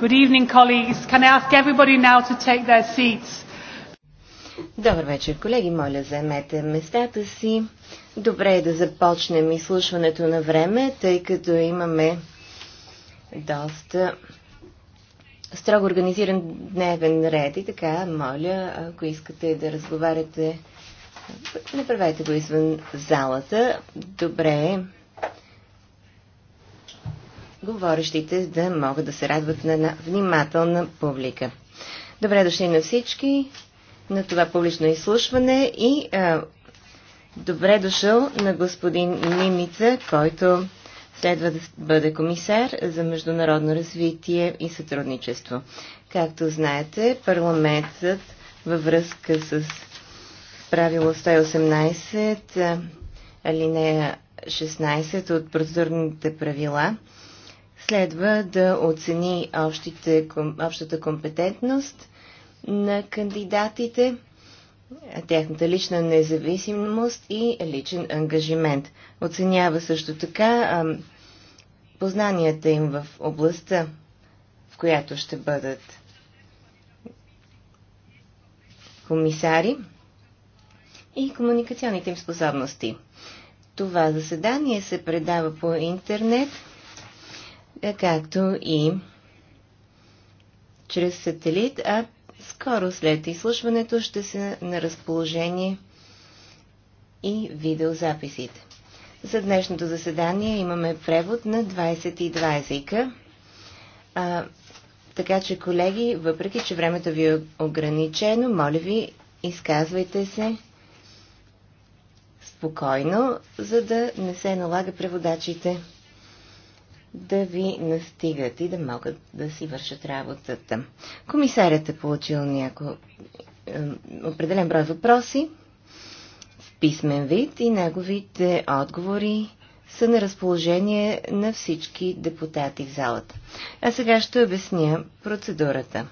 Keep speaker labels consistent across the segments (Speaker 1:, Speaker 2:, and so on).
Speaker 1: Good evening, colleagues. Can I ask everybody now to take their seats?
Speaker 2: Добър вечер, колеги. Моля, заемете местата си. Добре е да започнем изслушването на време, тъй като имаме доста строго организиран дневен ред и така, моля, ако искате да разговаряте, направете го извън залата. Добре е говорещите да могат да се радват на една внимателна публика. Добре дошли на всички на това публично изслушване и а, добре дошъл на господин Мимица, който следва да бъде комисар за международно развитие и сътрудничество. Както знаете, парламентът във връзка с правило 118, алинея 16 от процедурните правила следва да оцени общите, общата компетентност на кандидатите, тяхната лична независимост и личен ангажимент. Оценява също така познанията им в областта, в която ще бъдат комисари и комуникационните им способности. Това заседание се предава по интернет – е, както и чрез сателит, а скоро след изслушването ще са на разположение и видеозаписите. За днешното заседание имаме превод на 22 езика. А, така че, колеги, въпреки, че времето ви е ограничено, моля ви, изказвайте се спокойно, за да не се налага преводачите да ви настигат и да могат да си вършат работата. Комисарят е получил няко... определен брой въпроси в писмен вид и неговите отговори са на разположение на всички депутати в залата. А сега ще обясня процедурата.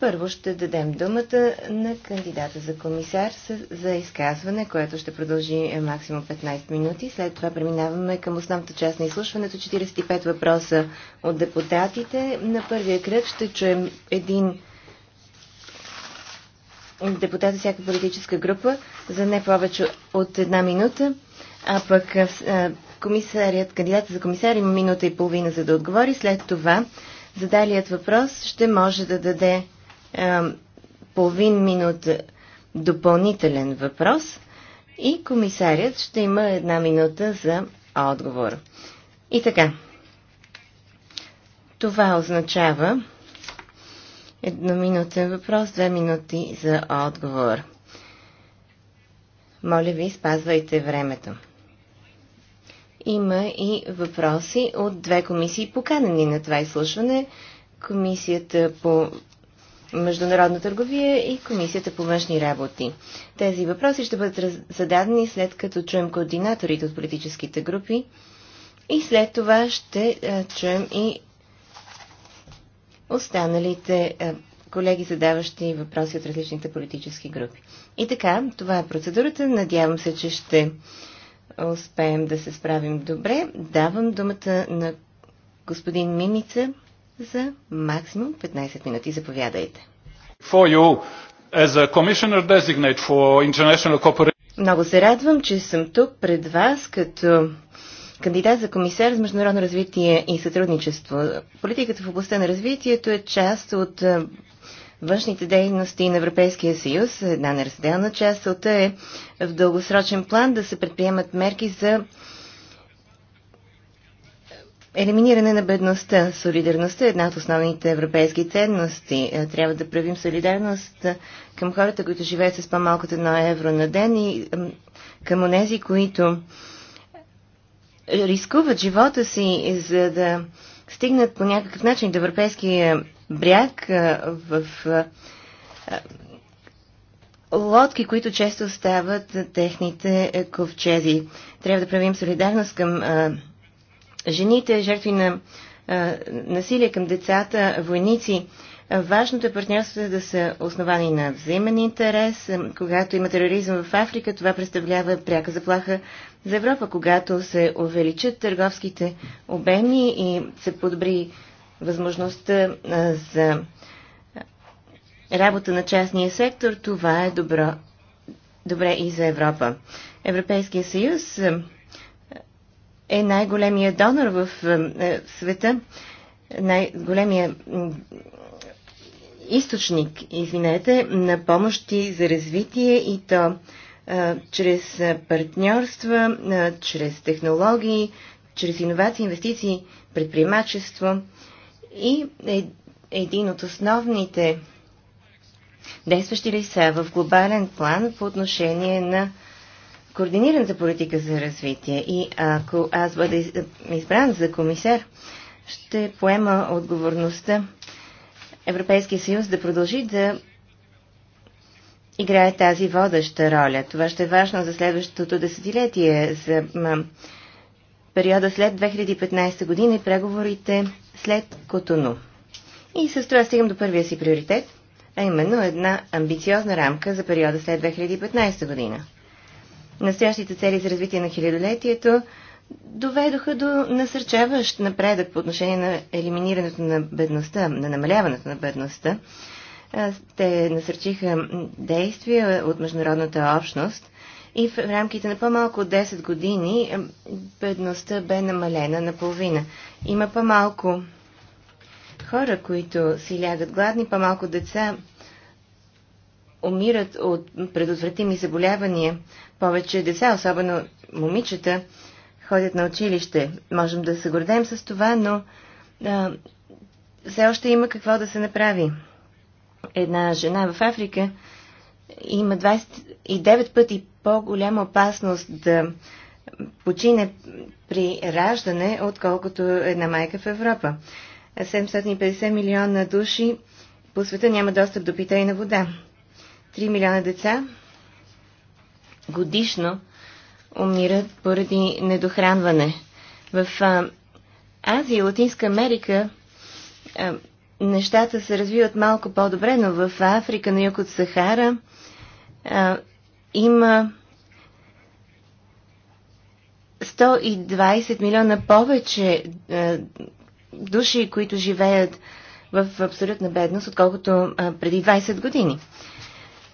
Speaker 2: Първо ще дадем думата на кандидата за комисар за изказване, което ще продължи максимум 15 минути. След това преминаваме към основната част на изслушването. 45 въпроса от депутатите. На първия кръг ще чуем един депутат за всяка политическа група за не повече от една минута, а пък комисарият, кандидата за комисар има минута и половина за да отговори. След това задалият въпрос ще може да даде половин минута допълнителен въпрос и комисарят ще има една минута за отговор. И така, това означава едноминутен въпрос, две минути за отговор. Моля ви, спазвайте времето. Има и въпроси от две комисии, поканени на това изслушване. Комисията по международна търговия и Комисията по външни работи. Тези въпроси ще бъдат зададени след като чуем координаторите от политическите групи и след това ще е, чуем и останалите е, колеги, задаващи въпроси от различните политически групи. И така, това е процедурата. Надявам се, че ще успеем да се справим добре. Давам думата на господин Миница за
Speaker 1: максимум 15 минути. Заповядайте. You,
Speaker 2: Много се радвам, че съм тук пред вас като кандидат за комисар за международно развитие и сътрудничество. Политиката в областта на развитието е част от външните дейности на Европейския съюз. Една неразделна част от е в дългосрочен план да се предприемат мерки за Елиминиране на бедността. Солидарността е една от основните европейски ценности. Е, трябва да правим солидарност е, към хората, които живеят с по-малко едно евро на ден и към онези, които е, рискуват живота си, за да стигнат по някакъв начин до европейския бряг в лодки, които често стават техните ковчези. Трябва да правим солидарност към жените, жертви на насилие към децата, войници. Важното е партньорството да са основани на взаимен интерес. Когато има тероризъм в Африка, това представлява пряка заплаха за Европа. Когато се увеличат търговските обеми и се подобри възможността за работа на частния сектор, това е добро, добре и за Европа. Европейския съюз е най-големия донор в е, е, света, най-големия източник, извинете, на помощи за развитие и то е, чрез партньорства, чрез технологии, чрез иновации, инвестиции, предприемачество. И е, един от основните действащи лица в глобален план по отношение на Координиран за политика за развитие и ако аз бъда избран за комисар, ще поема отговорността Европейския съюз да продължи да играе тази водеща роля. Това ще е важно за следващото десетилетие, за периода след 2015 година и преговорите след Котону. И с това стигам до първия си приоритет, а именно една амбициозна рамка за периода след 2015 година настоящите цели за развитие на хилядолетието доведоха до насърчаващ напредък по отношение на елиминирането на бедността, на намаляването на бедността. Те насърчиха действия от международната общност и в рамките на по-малко от 10 години бедността бе намалена наполовина. Има по-малко хора, които си лягат гладни, по-малко деца, умират от предотвратими заболявания повече деца, особено момичета, ходят на училище. Можем да се гордеем с това, но а, все още има какво да се направи. Една жена в Африка има 29 пъти по-голяма опасност да почине при раждане, отколкото една майка в Европа. 750 милиона души по света няма достъп до питейна вода. 3 милиона деца годишно умират поради недохранване. В Азия и Латинска Америка нещата се развиват малко по-добре, но в Африка, на юг от Сахара, а, има 120 милиона повече а, души, които живеят в абсолютна бедност, отколкото а, преди 20 години.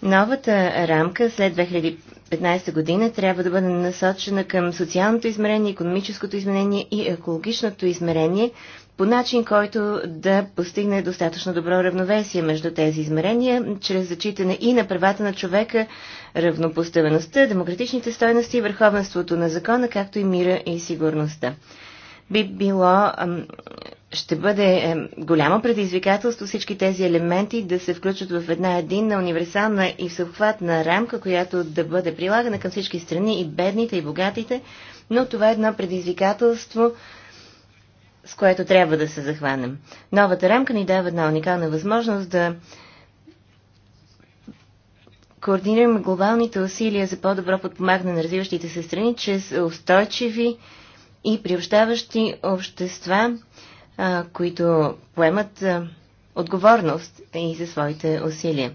Speaker 2: Новата рамка след 2015 година трябва да бъде насочена към социалното измерение, економическото измерение и екологичното измерение по начин, който да постигне достатъчно добро равновесие между тези измерения, чрез зачитане и на правата на човека, равнопоставеността, демократичните стойности и върховенството на закона, както и мира и сигурността. Би било ще бъде е, голямо предизвикателство всички тези елементи да се включат в една единна, универсална и всеобхватна рамка, която да бъде прилагана към всички страни, и бедните, и богатите, но това е едно предизвикателство, с което трябва да се захванем. Новата рамка ни дава една уникална възможност да координираме глобалните усилия за по-добро подпомагане на развиващите се страни чрез устойчиви и приобщаващи общества, които поемат отговорност и за своите усилия.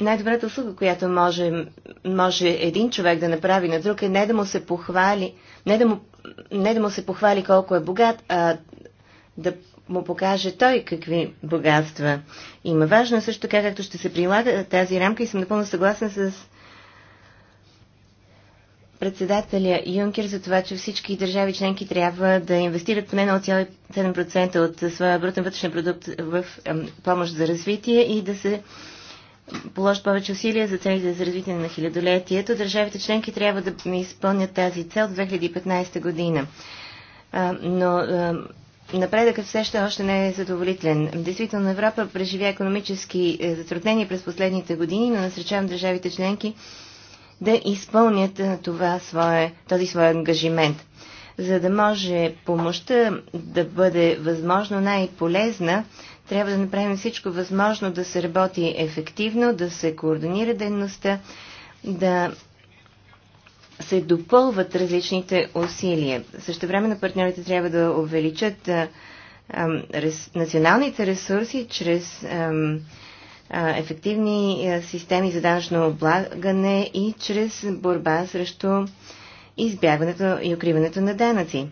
Speaker 2: Най-добрата услуга, която може, може един човек да направи на друг е не да му се похвали, не да му, не да му се похвали колко е богат, а да му покаже той какви богатства има. Важно е също така, както ще се прилага тази рамка и съм напълно съгласна с председателя Юнкер за това, че всички държави членки трябва да инвестират поне 0,7% от своя брутен вътрешен продукт в помощ за развитие и да се положат повече усилия за целите за развитие на хилядолетието. Държавите членки трябва да изпълнят тази цел в 2015 година. Но напредъкът все ще още не е задоволителен. Действително Европа преживя економически е, затруднения през последните години, но насречавам държавите членки да изпълнят това свое, този свой ангажимент. За да може помощта да бъде възможно най-полезна, трябва да направим всичко възможно да се работи ефективно, да се координира дейността, да се допълват различните усилия. Също време на партньорите трябва да увеличат а, а, рес, националните ресурси чрез А, ефективни системи за данъчно облагане и чрез борба срещу избягването и укриването на данъци.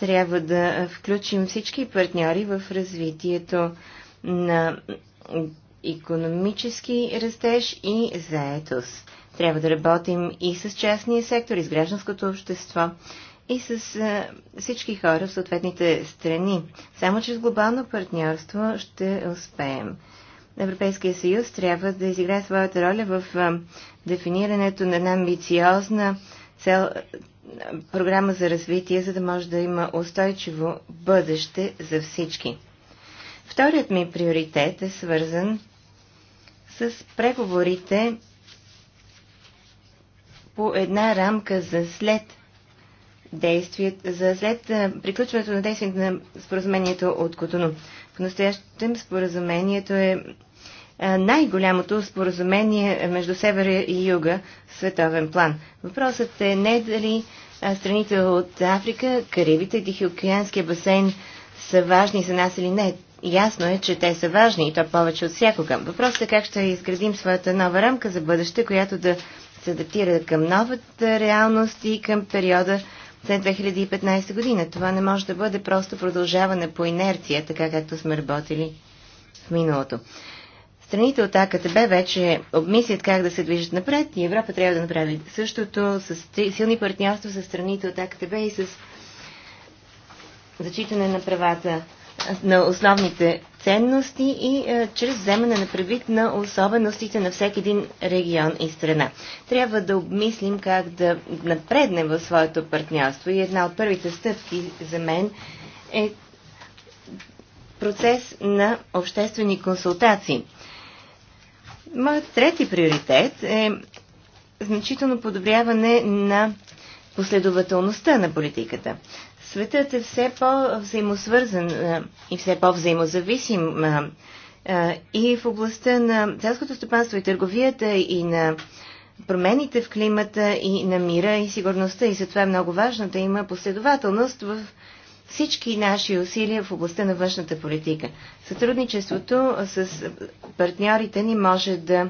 Speaker 2: Трябва да включим всички партньори в развитието на економически растеж и заетост. Трябва да работим и с частния сектор, и с гражданското общество, и с всички хора в съответните страни. Само чрез глобално партньорство ще успеем. Европейския съюз трябва да изиграе своята роля в дефинирането на една амбициозна цел, програма за развитие, за да може да има устойчиво бъдеще за всички. Вторият ми приоритет е свързан с преговорите по една рамка за след действието, за след приключването на действието на споразумението от Котону. В настоящем споразумението е, е най-голямото споразумение между Севера и Юга в световен план. Въпросът е не дали е, страните от Африка, Карибите и Тихиокеанския басейн са важни за нас или не. Ясно е, че те са важни и то повече от всякога. Въпросът е как ще изградим своята нова рамка за бъдеще, която да се адаптира към новата реалност и към периода след 2015 година. Това не може да бъде просто продължаване по инерция, така както сме работили в миналото. Страните от АКТБ вече обмислят как да се движат напред и Европа трябва да направи същото с силни партньорства с страните от АКТБ и с зачитане на правата на основните ценности и е, чрез вземане на предвид на особеностите на всеки един регион и страна. Трябва да обмислим как да напреднем в своето партньорство и една от първите стъпки за мен е процес на обществени консултации. Моят трети приоритет е значително подобряване на последователността на политиката. Светът е все по-взаимосвързан и все по-взаимозависим и в областта на селското стопанство и търговията и на промените в климата и на мира и сигурността. И затова е много важно да има последователност в всички наши усилия в областта на външната политика. Сътрудничеството с партньорите ни може да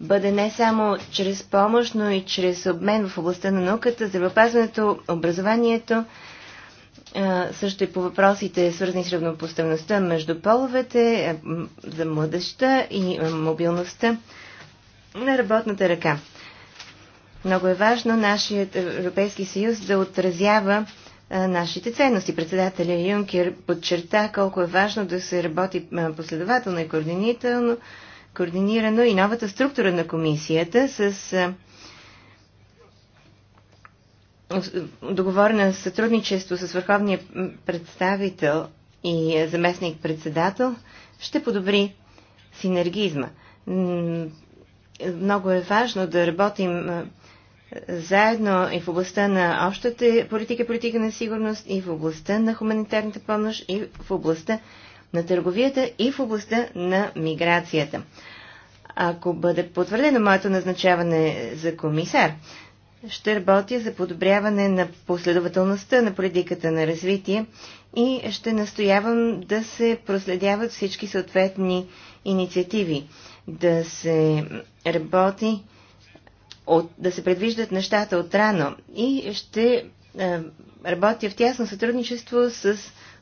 Speaker 2: бъде не само чрез помощ, но и чрез обмен в областта на науката, здравеопазването, образованието, също и по въпросите, свързани с равнопоставеността между половете, за младеща и мобилността на работната ръка. Много е важно нашият Европейски съюз да отразява нашите ценности. Председателя Юнкер подчерта колко е важно да се работи последователно и координирано и новата структура на комисията с договорено сътрудничество с върховния представител и заместник-председател ще подобри синергизма. Много е важно да работим заедно и в областта на общата политика, политика на сигурност, и в областта на хуманитарната помощ, и в областта на търговията, и в областта на миграцията. Ако бъде потвърдено моето назначаване за комисар, ще работя за подобряване на последователността на политиката на развитие и ще настоявам да се проследяват всички съответни инициативи, да се работи, от, да се предвиждат нещата от рано и ще работя в тясно сътрудничество с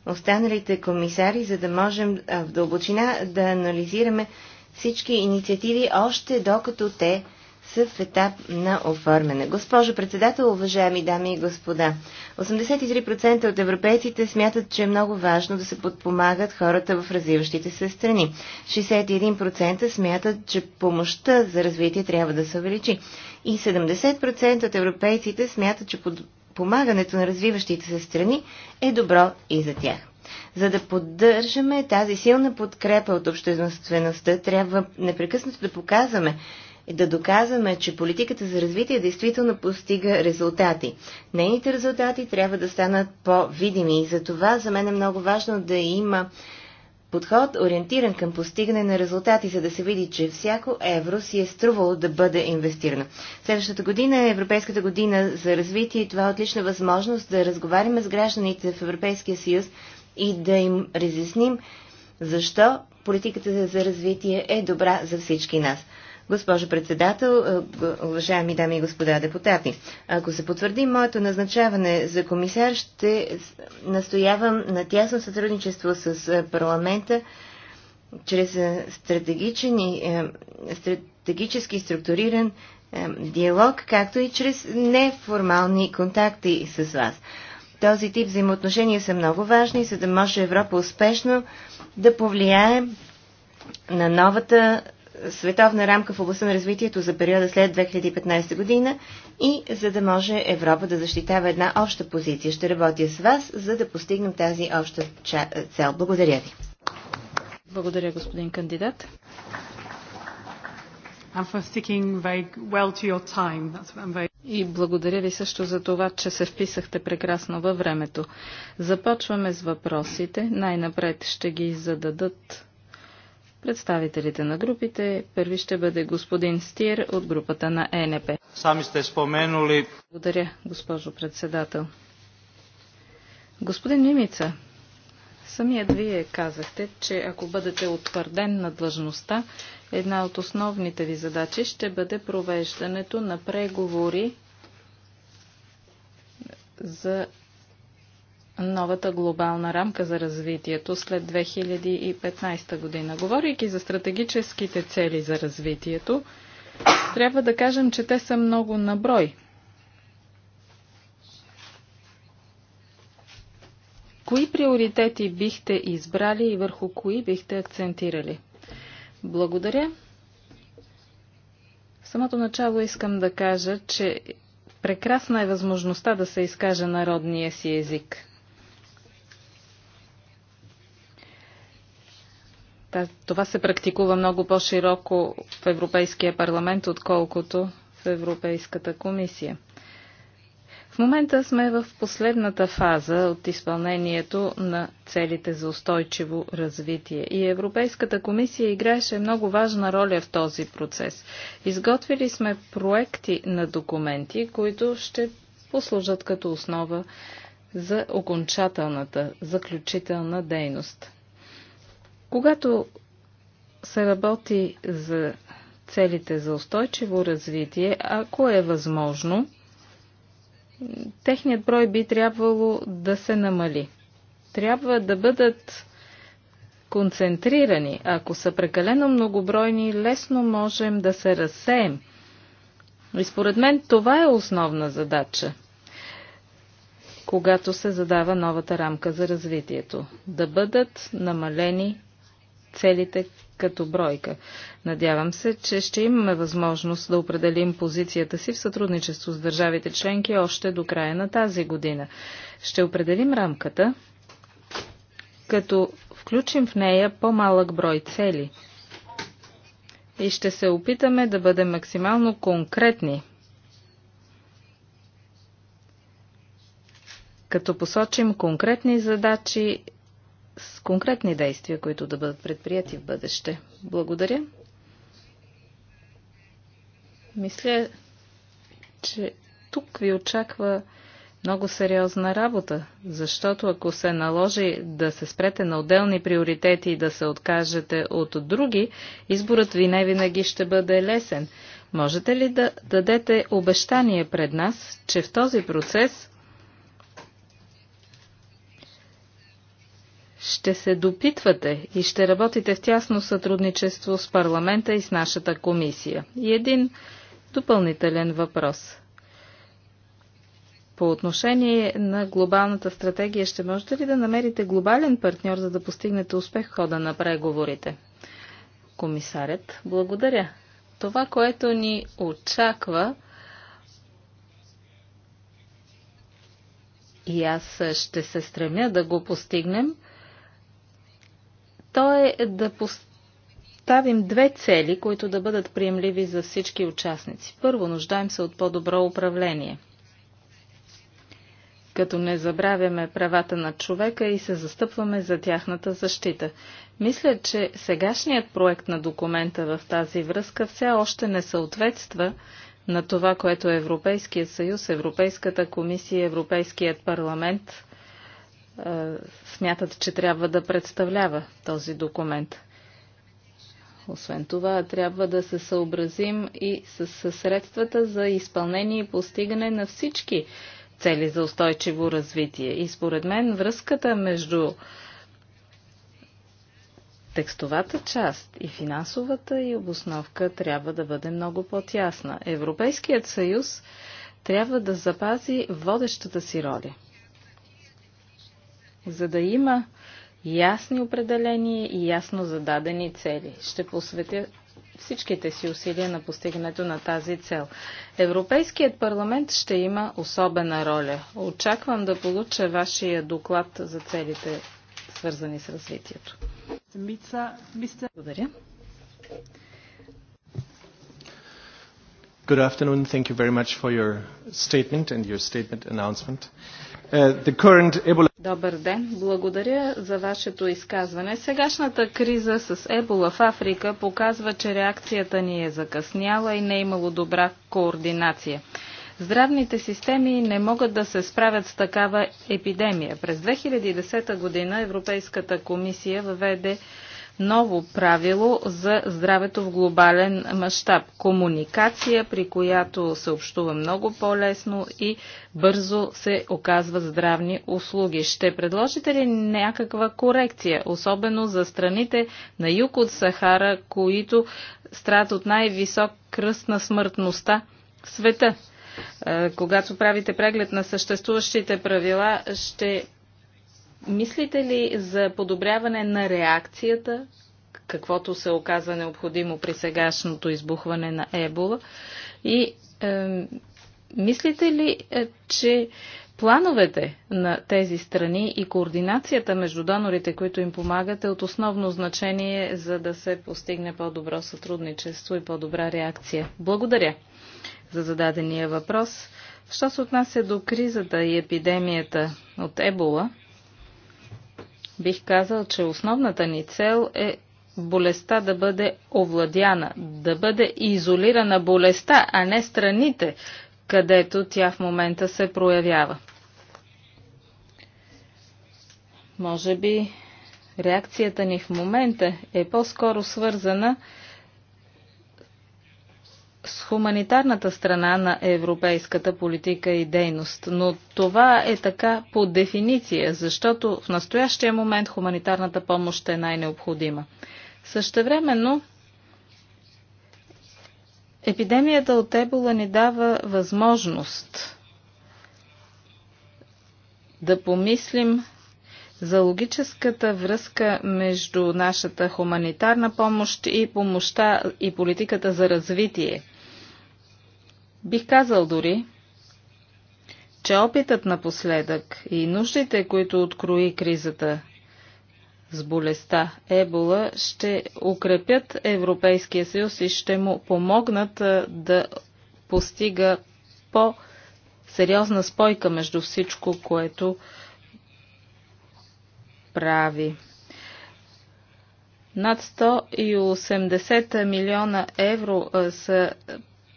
Speaker 2: останалите комисари, за да можем в дълбочина да анализираме всички инициативи, още докато те са в етап на оформяне. Госпожо председател, уважаеми дами и господа, 83% от европейците смятат, че е много важно да се подпомагат хората в развиващите се страни. 61% смятат, че помощта за развитие трябва да се увеличи. И 70% от европейците смятат, че подпомагането на развиващите се страни е добро и за тях. За да поддържаме тази силна подкрепа от обществеността, трябва непрекъснато да показваме, да доказваме, че политиката за развитие действително постига резултати. Нейните резултати трябва да станат по-видими и за това за мен е много важно да има подход, ориентиран към постигане на резултати, за да се види, че всяко евро си е струвало да бъде инвестирано. Следващата година е Европейската година за развитие и това е отлична възможност да разговаряме с гражданите в Европейския съюз и да им разясним защо политиката за развитие е добра за всички нас. Госпожо председател, е, уважаеми дами и господа депутати, ако се потвърди моето назначаване за комисар, ще настоявам на тясно сътрудничество с е, парламента чрез е, стратегичен и, стратегически структуриран диалог, както и чрез неформални контакти с вас. Този тип взаимоотношения са много важни, за да може Европа успешно да повлияе на новата световна рамка в областта на развитието за периода след 2015 година и за да може Европа да защитава една обща позиция. Ще работя с вас, за да постигнем тази обща цел. Благодаря ви.
Speaker 3: Благодаря, господин кандидат. Well very... И благодаря ви също за това, че се вписахте прекрасно във времето. Започваме с въпросите. Най-напред ще ги зададат представителите на групите. Първи ще бъде господин Стир от групата на ЕНП. Сами
Speaker 4: сте споменули.
Speaker 3: Благодаря, госпожо председател. Господин Мимица, самият вие казахте, че ако бъдете утвърден на длъжността, една от основните ви задачи ще бъде провеждането на преговори за новата глобална рамка за развитието след 2015 година. Говорейки за стратегическите цели за развитието, трябва да кажем, че те са много наброй. Кои приоритети бихте избрали и върху кои бихте акцентирали? Благодаря. В самото начало искам да кажа, че прекрасна е възможността да се изкаже народния си език. Това се практикува много по-широко в Европейския парламент, отколкото в Европейската комисия. В момента сме в последната фаза от изпълнението на целите за устойчиво развитие и Европейската комисия играеше много важна роля в този процес. Изготвили сме проекти на документи, които ще послужат като основа за окончателната, заключителна дейност. Когато се работи за целите за устойчиво развитие, ако е възможно, техният брой би трябвало да се намали. Трябва да бъдат концентрирани. Ако са прекалено многобройни, лесно можем да се разсеем. И според мен това е основна задача, когато се задава новата рамка за развитието. Да бъдат намалени целите като бройка. Надявам се, че ще имаме възможност да определим позицията си в сътрудничество с държавите членки още до края на тази година. Ще определим рамката, като включим в нея по-малък брой цели. И ще се опитаме да бъдем максимално конкретни, като посочим конкретни задачи с конкретни действия, които да бъдат предприяти в бъдеще. Благодаря. Мисля, че тук ви очаква много сериозна работа, защото ако се наложи да се спрете на отделни приоритети и да се откажете от други, изборът ви не винаги ще бъде лесен. Можете ли да дадете обещание пред нас, че в този процес ще се допитвате и ще работите в тясно сътрудничество с парламента и с нашата комисия. И един допълнителен въпрос. По отношение на глобалната стратегия, ще можете ли да намерите глобален партньор, за да постигнете успех в хода на преговорите? Комисарят, благодаря. Това, което ни очаква, и аз ще се стремя да го постигнем – то е да поставим две цели, които да бъдат приемливи за всички участници. Първо, нуждаем се от по-добро управление – като не забравяме правата на човека и се застъпваме за тяхната защита. Мисля, че сегашният проект на документа в тази връзка все още не съответства на това, което Европейският съюз, Европейската комисия, Европейският парламент смятат, че трябва да представлява този документ. Освен това, трябва да се съобразим и с средствата за изпълнение и постигане на всички цели за устойчиво развитие. И според мен връзката между текстовата част и финансовата и обосновка трябва да бъде много по-тясна. Европейският съюз трябва да запази водещата си роля – за да има ясни определения и ясно зададени цели. Ще посветя всичките си усилия на постигането на тази цел. Европейският парламент ще има особена роля. Очаквам да получа вашия доклад за целите, свързани с развитието. Благодаря.
Speaker 1: Good afternoon. Thank you very much for your statement and your statement announcement. Uh, the current Ebola
Speaker 3: Добър ден! Благодаря за вашето изказване. Сегашната криза с ебола в Африка показва, че реакцията ни е закъсняла и не е имало добра координация. Здравните системи не могат да се справят с такава епидемия. През 2010 година Европейската комисия въведе ново правило за здравето в глобален мащаб. Комуникация, при която се общува много по-лесно и бързо се оказва здравни услуги. Ще предложите ли някаква корекция, особено за страните на юг от Сахара, които страдат от най-висок кръст на смъртността в света? Е, когато правите преглед на съществуващите правила, ще Мислите ли за подобряване на реакцията, каквото се оказа необходимо при сегашното избухване на Ебола? И е, мислите ли, е, че плановете на тези страни и координацията между донорите, които им помагат, е от основно значение, за да се постигне по-добро сътрудничество и по-добра реакция? Благодаря за зададения въпрос. Що се отнася до кризата и епидемията от Ебола, Бих казал, че основната ни цел е болестта да бъде овладяна, да бъде изолирана болестта, а не страните, където тя в момента се проявява. Може би реакцията ни в момента е по-скоро свързана с с хуманитарната страна на европейската политика и дейност. Но това е така по дефиниция, защото в настоящия момент хуманитарната помощ е най-необходима. Същевременно, епидемията от ебола ни дава възможност да помислим за логическата връзка между нашата хуманитарна помощ и помощта и политиката за развитие. Бих казал дори, че опитът напоследък и нуждите, които открои кризата с болестта Ебола, ще укрепят Европейския съюз и ще му помогнат да постига по-сериозна спойка между всичко, което прави. Над 180 милиона евро са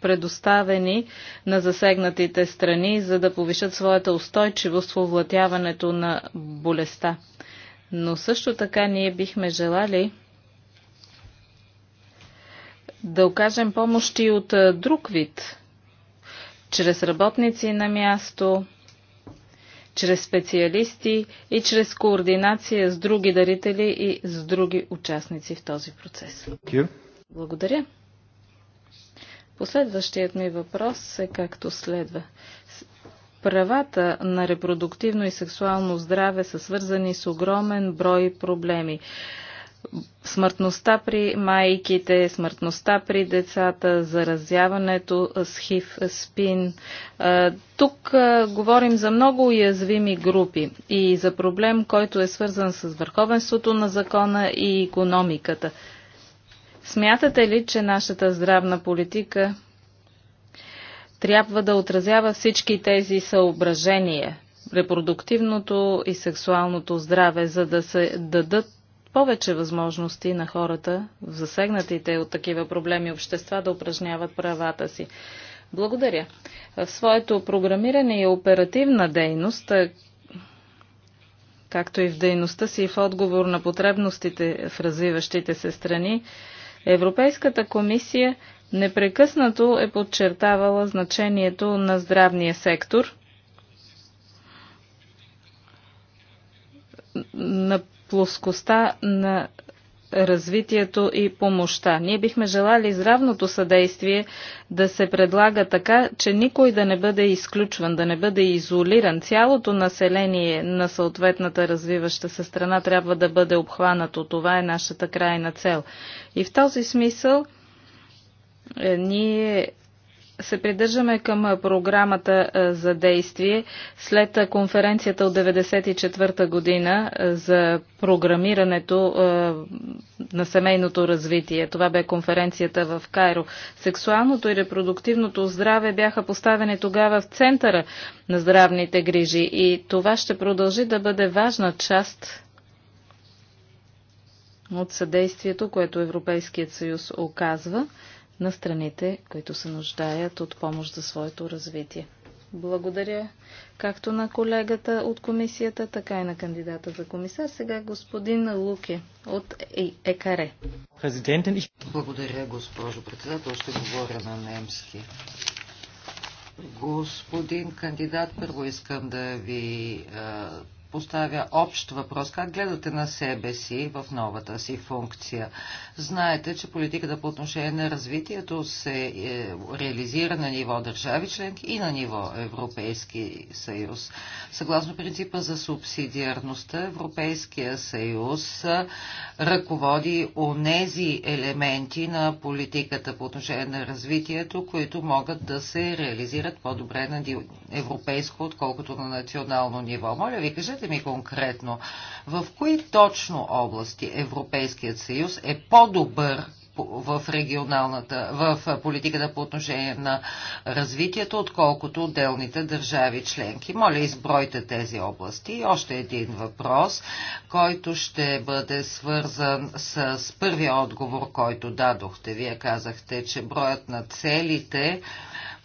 Speaker 3: предоставени на засегнатите страни, за да повишат своята устойчивост в овлатяването на болестта. Но също така ние бихме желали да окажем помощи от друг вид, чрез работници на място, чрез специалисти и чрез координация с други дарители и с други участници в този процес. Благодаря. Последващият ми въпрос е както следва. Правата на репродуктивно и сексуално здраве са свързани с огромен брой проблеми смъртността при майките, смъртността при децата, заразяването с хив, спин. Тук говорим за много уязвими групи и за проблем, който е свързан с върховенството на закона и економиката. Смятате ли, че нашата здравна политика трябва да отразява всички тези съображения, репродуктивното и сексуалното здраве, за да се дадат повече възможности на хората, в засегнатите от такива проблеми общества, да упражняват правата си. Благодаря. В своето програмиране и оперативна дейност, както и в дейността си и в отговор на потребностите в развиващите се страни, Европейската комисия непрекъснато е подчертавала значението на здравния сектор. На плоскостта на развитието и помощта. Ние бихме желали здравното съдействие да се предлага така, че никой да не бъде изключван, да не бъде изолиран. Цялото население на съответната развиваща се страна трябва да бъде обхванато. Това е нашата крайна цел. И в този смисъл е, ние се придържаме към програмата за действие след конференцията от 1994 година за програмирането на семейното развитие. Това бе конференцията в Кайро. Сексуалното и репродуктивното здраве бяха поставени тогава в центъра на здравните грижи и това ще продължи да бъде важна част от съдействието, което Европейският съюз оказва на страните, които се нуждаят от помощ за своето развитие. Благодаря както на колегата от комисията, така и на кандидата за комисар. Сега господин Луке от ЕКАРЕ.
Speaker 4: Благодаря, госпожо председател. Ще говоря на немски. Господин кандидат, първо искам да ви поставя общ въпрос. Как гледате на себе си в новата си функция? Знаете, че политиката по отношение на развитието се е, реализира на ниво държави членки и на ниво Европейски съюз. Съгласно принципа за субсидиарността, Европейския съюз е, ръководи онези елементи на политиката по отношение на развитието, които могат да се реализират по-добре на европейско, отколкото на национално ниво. Моля ви, кажете Кажете ми конкретно, в кои точно области Европейският съюз е по-добър в регионалната, в политиката по отношение на развитието, отколкото отделните държави членки. Моля, избройте тези области. И още един въпрос, който ще бъде свързан с първия отговор, който дадохте. Вие казахте, че броят на целите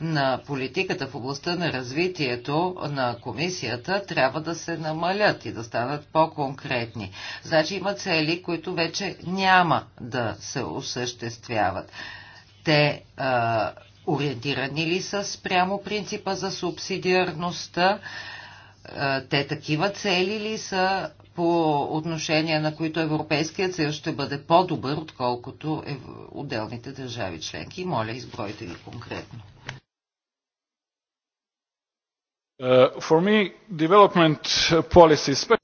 Speaker 4: на политиката в областта на развитието на комисията трябва да се намалят и да станат по-конкретни. Значи има цели, които вече няма да се осъществяват. Те а, ориентирани ли са спрямо принципа за субсидиарността? те такива цели ли са по отношение на които Европейският съюз ще бъде по-добър, отколкото е отделните държави членки. Моля, избройте ги конкретно.
Speaker 1: Uh,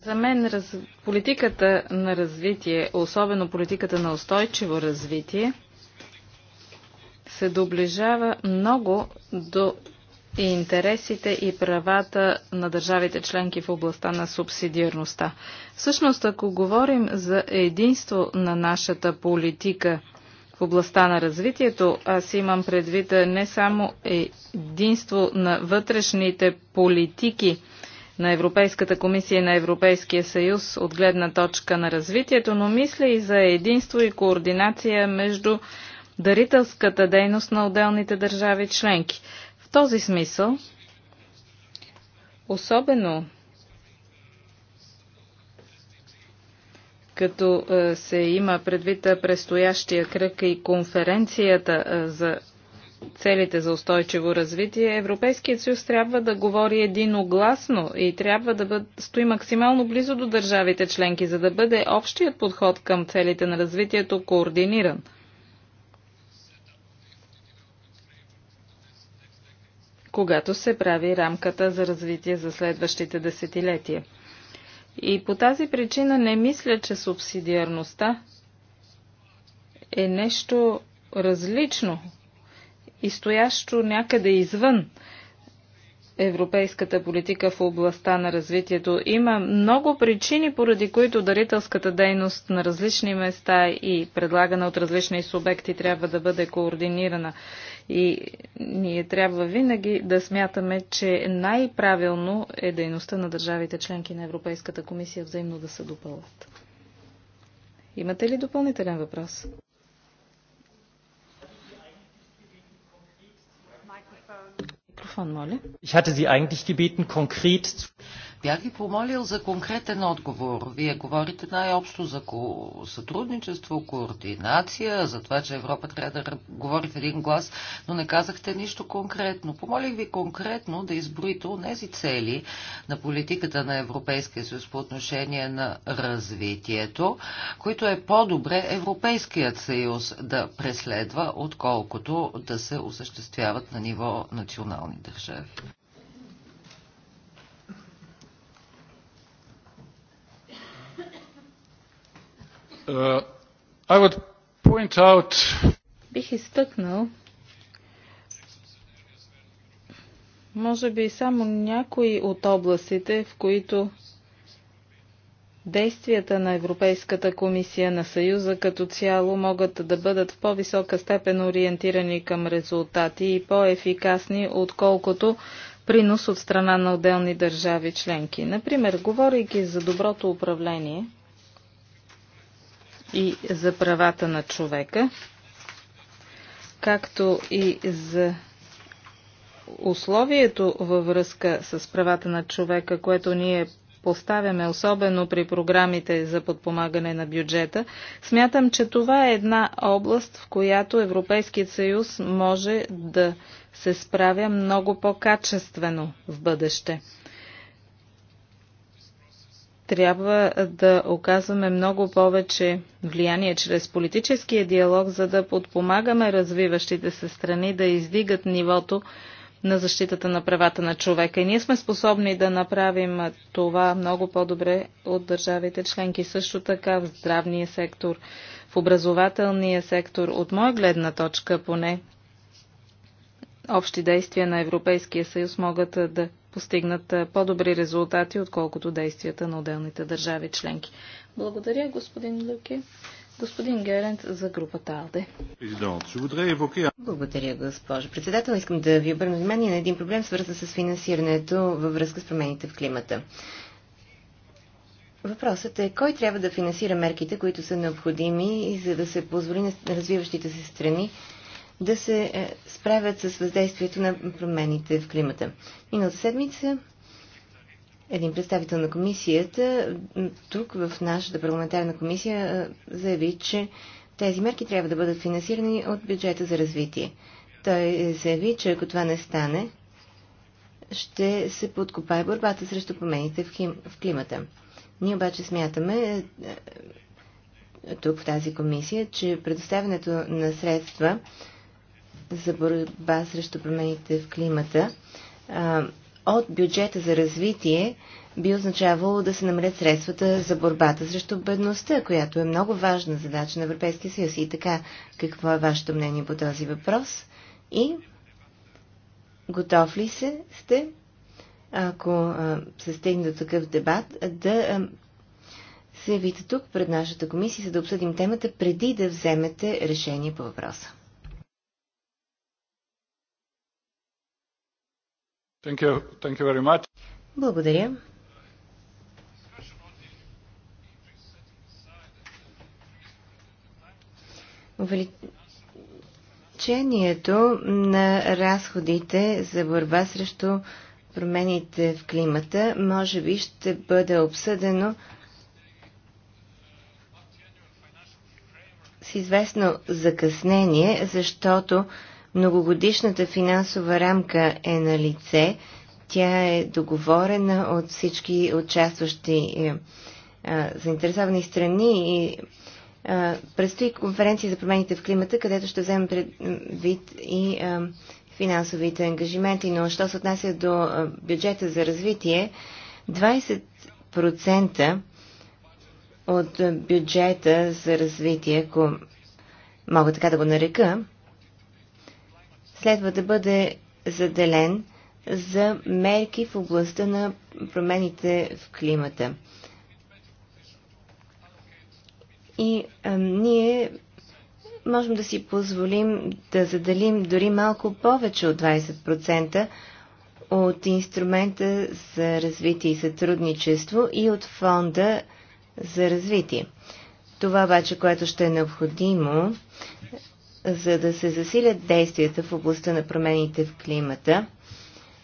Speaker 1: за мен
Speaker 3: политиката на развитие, особено политиката на устойчиво развитие, се доближава много до интересите и правата на държавите членки в областта на субсидиарността. Всъщност, ако говорим за единство на нашата политика – в областта на развитието. Аз имам предвид не само единство на вътрешните политики на Европейската комисия и на Европейския съюз от гледна точка на развитието, но мисля и за единство и координация между дарителската дейност на отделните държави членки. В този смисъл, особено като е, се има предвид е, предстоящия кръг и конференцията е, за целите за устойчиво развитие, Европейският съюз трябва да говори единогласно и трябва да бъд, стои максимално близо до държавите членки, за да бъде общият подход към целите на развитието координиран. когато се прави рамката за развитие за следващите десетилетия. И по тази причина не мисля, че субсидиарността е нещо различно и стоящо някъде извън европейската политика в областта на развитието. Има много причини, поради които дарителската дейност на различни места и предлагана от различни субекти трябва да бъде координирана. И ние трябва винаги да смятаме, че най-правилно е дейността на държавите членки на Европейската комисия взаимно да се допълват. Имате ли допълнителен въпрос? Микрофон, моля.
Speaker 4: Ich hatte Sie eigentlich gebeten, konkret Бях ви помолил за конкретен отговор. Вие говорите най-общо за ко... сътрудничество, координация, за това, че Европа трябва да говори в един глас, но не казахте нищо конкретно. Помолих ви конкретно да изброите тези цели на политиката на Европейския съюз по отношение на развитието, които е по-добре Европейският съюз да преследва, отколкото да се осъществяват на ниво национални държави.
Speaker 1: Uh, I would point out... Бих изтъкнал, може
Speaker 3: би само някои от областите, в които действията на Европейската комисия на Съюза като цяло могат да бъдат в по-висока степен ориентирани към резултати и по-ефикасни, отколкото принос от страна на отделни държави членки. Например, говорейки за доброто управление – и за правата на човека, както и за условието във връзка с правата на човека, което ние поставяме, особено при програмите за подпомагане на бюджета, смятам, че това е една област, в която Европейският съюз може да се справя много по-качествено в бъдеще трябва да оказваме много повече влияние чрез политическия диалог, за да подпомагаме развиващите се страни да издигат нивото на защитата на правата на човека. И ние сме способни да направим това много по-добре от държавите членки. Също така в здравния сектор, в образователния сектор, от моя гледна точка поне, общи действия на Европейския съюз могат да постигнат по-добри резултати, отколкото действията на отделните държави членки. Благодаря, господин Люки. Господин Герент за групата АЛДЕ.
Speaker 2: Благодаря, госпожо председател. Искам да ви обърна внимание на един проблем, свързан с финансирането във връзка с промените в климата. Въпросът е кой трябва да финансира мерките, които са необходими, за да се позволи на развиващите се страни да се е, справят с въздействието на промените в климата. Миналата седмица един представител на комисията тук в нашата парламентарна комисия е, заяви, че тези мерки трябва да бъдат финансирани от бюджета за развитие. Той заяви, че ако това не стане, ще се подкопае борбата срещу промените в, хим... в климата. Ние обаче смятаме е, тук в тази комисия, че предоставянето на средства за борба срещу промените в климата от бюджета за развитие би означавало да се намалят средствата за борбата срещу бедността, която е много важна задача на Европейския съюз. И така, какво е вашето мнение по този въпрос? И готов ли се сте, ако а, се стигне до такъв дебат, да а, се явите тук пред нашата комисия, за да обсъдим темата преди да вземете решение по въпроса?
Speaker 1: Thank you. Thank you very much.
Speaker 2: Благодаря. Увеличението на разходите за борба срещу промените в климата може би ще бъде обсъдено с известно закъснение, защото Многогодишната финансова рамка е на лице. Тя е договорена от всички участващи е, е, заинтересовани страни и е, предстои конференция за промените в климата, където ще вземем предвид и е, финансовите ангажименти. Но що се отнася до е, бюджета за развитие, 20% от бюджета за развитие, ако мога така да го нарека, следва да бъде заделен за мерки в областта на промените в климата. И а, ние можем да си позволим да заделим дори малко повече от 20% от инструмента за развитие и сътрудничество и от фонда за развитие. Това обаче, което ще е необходимо за да се засилят действията в областта на промените в климата,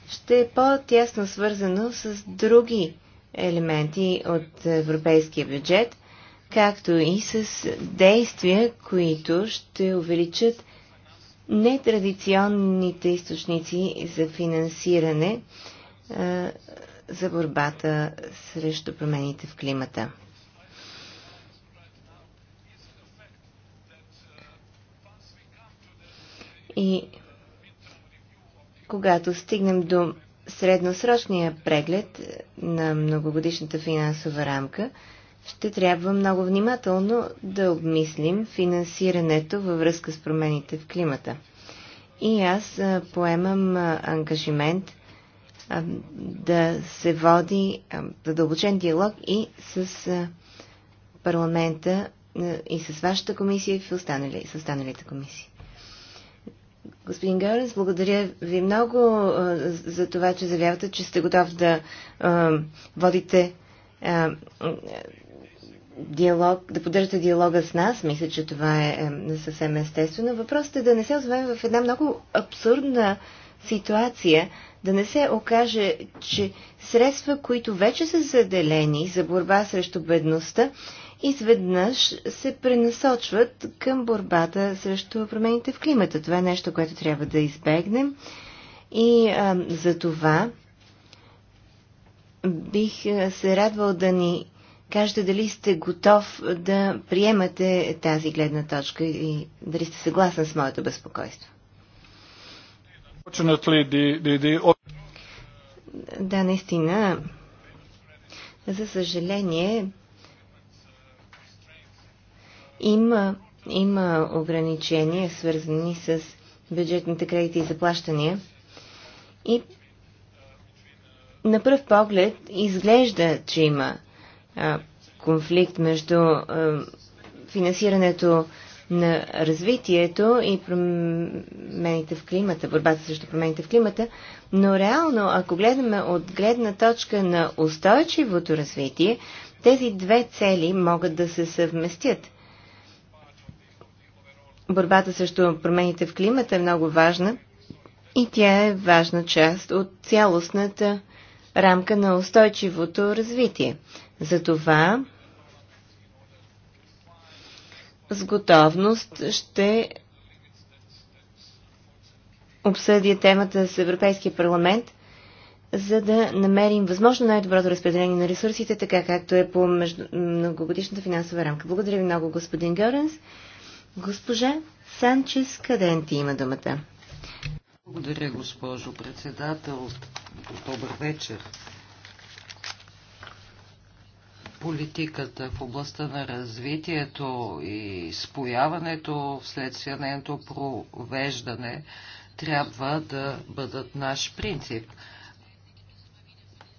Speaker 2: ще е по-тясно свързано с други елементи от европейския бюджет, както и с действия, които ще увеличат нетрадиционните източници за финансиране за борбата срещу промените в климата. И когато стигнем до средносрочния преглед на многогодишната финансова рамка, ще трябва много внимателно да обмислим финансирането във връзка с промените в климата. И аз поемам ангажимент да се води задълбочен диалог и с парламента, и с вашата комисия, и в с останалите комисии. Господин Георгиев, благодаря ви много а, за това, че заявявате, че сте готов да а, водите а, диалог, да поддържате диалога с нас. Мисля, че това е, е, съвсем естествено. Въпросът е да не се озовем в една много абсурдна ситуация, да не се окаже, че средства, които вече са заделени за борба срещу бедността, изведнъж се пренасочват към борбата срещу промените в климата. Това е нещо, което трябва да избегнем и а, за това бих се радвал да ни кажете дали сте готов да приемате тази гледна точка и дали сте съгласен с моето безпокойство. Да, наистина. За съжаление, има, има ограничения, свързани с бюджетните кредити и заплащания. И на пръв поглед изглежда, че има а, конфликт между а, финансирането на развитието и промените в климата, борбата срещу промените в климата, но реално, ако гледаме от гледна точка на устойчивото развитие, тези две цели могат да се съвместят – борбата срещу промените в климата е много важна и тя е важна част от цялостната рамка на устойчивото развитие. Затова с готовност ще обсъдя темата с Европейския парламент, за да намерим възможно най-доброто разпределение на ресурсите, така както е по между... многогодишната финансова рамка. Благодаря ви много, господин Гъренс. Госпожа Санчес Каденти има думата.
Speaker 4: Благодаря, госпожо председател. Добър вечер. Политиката в областта на развитието и спояването вследствие нейното провеждане трябва да бъдат наш принцип.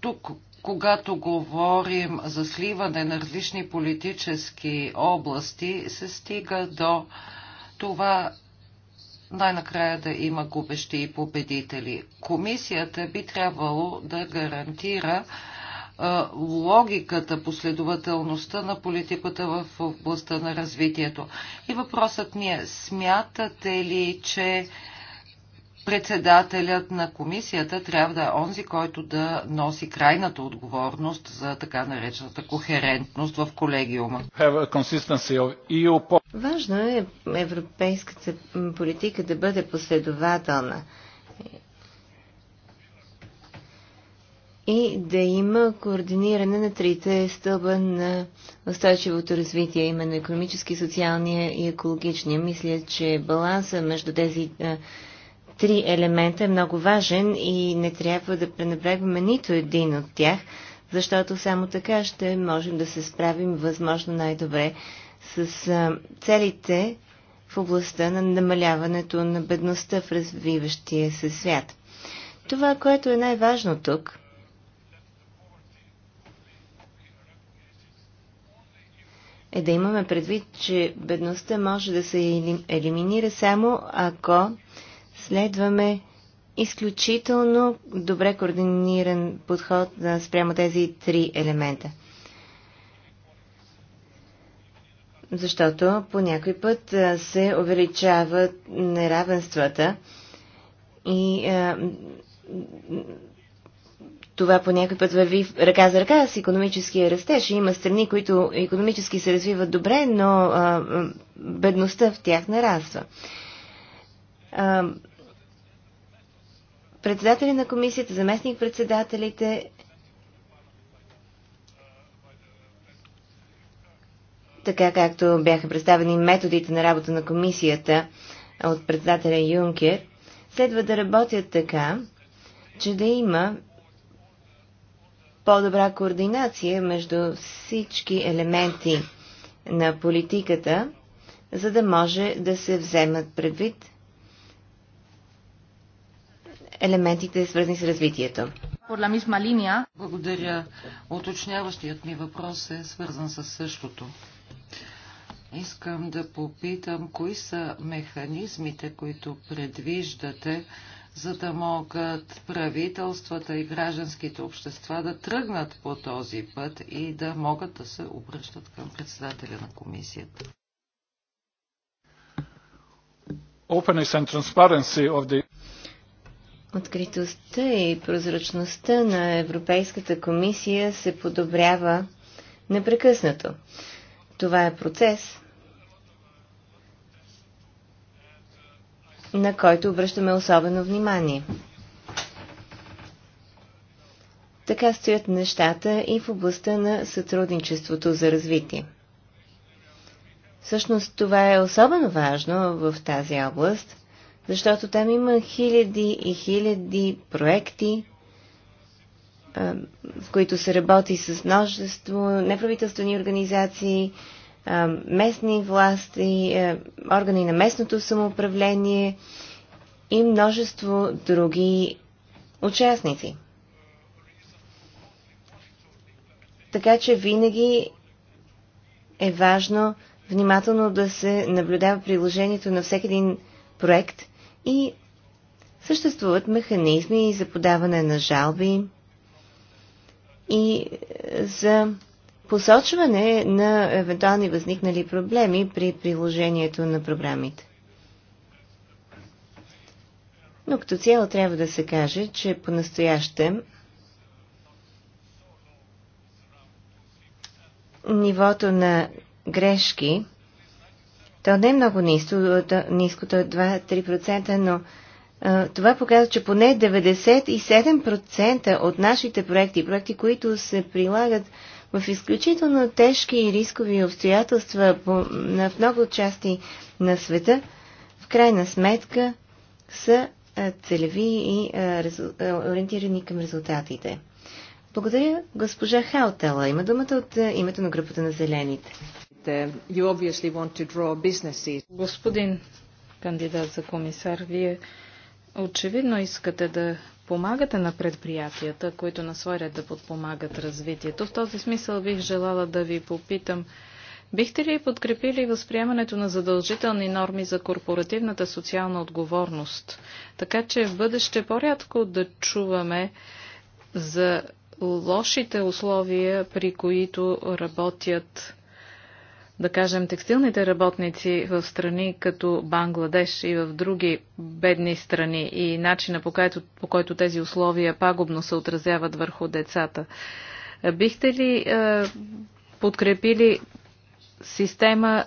Speaker 4: Тук когато говорим за сливане на различни политически области, се стига до това най-накрая да има губещи и победители. Комисията би трябвало да гарантира логиката, последователността на политиката в областта на развитието. И въпросът ми е, смятате ли, че председателят на комисията трябва да е онзи, който да носи крайната отговорност за така наречената кохерентност в колегиума.
Speaker 1: E Важно е европейската
Speaker 2: политика да бъде последователна и да има координиране на трите стълба на устойчивото развитие, именно економически, социалния и екологичния. Мисля, че баланса между тези три елемента е много важен и не трябва да пренебрегваме нито един от тях, защото само така ще можем да се справим възможно най-добре с целите в областта на намаляването на бедността в развиващия се свят. Това, което е най-важно тук, е да имаме предвид, че бедността може да се елиминира само ако следваме изключително добре координиран подход спрямо тези три елемента. Защото по някой път се увеличават неравенствата и а, това по някой път върви ръка за ръка с економическия растеж. Има страни, които економически се развиват добре, но а, бедността в тях нараства. А, Председатели на комисията, заместник-председателите. Така както бяха представени методите на работа на комисията от председателя Юнкер, следва да работят така, че да има по-добра координация между всички елементи на политиката, за да може да се вземат предвид елементите, свързани с развитието.
Speaker 4: Благодаря. Оточняващият ми въпрос е свързан с същото. Искам да попитам, кои са механизмите, които предвиждате, за да могат правителствата и гражданските общества да тръгнат по този път и да могат да се обръщат към председателя на комисията.
Speaker 1: Openness and transparency of the
Speaker 2: Откритостта и прозрачността на Европейската комисия се подобрява непрекъснато. Това е процес, на който обръщаме особено внимание. Така стоят нещата и в областта на сътрудничеството за развитие. Всъщност това е особено важно в тази област – защото там има хиляди и хиляди проекти, в които се работи с множество неправителствени организации, местни власти, органи на местното самоуправление и множество други участници. Така че винаги е важно внимателно да се наблюдава приложението на всеки един проект и съществуват механизми за подаване на жалби и е, за посочване на евентуални възникнали проблеми при приложението на програмите. Но като цяло трябва да се каже, че по-настоящем нивото на грешки то не е много ниско, то е 2-3%, но а, това показва, че поне 97% от нашите проекти, проекти, които се прилагат в изключително тежки и рискови обстоятелства по, на, в много части на света, в крайна сметка са целеви и а, резу, ориентирани към резултатите. Благодаря, госпожа Хаутела. Има думата от името на групата на зелените.
Speaker 3: Uh, Господин кандидат за комисар, вие очевидно искате да помагате на предприятията, които на свой ред да подпомагат развитието. В този смисъл бих желала да ви попитам, бихте ли подкрепили възприемането на задължителни норми за корпоративната социална отговорност, така че в бъдеще по-рядко да чуваме за лошите условия, при които работят да кажем, текстилните работници в страни като Бангладеш и в други бедни страни и начина по който, по който тези условия пагубно се отразяват върху децата. Бихте ли е, подкрепили система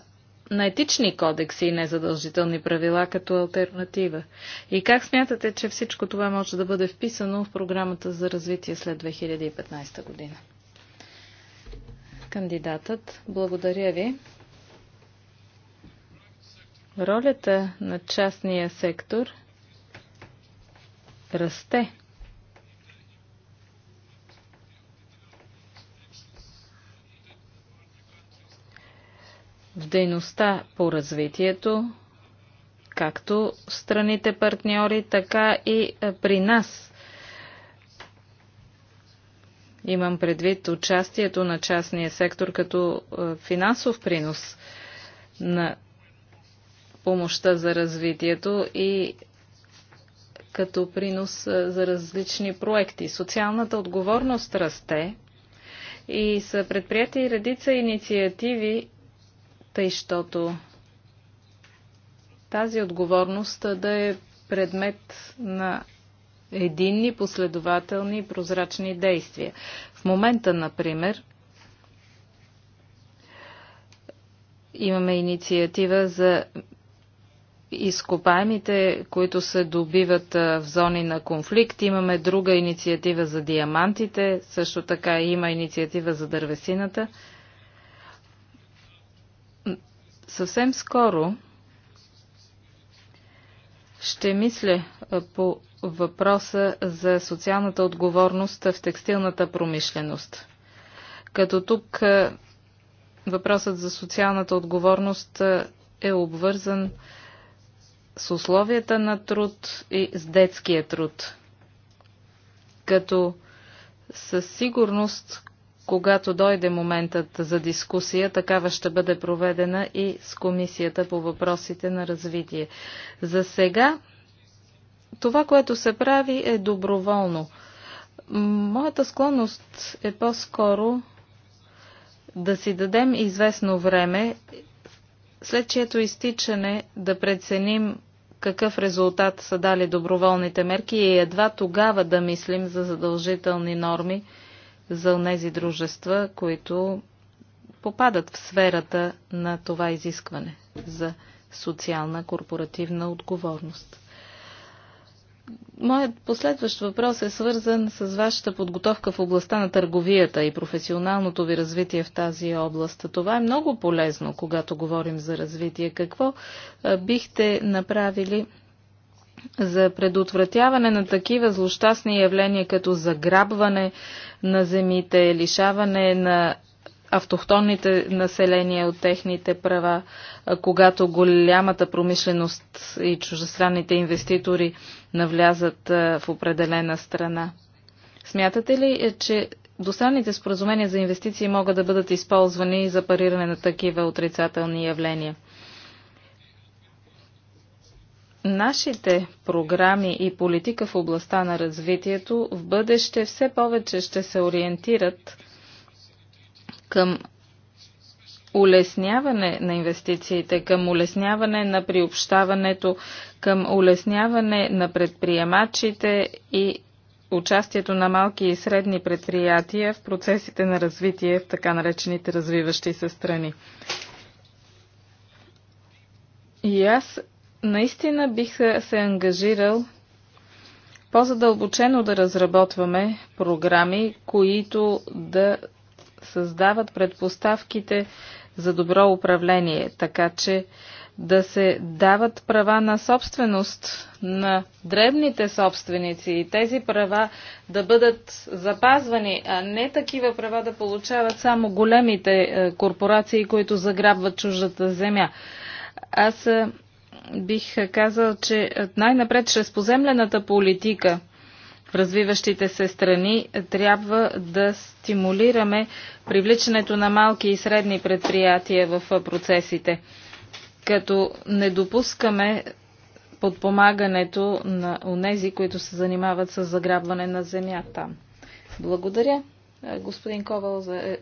Speaker 3: на етични кодекси и незадължителни правила като альтернатива? И как смятате, че всичко това може да бъде вписано в програмата за развитие след 2015 година? Кандидатът, благодаря ви. Ролята на частния сектор расте. В дейността по развитието, както страните партньори, така и при нас Имам предвид участието на частния сектор като е, финансов принос на помощта за развитието и като принос е, за различни проекти. Социалната отговорност расте и са предприяти редица инициативи, тъй щото тази отговорност да е предмет на единни, последователни и прозрачни действия. В момента, например, имаме инициатива за изкопаемите, които се добиват в зони на конфликт. Имаме друга инициатива за диамантите, също така има инициатива за дървесината. Съвсем скоро ще мисля по въпроса за социалната отговорност в текстилната промишленост. Като тук въпросът за социалната отговорност е обвързан с условията на труд и с детския труд. Като със сигурност когато дойде моментът за дискусия, такава ще бъде проведена и с Комисията по въпросите на развитие. За сега това, което се прави, е доброволно. Моята склонност е по-скоро да си дадем известно време, след чието изтичане да преценим какъв резултат са дали доброволните мерки и едва тогава да мислим за задължителни норми за тези дружества, които попадат в сферата на това изискване за социална корпоративна отговорност. Моят последващ въпрос е свързан с вашата подготовка в областта на търговията и професионалното ви развитие в тази област. Това е много полезно, когато говорим за развитие. Какво бихте направили за предотвратяване на такива злощастни явления, като заграбване на земите, лишаване на автохтонните населения от техните права, когато голямата промишленост и чужестранните инвеститори навлязат в определена страна. Смятате ли, е, че достранните споразумения за инвестиции могат да бъдат използвани за париране на такива отрицателни явления нашите програми и политика в областта на развитието в бъдеще все повече ще се ориентират към улесняване на инвестициите, към улесняване на приобщаването, към улесняване на предприемачите и участието на малки и средни предприятия в процесите на развитие в така наречените развиващи се страни. И аз наистина бих се ангажирал по-задълбочено да разработваме програми, които да създават предпоставките за добро управление, така че да се дават права на собственост на дребните собственици и тези права да бъдат запазвани, а не такива права да получават само големите е, корпорации, които заграбват чуждата земя. Аз е, бих казал, че най-напред чрез поземлената политика в развиващите се страни трябва да стимулираме привличането на малки и средни предприятия в процесите, като не допускаме подпомагането на онези, които се занимават с заграбване на земята. Благодаря, господин Ковал, за е,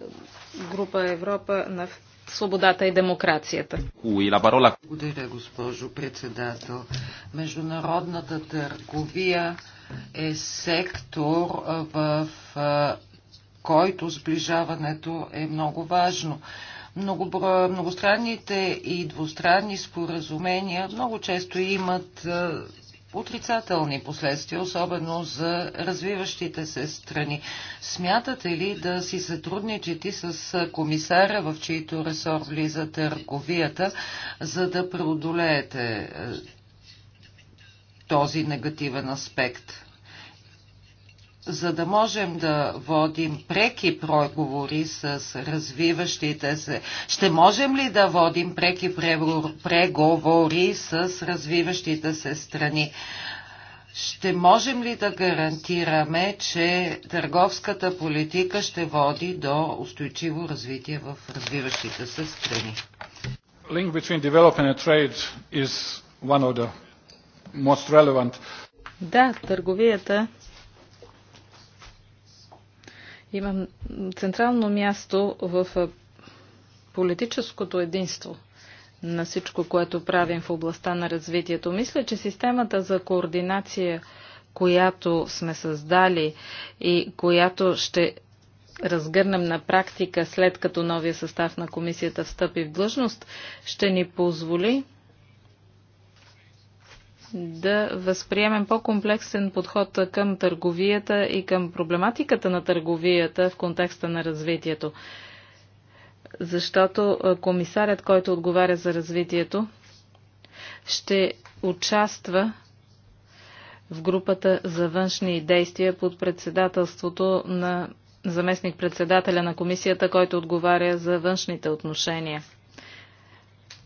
Speaker 3: група Европа на
Speaker 4: свободата и демокрацията. Благодаря, госпожо председател. Международната търговия е сектор, в който сближаването е много важно. Многостранните и двустранни споразумения много често имат отрицателни последствия, особено за развиващите се страни. Смятате ли да си сътрудничите с комисара, в чийто ресор влиза търговията, за да преодолеете е, този негативен аспект? за да можем да водим преки преговори с развиващите се? Ще можем ли да водим преки преговори с развиващите се страни? Ще можем ли да гарантираме, че търговската политика ще води до устойчиво развитие в развиващите се страни?
Speaker 1: Link between development and trade is one of the most relevant.
Speaker 3: Да, търговията има централно място в политическото единство на всичко, което правим в областта на развитието. Мисля, че системата за координация, която сме създали и която ще разгърнем на практика след като новия състав на комисията встъпи в длъжност, ще ни позволи да възприемем по-комплексен подход към търговията и към проблематиката на търговията в контекста на развитието. Защото комисарят, който отговаря за развитието, ще участва в групата за външни действия под председателството на заместник-председателя на комисията, който отговаря за външните отношения.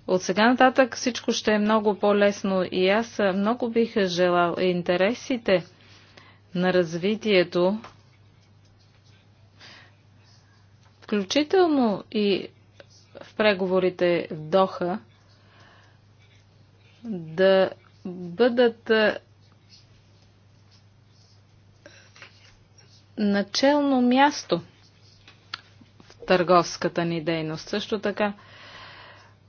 Speaker 3: От сега нататък всичко ще е много по-лесно и аз много бих желал интересите на развитието, включително и в преговорите в Доха, да бъдат начално място в търговската ни дейност. Също така,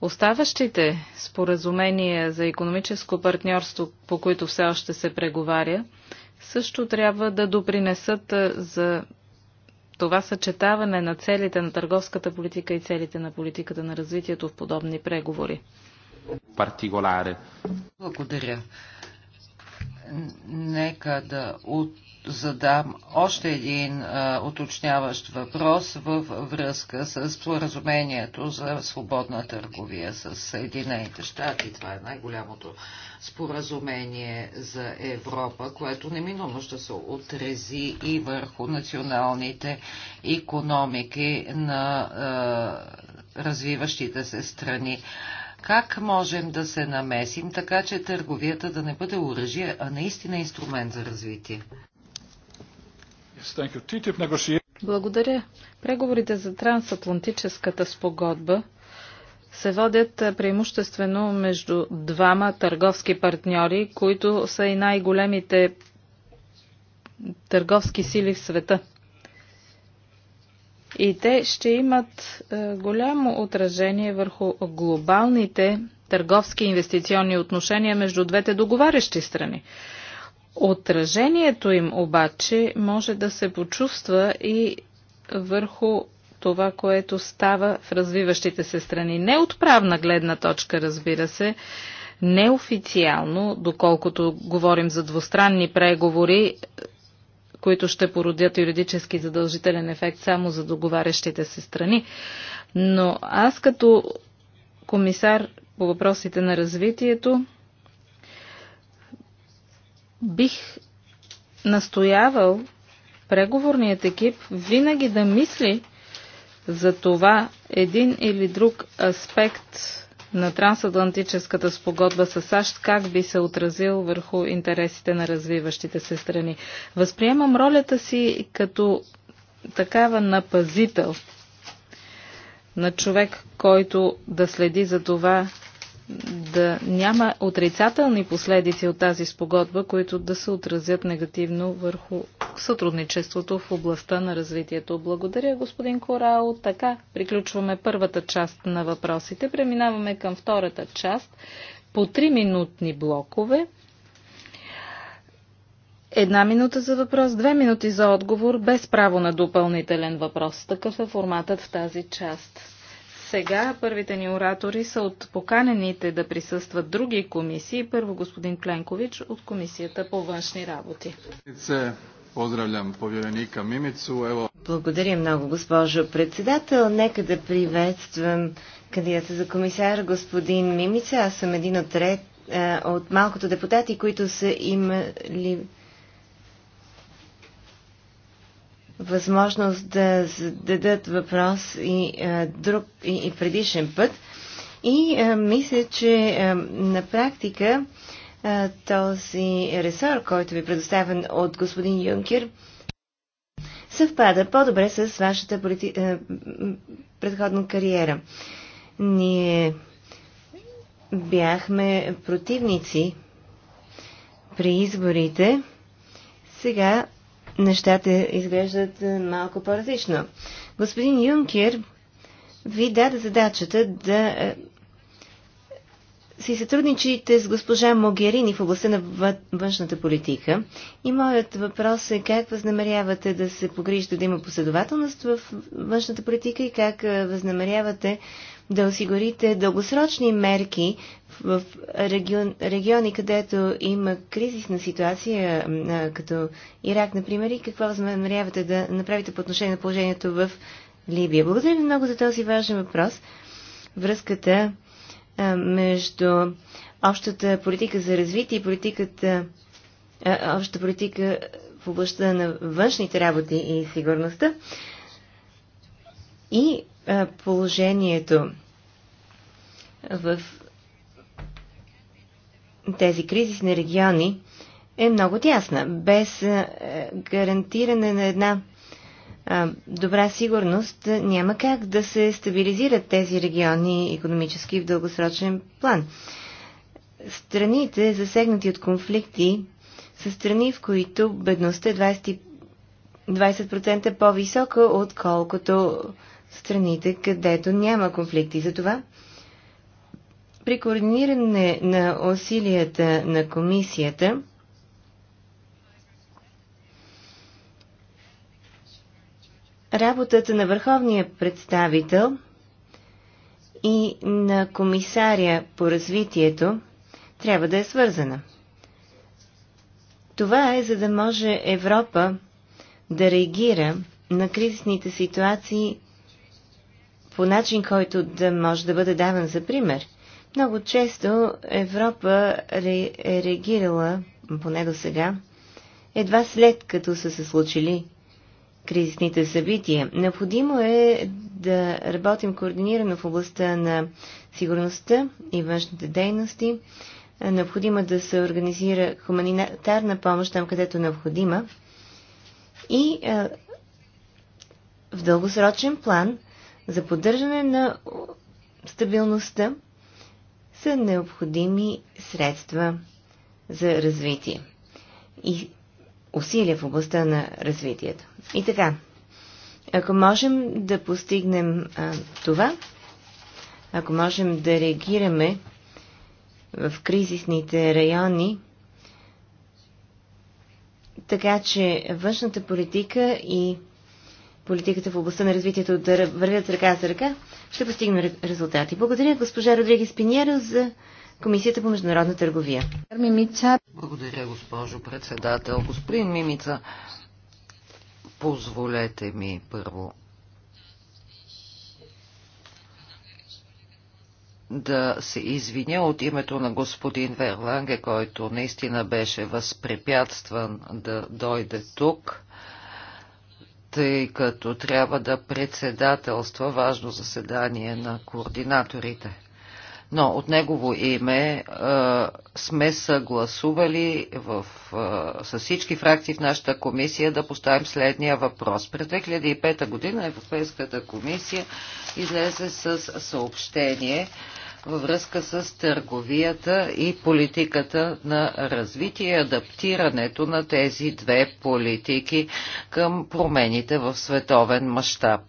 Speaker 3: Оставащите споразумения за економическо партньорство, по които все още се преговаря, също трябва да допринесат за това съчетаване на целите на търговската политика и целите на политиката на
Speaker 4: развитието в подобни преговори. Благодаря. Нека да от задам още един а, уточняващ въпрос във връзка с споразумението за свободна търговия с Съединените щати. Това е най-голямото споразумение за Европа, което неминуемо ще се отрези и върху националните економики на а, развиващите се страни. А, как можем да се намесим, така че търговията да не бъде оръжие, а наистина инструмент за развитие?
Speaker 3: Благодаря. Преговорите за трансатлантическата спогодба се водят преимуществено между двама търговски партньори, които са и най-големите търговски сили в света. И те ще имат е, голямо отражение върху глобалните търговски инвестиционни отношения между двете договарящи страни. Отражението им обаче може да се почувства и върху това, което става в развиващите се страни. Не от правна гледна точка, разбира се, неофициално, доколкото говорим за двустранни преговори, които ще породят юридически задължителен ефект само за договарящите се страни. Но аз като комисар по въпросите на развитието бих настоявал преговорният екип винаги да мисли за това един или друг аспект на трансатлантическата спогодба с САЩ как би се отразил върху интересите на развиващите се страни. Възприемам ролята си като такава напазител на човек, който да следи за това, да няма отрицателни последици от тази спогодба, които да се отразят негативно върху сътрудничеството в областта на развитието. Благодаря, господин Корао. Така, приключваме първата част на въпросите. Преминаваме към втората част по три минутни блокове. Една минута за въпрос, две минути за отговор, без право на допълнителен въпрос. Такъв е форматът в тази част. Сега първите ни оратори са от поканените да присъстват други комисии. Първо господин Пленкович от Комисията по външни работи.
Speaker 1: Поздравлям повереника
Speaker 2: Мимицу. Ево. Благодаря много, госпожо председател. Нека да приветствам кандидата за комисар, господин Мимица. Аз съм един от ред от малкото депутати, които са имали възможност да зададат въпрос и, а, друг, и, и предишен път. И а, мисля, че а, на практика а, този ресор, който ви е предоставен от господин Юнкер, съвпада по-добре с вашата полити... а, предходна кариера. Ние бяхме противници при изборите. Сега нещата изглеждат е, малко по-различно. Господин Юнкер ви даде задачата да е, си сътрудничите с госпожа Могерини в областта на външната политика. И моят въпрос е как възнамерявате да се погрижите да има последователност в външната политика и как е, възнамерявате да осигурите дългосрочни мерки в регион, региони, където има кризисна ситуация, като Ирак, например, и какво възнамерявате да направите по отношение на положението в Либия? Благодаря ви много за този важен въпрос. Връзката между общата политика за развитие и политиката, общата политика в областта на външните работи и сигурността и положението в тези кризисни региони е много тясна. Без гарантиране на една добра сигурност няма как да се стабилизират тези региони економически в дългосрочен план. Страните, засегнати от конфликти, са страни, в които бедността е 20%, по-висока, отколкото страните, където няма конфликти. Затова при координиране на усилията на комисията работата на върховния представител и на комисаря по развитието трябва да е свързана. Това е за да може Европа да реагира на кризисните ситуации по начин, който да може да бъде даван за пример. Много често Европа ре, е реагирала, поне до сега, едва след като са се случили кризисните събития. Необходимо е да работим координирано в областта на сигурността и външните дейности. Необходимо е да се организира хуманитарна помощ там, където е необходима. И в дългосрочен план – за поддържане на стабилността са необходими средства за развитие и усилия в областта на развитието. И така, ако можем да постигнем а, това, ако можем да реагираме в кризисните райони, така че външната политика и политиката в областта на развитието да вървят ръка за ръка, ще постигна резултати. Благодаря госпожа Родригес Пиньеро за Комисията по международна търговия.
Speaker 4: Мимица. Благодаря, госпожо председател. Господин Мимица, позволете ми първо да се извиня от името на господин Верланге, който наистина беше възпрепятстван да дойде тук тъй като трябва да председателства важно заседание на координаторите. Но от негово име а, е, сме съгласували в, а, е, с всички фракции в нашата комисия да поставим следния въпрос. През 2005 година Европейската комисия излезе с съобщение, във връзка с търговията и политиката на развитие и адаптирането на тези две политики към промените в световен мащаб.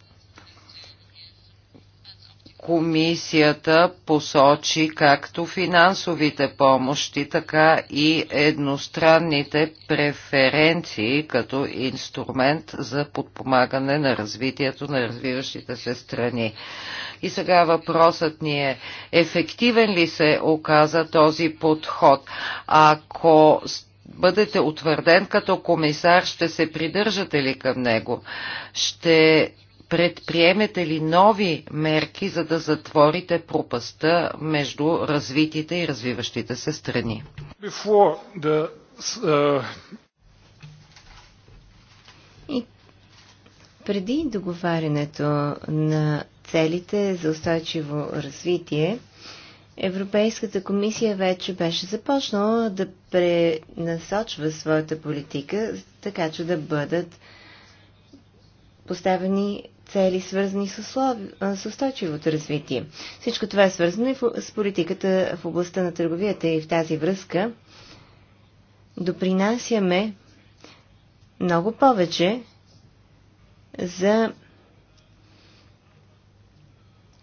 Speaker 4: Комисията посочи както финансовите помощи, така и едностранните преференции като инструмент за подпомагане на развитието на развиващите се страни. И сега въпросът ни е, ефективен ли се оказа този подход? Ако бъдете утвърден като комисар, ще се придържате ли към него? Ще Предприемете ли нови мерки, за да затворите пропаста между развитите и развиващите се страни?
Speaker 2: И преди договарянето на целите за устойчиво развитие, Европейската комисия вече беше започнала да пренасочва своята политика, така че да бъдат поставени цели, свързани с, услов... с устойчивото развитие. Всичко това е свързано и с политиката в областта на търговията и в тази връзка допринасяме много повече за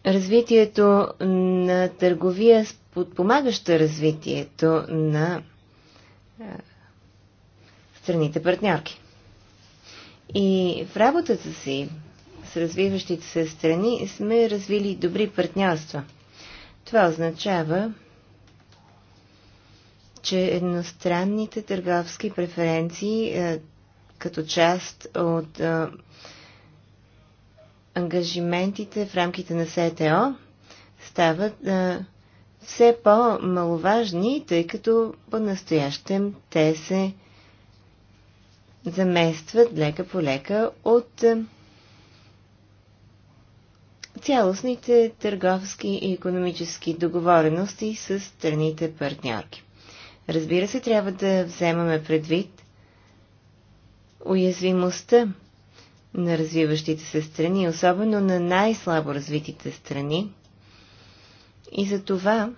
Speaker 2: развитието на търговия, подпомагаща развитието на страните партньорки. И в работата си с развиващите се страни сме развили добри партньорства. Това означава, че едностранните търговски преференции е, като част от е, ангажиментите в рамките на СТО стават е, все по-маловажни, тъй като по-настоящем те се заместват лека по лека от цялостните търговски и економически договорености с страните партньорки. Разбира се, трябва да вземаме предвид уязвимостта на развиващите се страни, особено на най-слабо развитите страни. И за това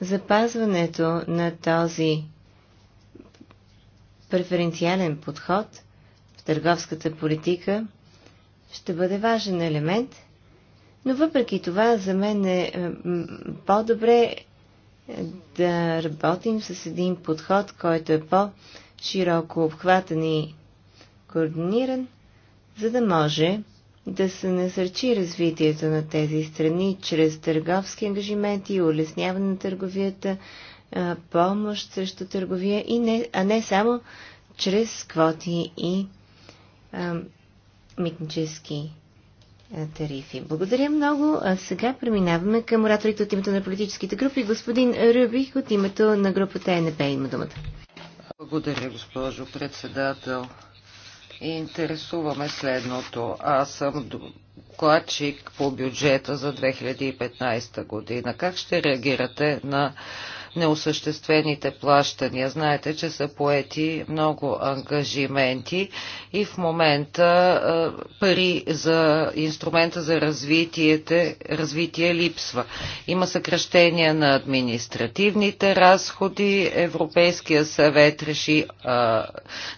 Speaker 2: запазването на този преференциален подход в търговската политика – ще бъде важен елемент, но въпреки това за мен е по-добре е, да работим с един подход, който е по-широко обхватен и координиран, за да може да се насърчи развитието на тези страни чрез търговски ангажименти, улесняване на търговията, е, помощ срещу търговия, и не, а не само чрез квоти и ам, е, митнически е, тарифи. Благодаря много. А сега преминаваме към ораторите от името на политическите групи. Господин Рюбих от името на групата НП има думата.
Speaker 4: Благодаря, госпожо председател. Интересуваме следното. Аз съм докладчик по бюджета за 2015 година. Как ще реагирате на неосъществените плащания. Знаете, че са поети много ангажименти и в момента пари за инструмента за развитие, развитие липсва. Има съкръщения на административните разходи. Европейския съвет реши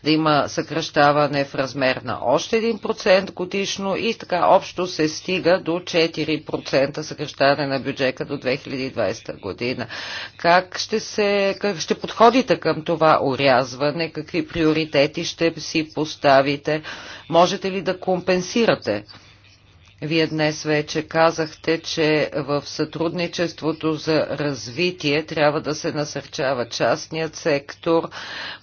Speaker 4: да има съкръщаване в размер на още 1% годишно и така общо се стига до 4% съкръщаване на бюджета до 2020 година. Как как ще, се, как ще подходите към това урязване, какви приоритети ще си поставите, можете ли да компенсирате? Вие днес вече казахте, че в сътрудничеството за развитие трябва да се насърчава частният сектор,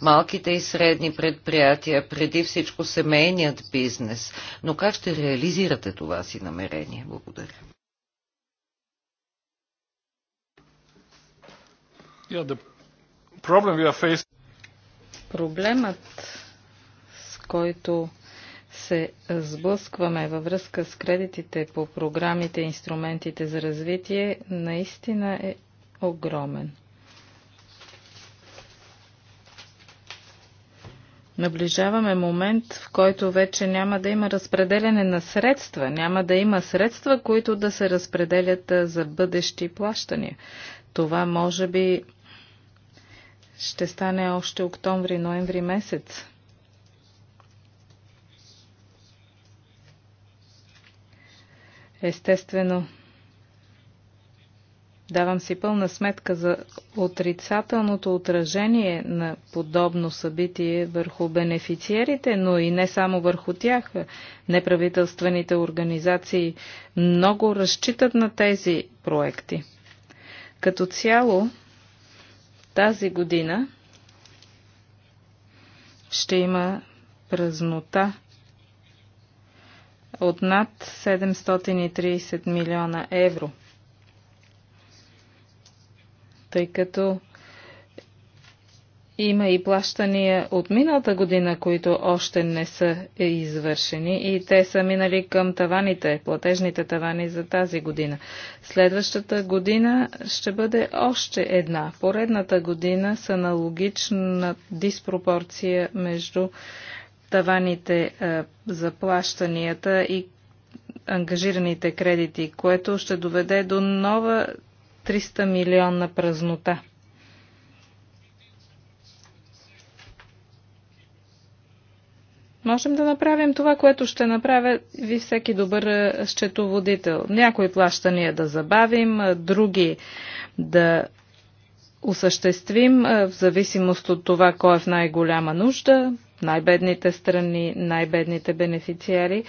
Speaker 4: малките и средни предприятия, преди всичко семейният бизнес. Но как ще реализирате това си намерение? Благодаря.
Speaker 1: Проблемът,
Speaker 3: с който се сблъскваме във връзка с кредитите по програмите и инструментите за развитие, наистина е огромен. Наближаваме момент, в който вече няма да има разпределене на средства, няма да има средства, които да се разпределят за бъдещи плащания. Това може би ще стане още октомври-ноември месец. Естествено, давам си пълна сметка за отрицателното отражение на подобно събитие върху бенефициерите, но и не само върху тях. Неправителствените организации много разчитат на тези проекти. Като цяло, тази година ще има празнота от над 730 милиона евро, тъй като има и плащания от миналата година, които още не са извършени и те са минали към таваните, платежните тавани за тази година. Следващата година ще бъде още една. Поредната година с аналогична диспропорция между таваните е, за плащанията и ангажираните кредити, което ще доведе до нова 300 милионна празнота. Можем да направим това, което ще направя ви всеки добър е, счетоводител. Някои плащания да забавим, е, други да осъществим е, в зависимост от това, кой е в най-голяма нужда, най-бедните страни, най-бедните бенефициари.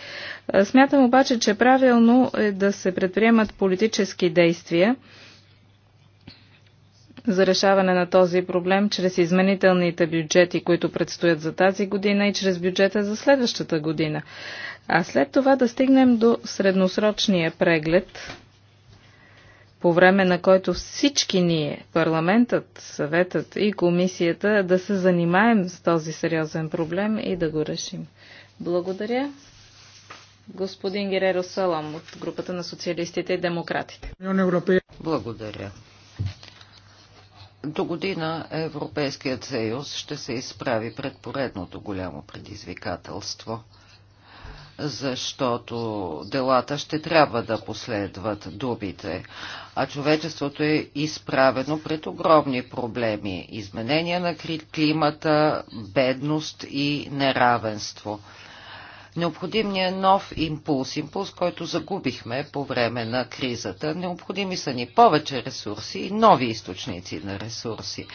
Speaker 3: Смятам обаче, че правилно е да се предприемат политически действия, за решаване на този проблем чрез изменителните бюджети, които предстоят за тази година и чрез бюджета за следващата година. А след това да стигнем до средносрочния преглед, по време на който всички ние, парламентът, съветът и комисията, да се занимаем с този сериозен проблем и да го решим. Благодаря. Господин Гереро Салам от групата на социалистите и демократите.
Speaker 4: Благодаря. До година Европейският съюз ще се изправи пред поредното голямо предизвикателство, защото делата ще трябва да последват дубите, а човечеството е изправено пред огромни проблеми – изменения на климата, бедност и неравенство – необходимия нов импулс, импулс, който загубихме по време на кризата. Необходими са ни повече ресурси и нови източници на ресурси.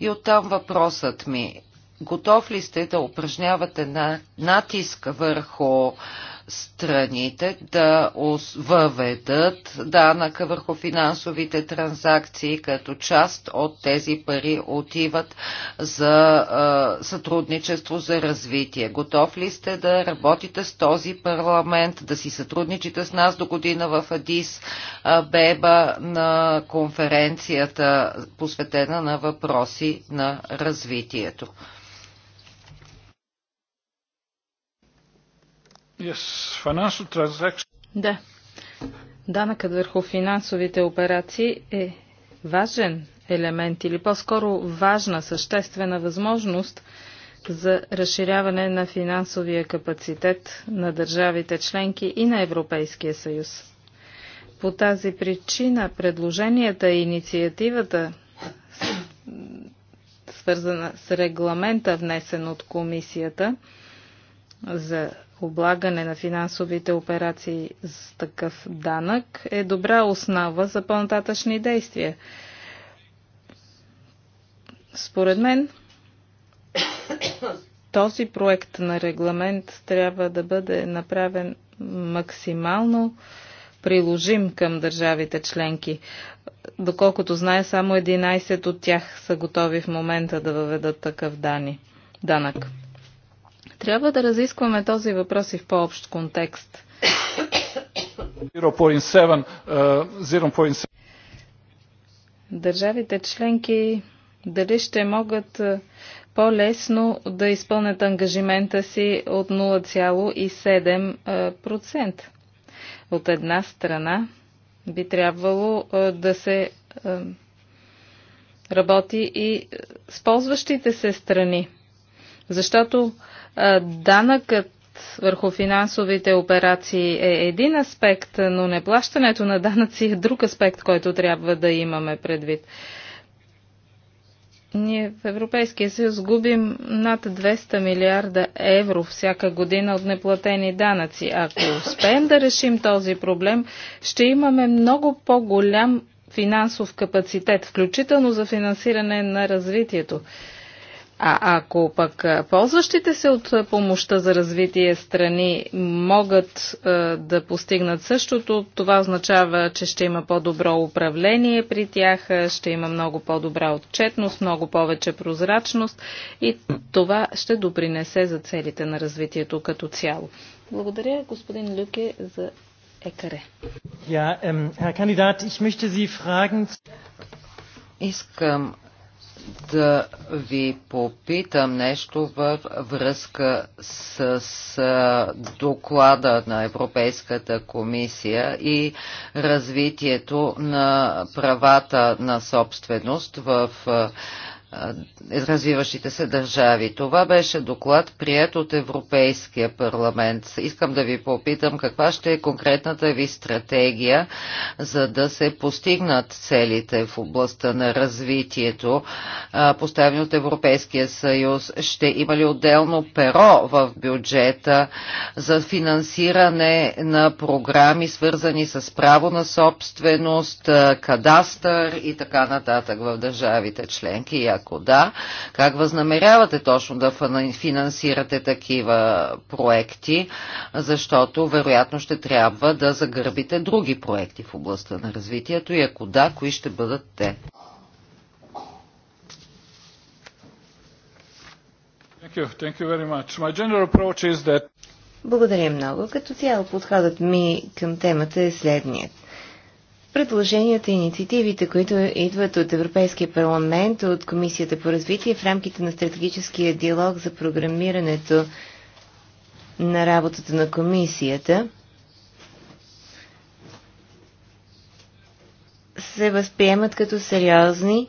Speaker 4: И оттам въпросът ми Готов ли сте да упражнявате натиск върху страните да въведат данъка върху финансовите транзакции, като част от тези пари отиват за е, сътрудничество за развитие. Готов ли сте да работите с този парламент, да си сътрудничите с нас до година в Адис Беба на конференцията, посветена на въпроси на развитието? Yes, Да.
Speaker 3: Данъкът върху финансовите операции е важен елемент или по-скоро важна, съществена възможност за разширяване на финансовия капацитет на държавите членки и на Европейския съюз. По тази причина предложенията и инициативата, свързана с регламента, внесен от комисията за облагане на финансовите операции с такъв данък е добра основа за по-нататъчни действия. Според мен, този проект на регламент трябва да бъде направен максимално приложим към държавите членки. Доколкото знае, само 11 от тях са готови в момента да въведат такъв дани, данък. Трябва да разискваме този въпрос и в по-общ контекст.
Speaker 1: 0.7, uh, 0.7.
Speaker 3: Държавите членки дали ще могат е, по-лесно да изпълнят ангажимента си от 0,7%. Е, от една страна би трябвало е, да се работи и с ползващите се страни. Защото данъкът върху финансовите операции е един аспект, но неплащането на данъци е друг аспект, който трябва да имаме предвид. Ние в Европейския съюз губим над 200 милиарда евро всяка година от неплатени данъци. Ако успеем да решим този проблем, ще имаме много по-голям финансов капацитет, включително за финансиране на развитието. А ако пък ползващите се от помощта за развитие страни могат е, да постигнат същото, това означава, че ще има по-добро управление при тях, ще има много по-добра отчетност, много повече прозрачност и това ще допринесе за целите на развитието като цяло. Благодаря, господин Люке, за екаре.
Speaker 4: Ja, ähm, Herr Kandidat, ich möchte Sie fragen... Искам да ви попитам нещо във връзка с, с доклада на Европейската комисия и развитието на правата на собственост в е, развиващите се държави. Това беше доклад, прият от Европейския парламент. Искам да ви попитам каква ще е конкретната ви стратегия, за да се постигнат целите в областта на развитието, поставени от Европейския съюз. Ще има ли отделно перо в бюджета за финансиране на програми, свързани с право на собственост, кадастър и така нататък в държавите членки? Ако да, как възнамерявате точно да финансирате такива проекти, защото вероятно ще трябва да загърбите други проекти в областта на развитието и ако да, кои ще бъдат те?
Speaker 2: Благодаря много. Като цяло подходът ми към темата е следният предложенията и инициативите, които идват от Европейския парламент, от Комисията по развитие в рамките на стратегическия диалог за програмирането на работата на комисията, се възприемат като сериозни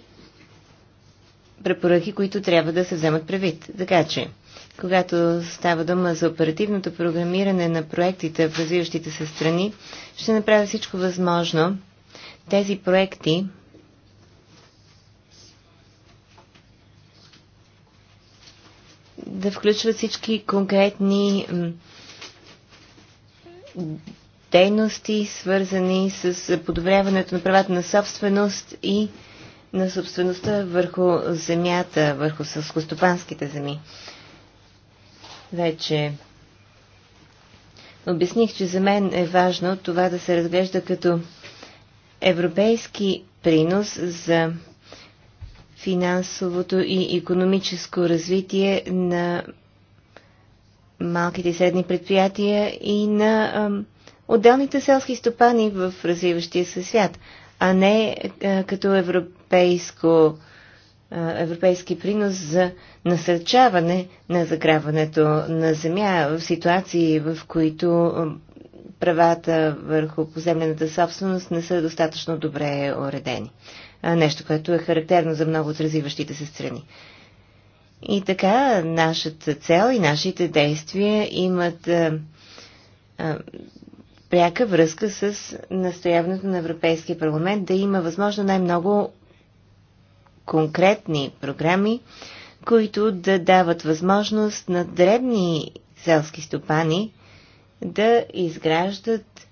Speaker 2: препоръки, които трябва да се вземат предвид. Така че, когато става дума за оперативното програмиране на проектите в развиващите се страни, ще направя всичко възможно тези проекти да включват всички конкретни дейности, свързани с подобряването на правата на собственост и на собствеността върху земята, върху сълскостопанските земи. Вече обясних, че за мен е важно това да се разглежда като европейски принос за финансовото и економическо развитие на малките и средни предприятия и на отделните селски стопани в развиващия се свят, а не като европейско, европейски принос за насърчаване на заграването на земя в ситуации, в които правата върху поземлената собственост не са достатъчно добре уредени. Нещо, което е характерно за много от развиващите се страни. И така, нашата цел и нашите действия имат а, а, пряка връзка с настояването на Европейския парламент да има възможно най-много конкретни програми, които да дават възможност на дребни селски стопани да изграждат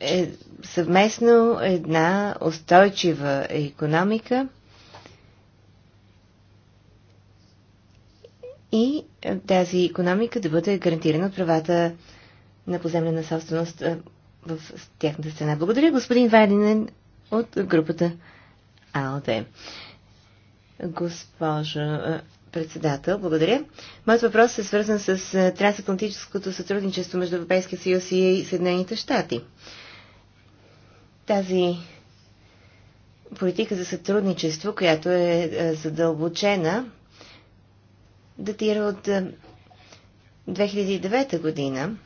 Speaker 2: е, съвместно една устойчива економика и тази економика да бъде гарантирана от правата на поземлена собственост е, в тяхната страна. Благодаря, господин Вайдинен от групата АЛД. Госпожа, е, председател. Благодаря. Моят въпрос е свързан с е, трансатлантическото сътрудничество между Европейския съюз и Съединените щати. Тази политика за сътрудничество, която е, е задълбочена, датира от 2009 е, година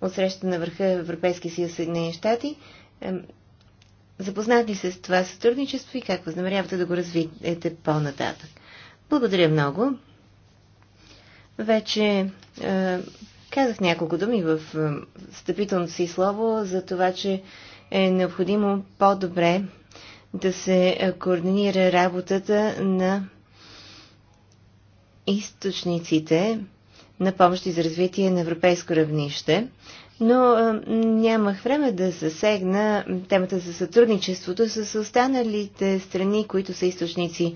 Speaker 2: от среща на върха Европейския съюз Съединени щати Запознат ли се с това сътрудничество и как възнамерявате да го развиете по-нататък? Благодаря много. Вече е, казах няколко думи в е, стъпителното си слово за това, че е необходимо по-добре да се е, координира работата на източниците на помощи за развитие на европейско равнище но нямах време да засегна темата за сътрудничеството с останалите страни, които са източници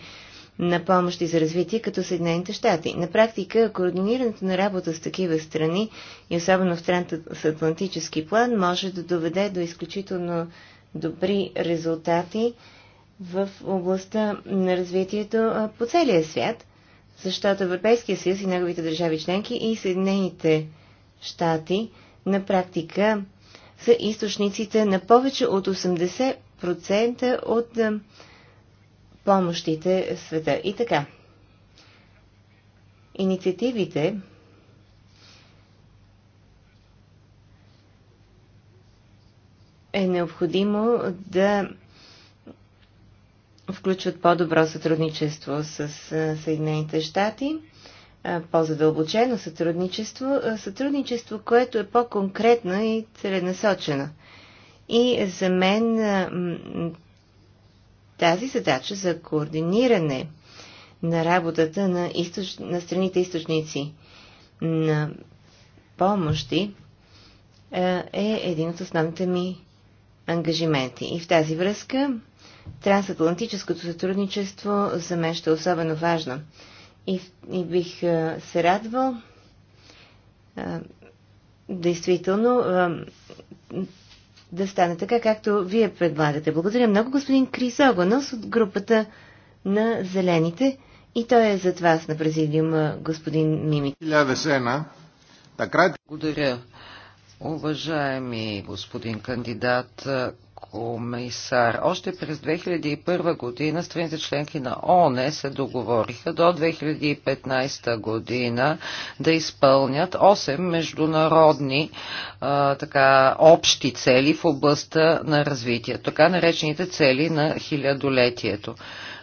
Speaker 2: на помощ и за развитие, като Съединените щати. На практика, координирането на работа с такива страни, и особено в трансатлантически план, може да доведе до изключително добри резултати в областта на развитието по целия свят, защото Европейския съюз и неговите държави членки и Съединените щати – на практика са източниците на повече от 80% от е, помощите в света. И така, инициативите е необходимо да включват по-добро сътрудничество с е, Съединените щати – е, по-задълбочено сътрудничество, е, сътрудничество, което е по-конкретно и целенасочено. И за мен е, тази задача за координиране на работата на, източ... на страните източници на помощи е един от основните ми ангажименти. И в тази връзка трансатлантическото сътрудничество за мен ще е особено важно и, и бих а, се радвал. А, действително, а, да стане така, както вие предлагате. Благодаря много, господин Крис Огонос от групата на Зелените. И той е зад вас на президиума,
Speaker 4: господин Мими. Е. Благодаря. Уважаеми господин кандидат, комисар. Още през 2001 година страните членки на ООН се договориха до 2015 година да изпълнят 8 международни а, така, общи цели в областта на развитието, така наречените цели на хилядолетието.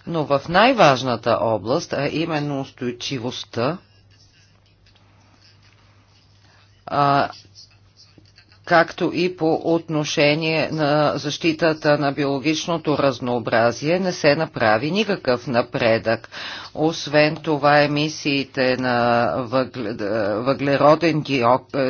Speaker 4: Но в най-важната област, а именно устойчивостта, а, както и по отношение на защитата на биологичното разнообразие не се направи никакъв напредък. Освен това емисиите на въглероден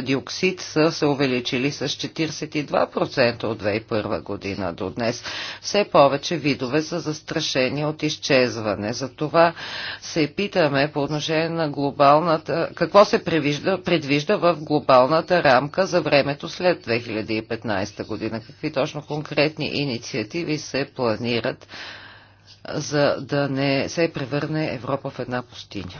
Speaker 4: диоксид са се увеличили с 42% от 2001 година до днес. Все повече видове са застрашени от изчезване. Затова се питаме по отношение на глобалната... Какво се предвижда, предвижда в глобалната рамка за времето след след 2015 година? Какви точно конкретни инициативи се планират, за да не се превърне Европа в една пустиня?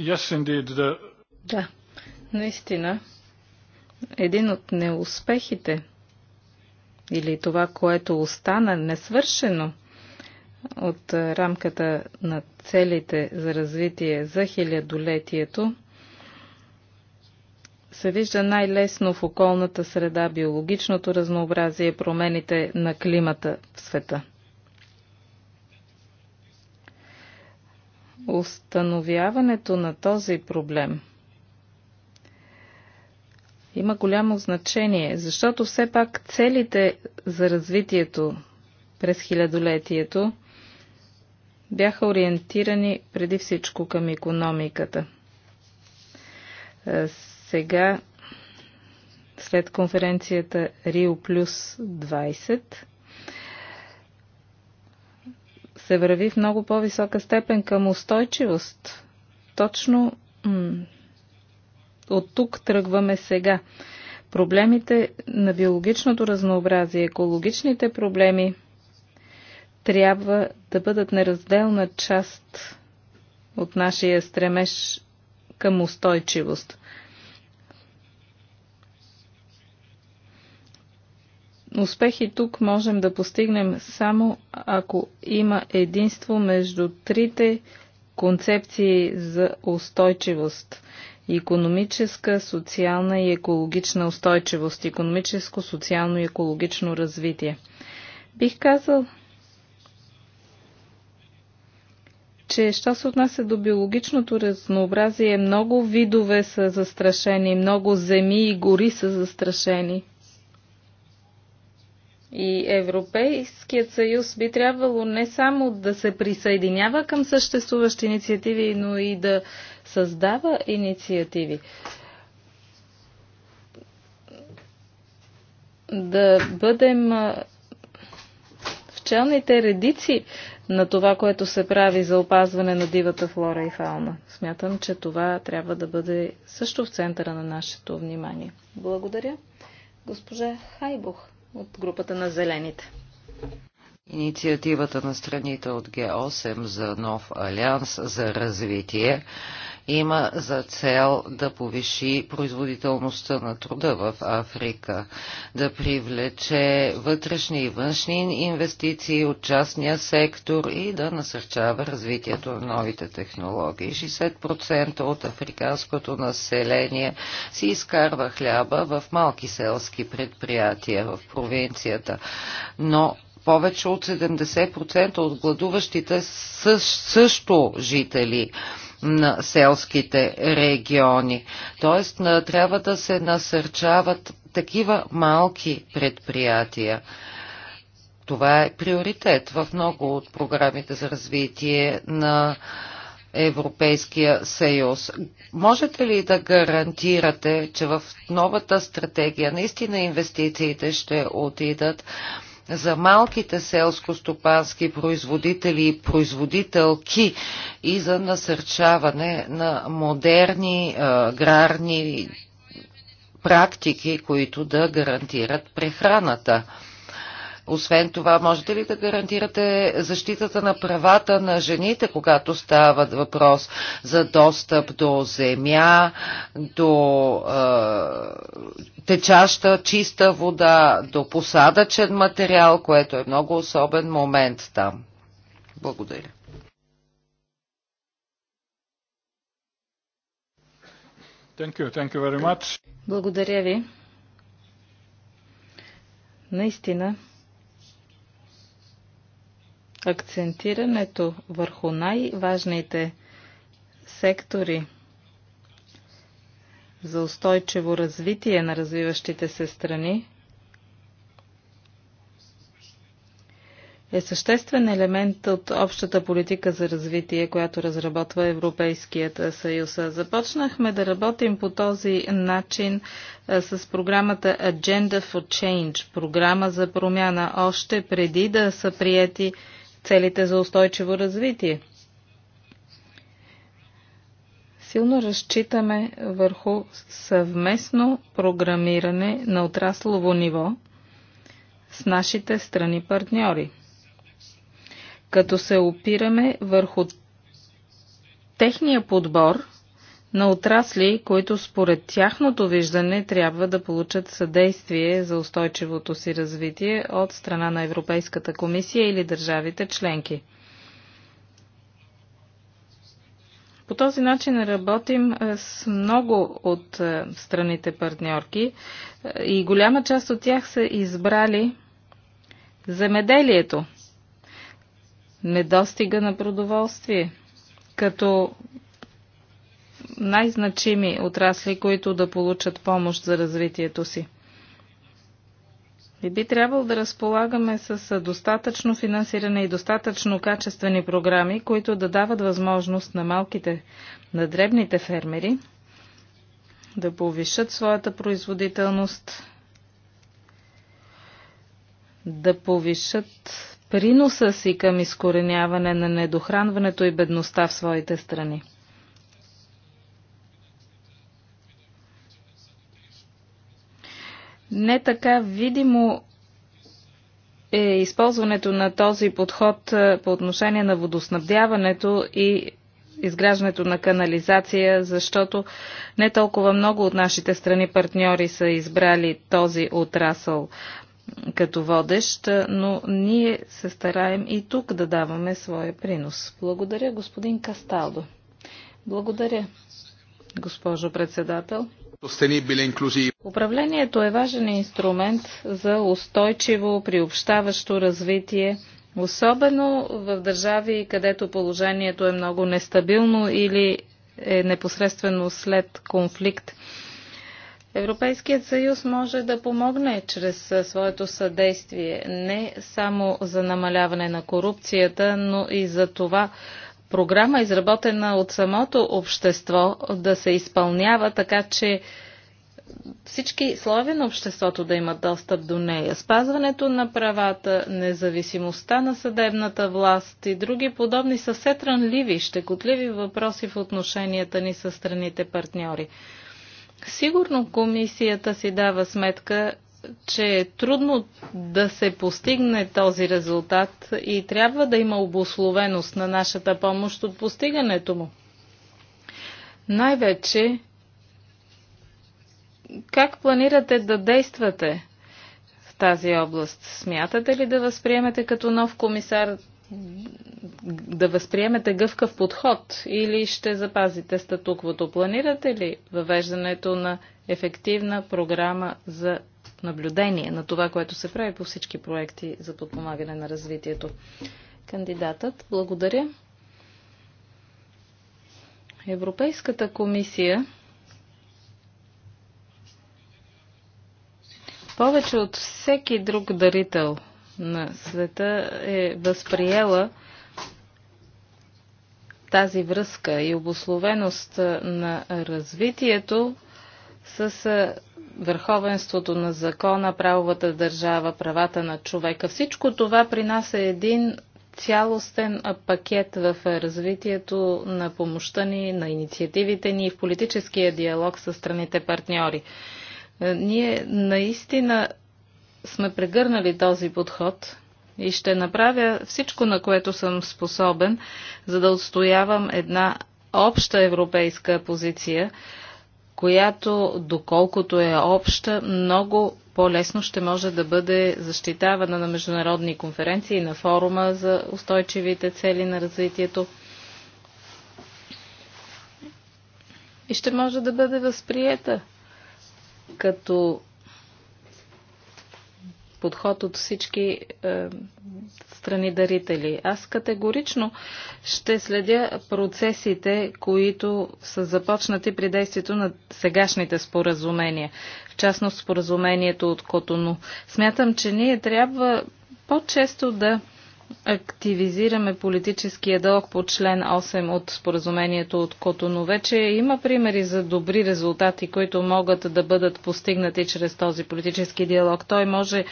Speaker 1: Yes, indeed, the...
Speaker 3: Да, наистина. Един от неуспехите или това, което остана несвършено – от рамката на целите за развитие за хилядолетието се вижда най-лесно в околната среда биологичното разнообразие, промените на климата в света. Установяването на този проблем има голямо значение, защото все пак целите за развитието през хилядолетието бяха ориентирани преди всичко към економиката. Е, сега, след конференцията Рио Плюс 20, се върви в много по-висока степен към устойчивост. Точно от тук тръгваме сега. Проблемите на биологичното разнообразие, екологичните проблеми трябва да бъдат неразделна част от нашия стремеж към устойчивост. Успехи тук можем да постигнем само ако има единство между трите концепции за устойчивост економическа, социална и екологична устойчивост, економическо, социално и екологично развитие. Бих казал, че що се отнася до биологичното разнообразие, много видове са застрашени, много земи и гори са застрашени. И Европейският съюз би трябвало не само да се присъединява към съществуващи инициативи, но и да създава инициативи. Да бъдем в челните редици на това, което се прави за опазване на дивата флора и фауна. Смятам, че това трябва да бъде също в центъра на нашето внимание. Благодаря. Госпожа Хайбух от групата на Зелените.
Speaker 4: Инициативата на страните от Г8 за нов алианс за развитие има за цел да повиши производителността на труда в Африка, да привлече вътрешни и външни инвестиции от частния сектор и да насърчава развитието на новите технологии. 60% от африканското население си изкарва хляба в малки селски предприятия в провинцията, но повече от 70% от гладуващите също жители на селските региони. Тоест трябва да се насърчават такива малки предприятия. Това е приоритет в много от програмите за развитие на Европейския съюз. Можете ли да гарантирате, че в новата стратегия наистина инвестициите ще отидат за малките селско-стопански производители и производителки и за насърчаване на модерни е, аграрни практики, които да гарантират прехраната. Освен това, можете ли да гарантирате защитата на правата на жените, когато става въпрос за достъп до земя, до е, течаща чиста вода до посадъчен материал, което е много особен момент там. Благодаря.
Speaker 1: Thank you, thank you very much.
Speaker 3: Благодаря ви. Наистина, акцентирането върху най-важните сектори за устойчиво развитие на развиващите се страни е съществен елемент от общата политика за развитие, която разработва Европейският съюз. Започнахме да работим по този начин с програмата Agenda for Change, програма за промяна, още преди да са приети целите за устойчиво развитие. Силно разчитаме върху съвместно програмиране на отраслово ниво с нашите страни партньори, като се опираме върху техния подбор на отрасли, които според тяхното виждане трябва да получат съдействие за устойчивото си развитие от страна на Европейската комисия или държавите членки. По този начин работим е, с много от е, страните партньорки е, и голяма част от тях са избрали земеделието, недостига на продоволствие, като най-значими отрасли, които да получат помощ за развитието си. И би трябвало да разполагаме с достатъчно финансиране и достатъчно качествени програми, които да дават възможност на малките, на дребните фермери да повишат своята производителност, да повишат приноса си към изкореняване на недохранването и бедността в своите страни. Не така видимо е използването на този подход е, по отношение на водоснабдяването и изграждането на канализация, защото не толкова много от нашите страни партньори са избрали този отрасъл като водещ, е, но ние се стараем и тук да даваме своя принос. Благодаря, господин Касталдо. Благодаря, госпожо председател. Управлението е важен инструмент за устойчиво приобщаващо развитие, особено в държави, където положението е много нестабилно или е непосредствено след конфликт. Европейският съюз може да помогне чрез своето съдействие не само за намаляване на корупцията, но и за това програма, изработена от самото общество, да се изпълнява така, че всички слови на обществото да имат достъп до нея. Спазването на правата, независимостта на съдебната власт и други подобни са все трънливи, щекотливи въпроси в отношенията ни с страните партньори. Сигурно комисията си дава сметка, че е трудно да се постигне този резултат и трябва да има обословеност на нашата помощ от постигането му. Най-вече, как планирате да действате в тази област? Смятате ли да възприемете като нов комисар да възприемете гъвкав подход или ще запазите статуквото? Планирате ли въвеждането на ефективна програма за наблюдение на това, което се прави по всички проекти за подпомагане на развитието. Кандидатът, благодаря. Европейската комисия повече от всеки друг дарител на света е възприела тази връзка и обословеност на развитието с върховенството на закона, правовата държава, правата на човека. Всичко това при нас е един цялостен пакет в развитието на помощта ни, на инициативите ни и в политическия диалог с страните партньори. Е, ние наистина сме прегърнали този подход и ще направя всичко, на което съм способен, за да отстоявам една обща европейска позиция, която, доколкото е обща, много по-лесно ще може да бъде защитавана на международни конференции, на форума за устойчивите цели на развитието. И ще може да бъде възприета като подход от всички е, страни дарители. Аз категорично ще следя процесите, които са започнати при действието на сегашните споразумения, в частност споразумението от Котону. Смятам, че ние трябва по-често да активизираме политическия дълг по член 8 от споразумението от Котоно. Вече има примери за добри резултати, които могат да бъдат постигнати чрез този политически диалог. Той може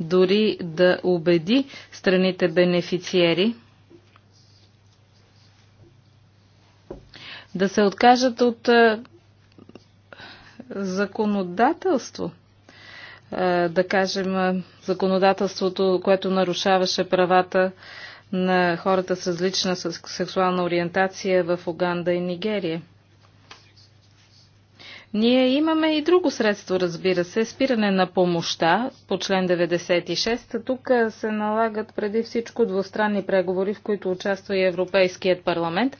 Speaker 3: дори да убеди страните бенефициери да се откажат от законодателство – е, да кажем, е, законодателството, което нарушаваше правата на хората с различна сексуална ориентация в Уганда и Нигерия. Ние имаме и друго средство, разбира се, спиране на помощта по член 96. Тук е, се налагат преди всичко двустранни преговори, в които участва и Европейският парламент.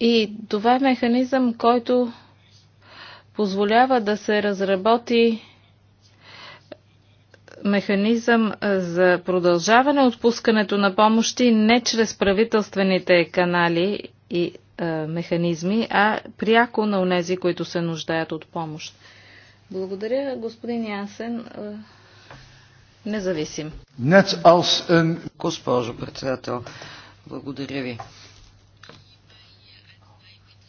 Speaker 3: И това е механизъм, който позволява да се разработи механизъм за продължаване отпускането на помощи не чрез правителствените канали и е, механизми, а пряко на унези, които се нуждаят от помощ. Благодаря, господин Янсен. Е, независим.
Speaker 4: Госпожо председател, благодаря ви.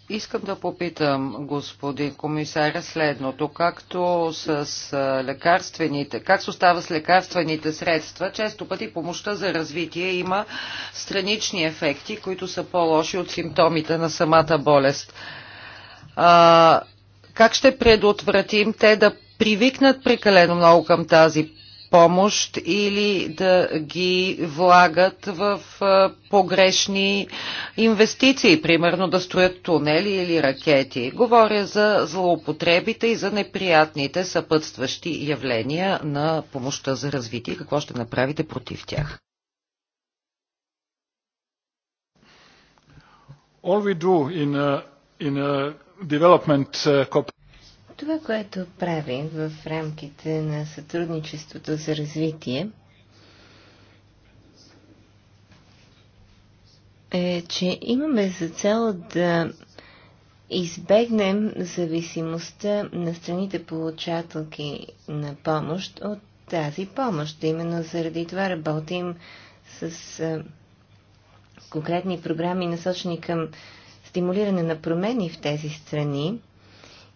Speaker 4: Искам да попитам, господин комисар, следното. Както с лекарствените, се става с лекарствените средства, често пъти помощта за развитие има странични ефекти, които са по-лоши от симптомите на самата болест. А, как ще предотвратим те да привикнат прекалено много към тази помощ или да ги влагат в погрешни инвестиции, примерно да строят тунели или ракети. Говоря за злоупотребите и за неприятните съпътстващи явления на помощта за развитие. Какво ще направите против тях? All
Speaker 1: we do in a, in a development uh,
Speaker 4: това, което
Speaker 2: правим в рамките на сътрудничеството за развитие, е, че имаме за цел да избегнем зависимостта на страните получателки на помощ от тази помощ. Именно заради това работим с конкретни програми, насочени към стимулиране на промени в тези страни,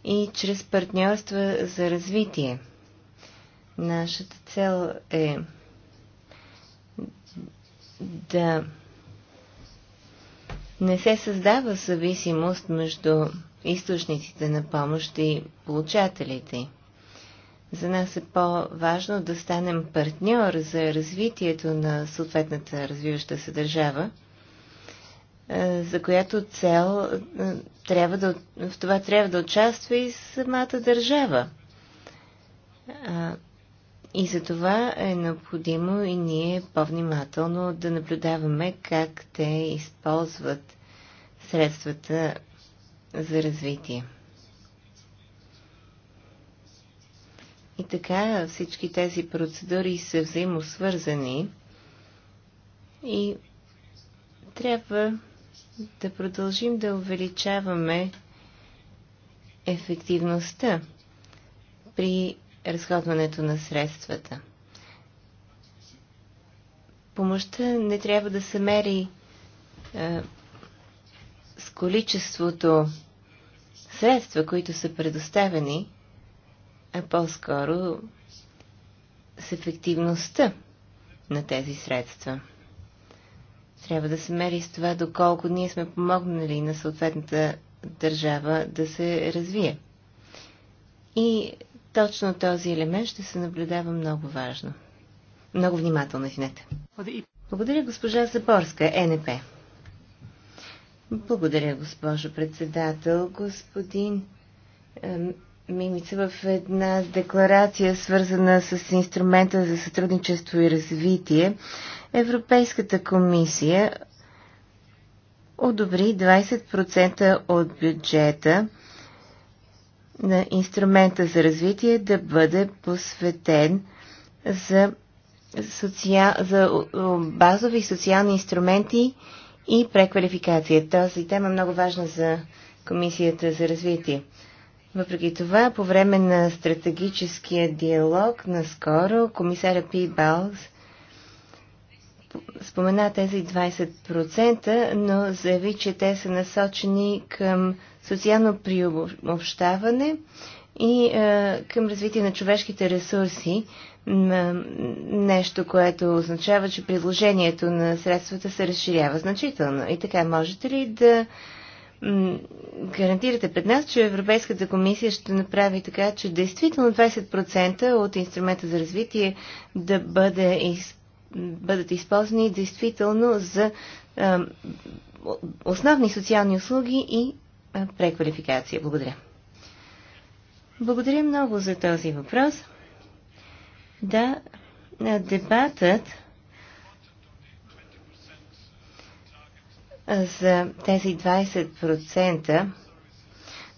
Speaker 2: и чрез партньорства за развитие. Нашата цел е да не се създава зависимост между източниците на помощ и получателите. За нас е по-важно да станем партньор за развитието на съответната развиваща се държава, е, за която цел е, трябва да, в това трябва да участва и самата държава. И за това е необходимо и ние по-внимателно да наблюдаваме как те използват средствата за развитие. И така всички тези процедури са взаимосвързани и трябва да продължим да увеличаваме ефективността при разходването на средствата. Помощта не трябва да се мери е, с количеството средства, които са предоставени, а по-скоро с ефективността на тези средства. Трябва да се мери с това, доколко ние сме помогнали на съответната държава да се развие. И точно този елемент ще се наблюдава много важно. Много внимателно, извинете. Благодаря, госпожа Запорска, НП. Благодаря, госпожо председател. Господин Мимица в една декларация, свързана с инструмента за сътрудничество и развитие, Европейската комисия одобри 20% от бюджета на инструмента за развитие да бъде посветен за, социал... за базови социални инструменти и преквалификация. Тази тема е много важна за Комисията за развитие. Въпреки това, по време на стратегическия диалог наскоро комисаря Пи Балс – спомена тези 20%, но заяви, че те са насочени към социално приобщаване и е, към развитие на човешките ресурси, е, нещо, което означава, че предложението на средствата се разширява значително. И така, можете ли да гарантирате пред нас, че Европейската комисия ще направи така, че действително 20% от инструмента за развитие да бъде изпълнен? бъдат използвани действително за основни социални услуги и преквалификация. Благодаря. Благодаря много за този въпрос. Да, дебатът за тези 20%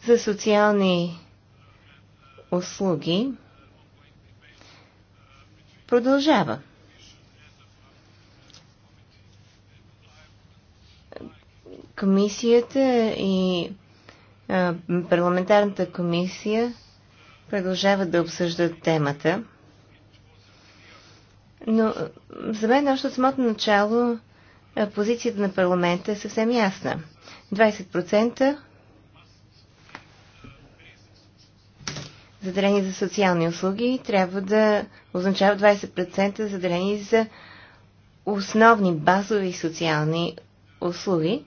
Speaker 2: за социални услуги продължава. Комисията и а, парламентарната комисия продължават да обсъждат темата. Но за мен още от самото начало позицията на парламента е съвсем ясна. 20% заделени за социални услуги трябва да означава 20% заделени за основни базови социални услуги,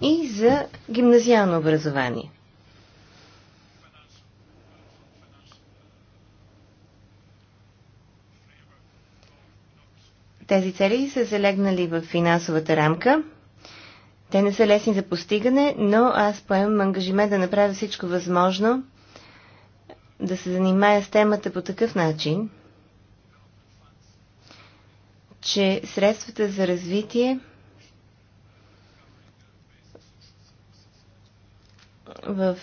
Speaker 2: и за гимназиално образование. Тези цели са залегнали в финансовата рамка. Те не са лесни за постигане, но аз поемам ангажимент да направя всичко възможно да се занимая с темата по такъв начин, че средствата за развитие в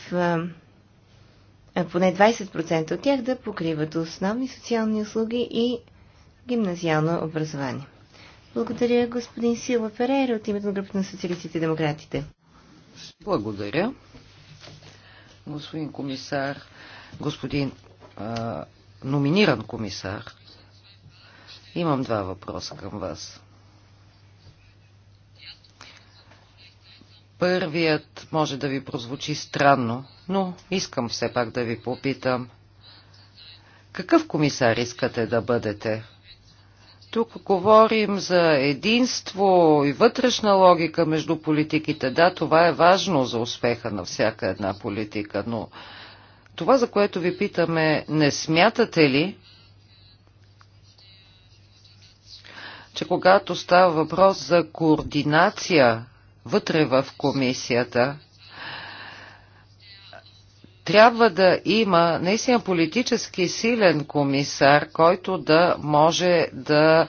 Speaker 2: поне 20% от тях да покриват основни социални услуги и гимназиално образование. Благодаря, господин Сила Ферейра от името на групата на социалистите и демократите.
Speaker 4: Благодаря. Господин комисар, господин а, номиниран комисар, имам два въпроса към вас. Първият може да ви прозвучи странно, но искам все пак да ви попитам. Какъв комисар искате да бъдете? Тук говорим за единство и вътрешна логика между политиките. Да, това е важно за успеха на всяка една политика, но това, за което ви питаме, не смятате ли, че когато става въпрос за координация вътре в комисията, трябва да има наистина политически силен комисар, който да може да,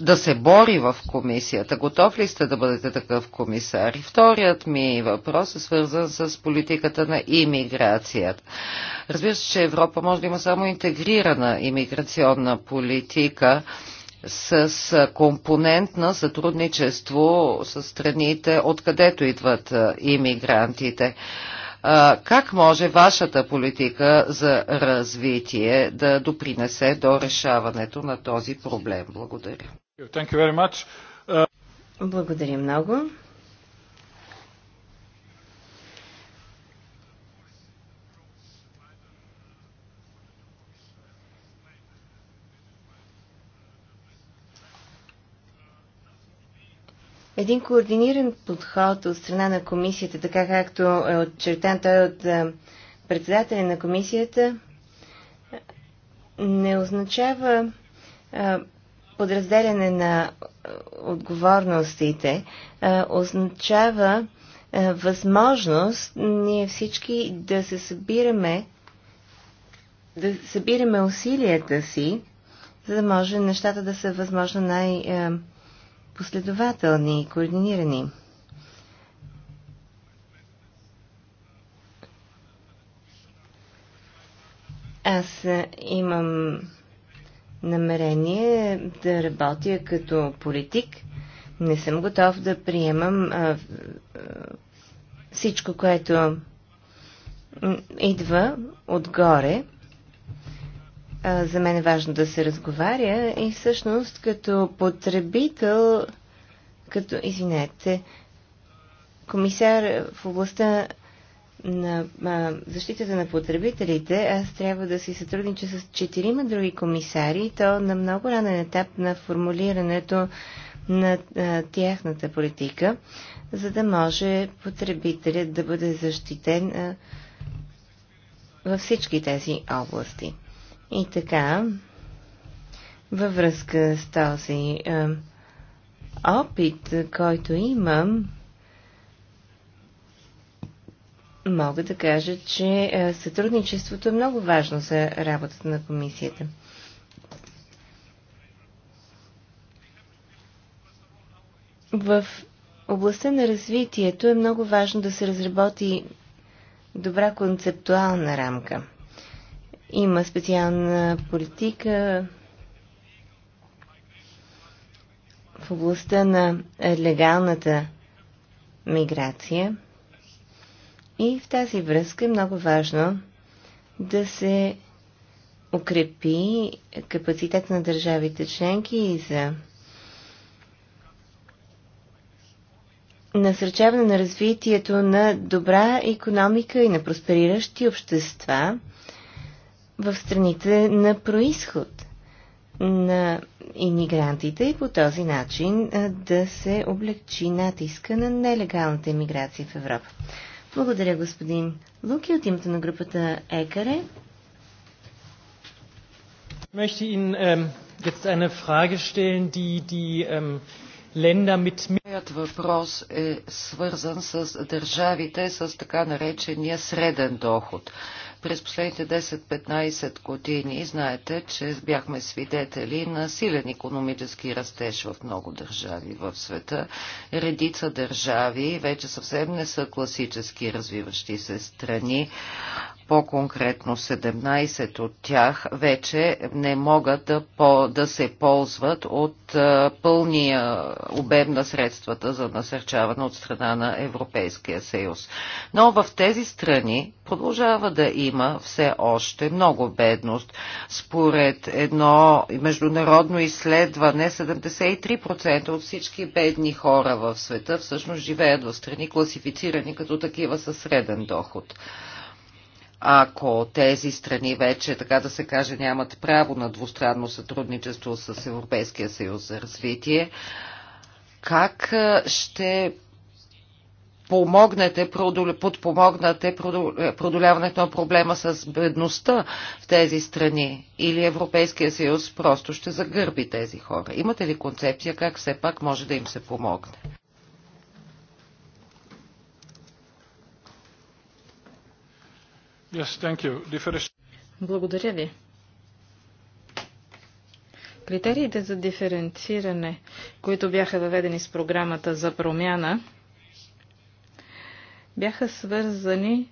Speaker 4: да се бори в комисията. Готов ли сте да бъдете такъв комисар? И вторият ми въпрос е свързан с политиката на имиграцията. Разбира се, че Европа може да има само интегрирана имиграционна политика, с компонент на сътрудничество с страните, откъдето идват иммигрантите. Как може вашата политика за развитие да допринесе до решаването на този проблем? Благодаря.
Speaker 1: Uh, Благодаря много.
Speaker 2: един координиран подход от страна на комисията, така както е отчертан той от е, председателя на комисията, не означава е, подразделяне на е, отговорностите, означава възможност ние всички да се събираме, да събираме усилията си, за да може нещата да са възможно най- последователни и координирани. Аз е, имам намерение да работя като политик. Не съм готов да приемам а, всичко, което идва отгоре за мен е важно да се разговаря и всъщност като потребител, като, извинете, комисар в областта на а, защитата на потребителите, аз трябва да си сътруднича с четирима други комисари, то на много ранен етап на формулирането на а, тяхната политика, за да може потребителят да бъде защитен а, във всички тези области. И така, във връзка с този е, опит, който имам, мога да кажа, че е, сътрудничеството е много важно за работата на комисията. В областта на развитието е много важно да се разработи добра концептуална рамка – има специална политика в областта на легалната миграция. И в тази връзка е много важно да се укрепи капацитет на държавите членки и за насърчаване на развитието на добра економика и на проспериращи общества – в страните на происход на иммигрантите и по този начин да се облегчи натиска на нелегалната иммиграция в Европа. Благодаря, господин Луки, от името на групата
Speaker 4: ЕКАРЕ. Möchte Ihnen ähm, jetzt eine Frage stellen, die die ähm, Länder mit... Моят въпрос е свързан с държавите с така наречения среден доход. През последните 10-15 години знаете, че бяхме свидетели на силен економически растеж в много държави в света. Редица държави вече съвсем не са класически развиващи се страни, по-конкретно 17 от тях, вече не могат да, по, да се ползват от а, е, пълния обем на средствата за насърчаване от страна на Европейския съюз. Но в тези страни продължава да има все още много бедност. Според едно международно изследване, 73% от всички бедни хора в света всъщност живеят в страни, класифицирани като такива със среден доход ако тези страни вече, така да се каже, нямат право на двустранно сътрудничество с Европейския съюз за развитие, как ще помогнете, подпомогнете продоляването на проблема с бедността в тези страни или Европейския съюз просто ще загърби тези хора? Имате ли концепция как все пак може да им се помогне? Yes,
Speaker 1: thank you.
Speaker 3: Благодаря ви. Критериите за диференциране, които бяха въведени с програмата за промяна, бяха свързани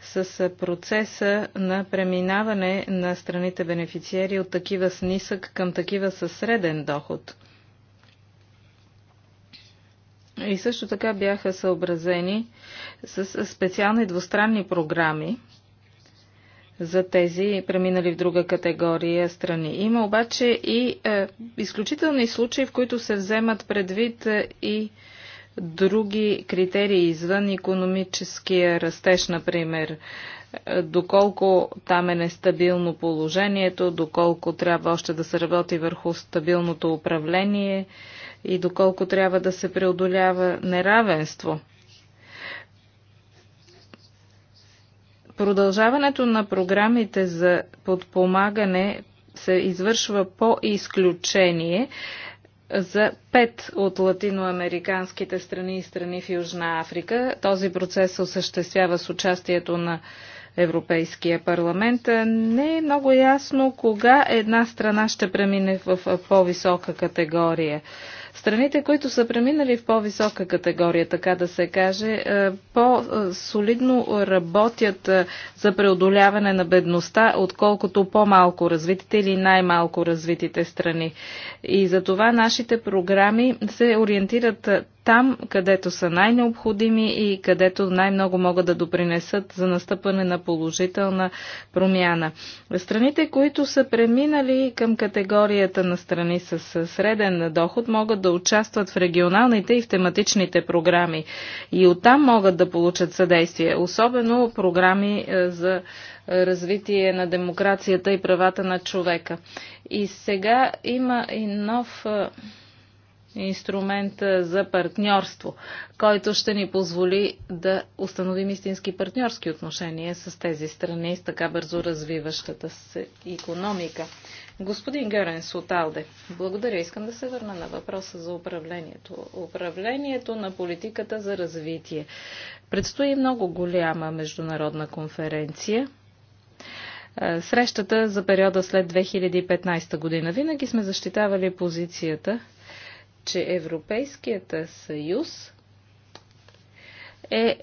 Speaker 3: с процеса на преминаване на страните бенефициери от такива с нисък към такива със среден доход – и също така бяха съобразени с специални двустранни програми за тези преминали в друга категория страни. Има обаче и е, изключителни случаи, в които се вземат предвид е, и други критерии извън економическия растеж, например, е, доколко там е нестабилно положението, доколко трябва още да се работи върху стабилното управление, и доколко трябва да се преодолява неравенство. Продължаването на програмите за подпомагане се извършва по изключение за пет от латиноамериканските страни и страни в Южна Африка. Този процес се осъществява с участието на Европейския парламент. Не е много ясно кога една страна ще премине в по-висока категория. Страните, които са преминали в по-висока категория, така да се каже, е, по-солидно работят е, за преодоляване на бедността, отколкото по-малко развитите или най-малко развитите страни. И за това нашите програми се ориентират е, там, където са най-необходими и където най-много могат да допринесат за настъпане на положителна промяна. Страните, които са преминали към категорията на страни с среден доход, могат да участват в регионалните и в тематичните програми и оттам могат да получат съдействие, особено програми е, за развитие на демокрацията и правата на човека. И сега има и нов е, инструмент за партньорство, който ще ни позволи да установим истински партньорски отношения с тези страни с така бързо развиващата се економика. Господин Герен Соталде, благодаря. Искам да се върна на въпроса за управлението. Управлението на политиката за развитие. Предстои много голяма международна конференция срещата за периода след 2015 година. Винаги сме защитавали позицията, че Европейският съюз е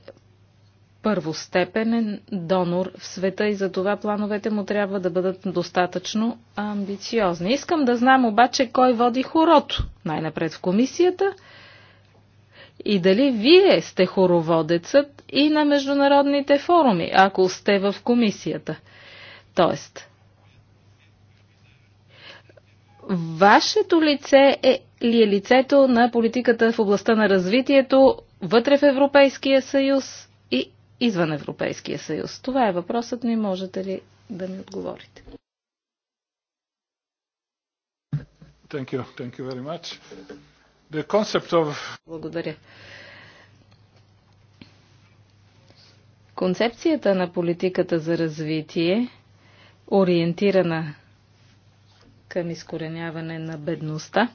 Speaker 3: първостепенен донор в света и за това плановете му трябва да бъдат достатъчно амбициозни. Искам да знам обаче кой води хорото най-напред в комисията и дали вие сте хороводецът и на международните форуми, ако сте в комисията. Тоест, вашето лице е ли е лицето на политиката в областта на развитието вътре в Европейския съюз и извън Европейския съюз? Това е въпросът ми. Можете ли да ми отговорите?
Speaker 1: Thank you. Thank you very much. The concept of... Благодаря.
Speaker 3: Концепцията на политиката за развитие, ориентирана към изкореняване на бедността,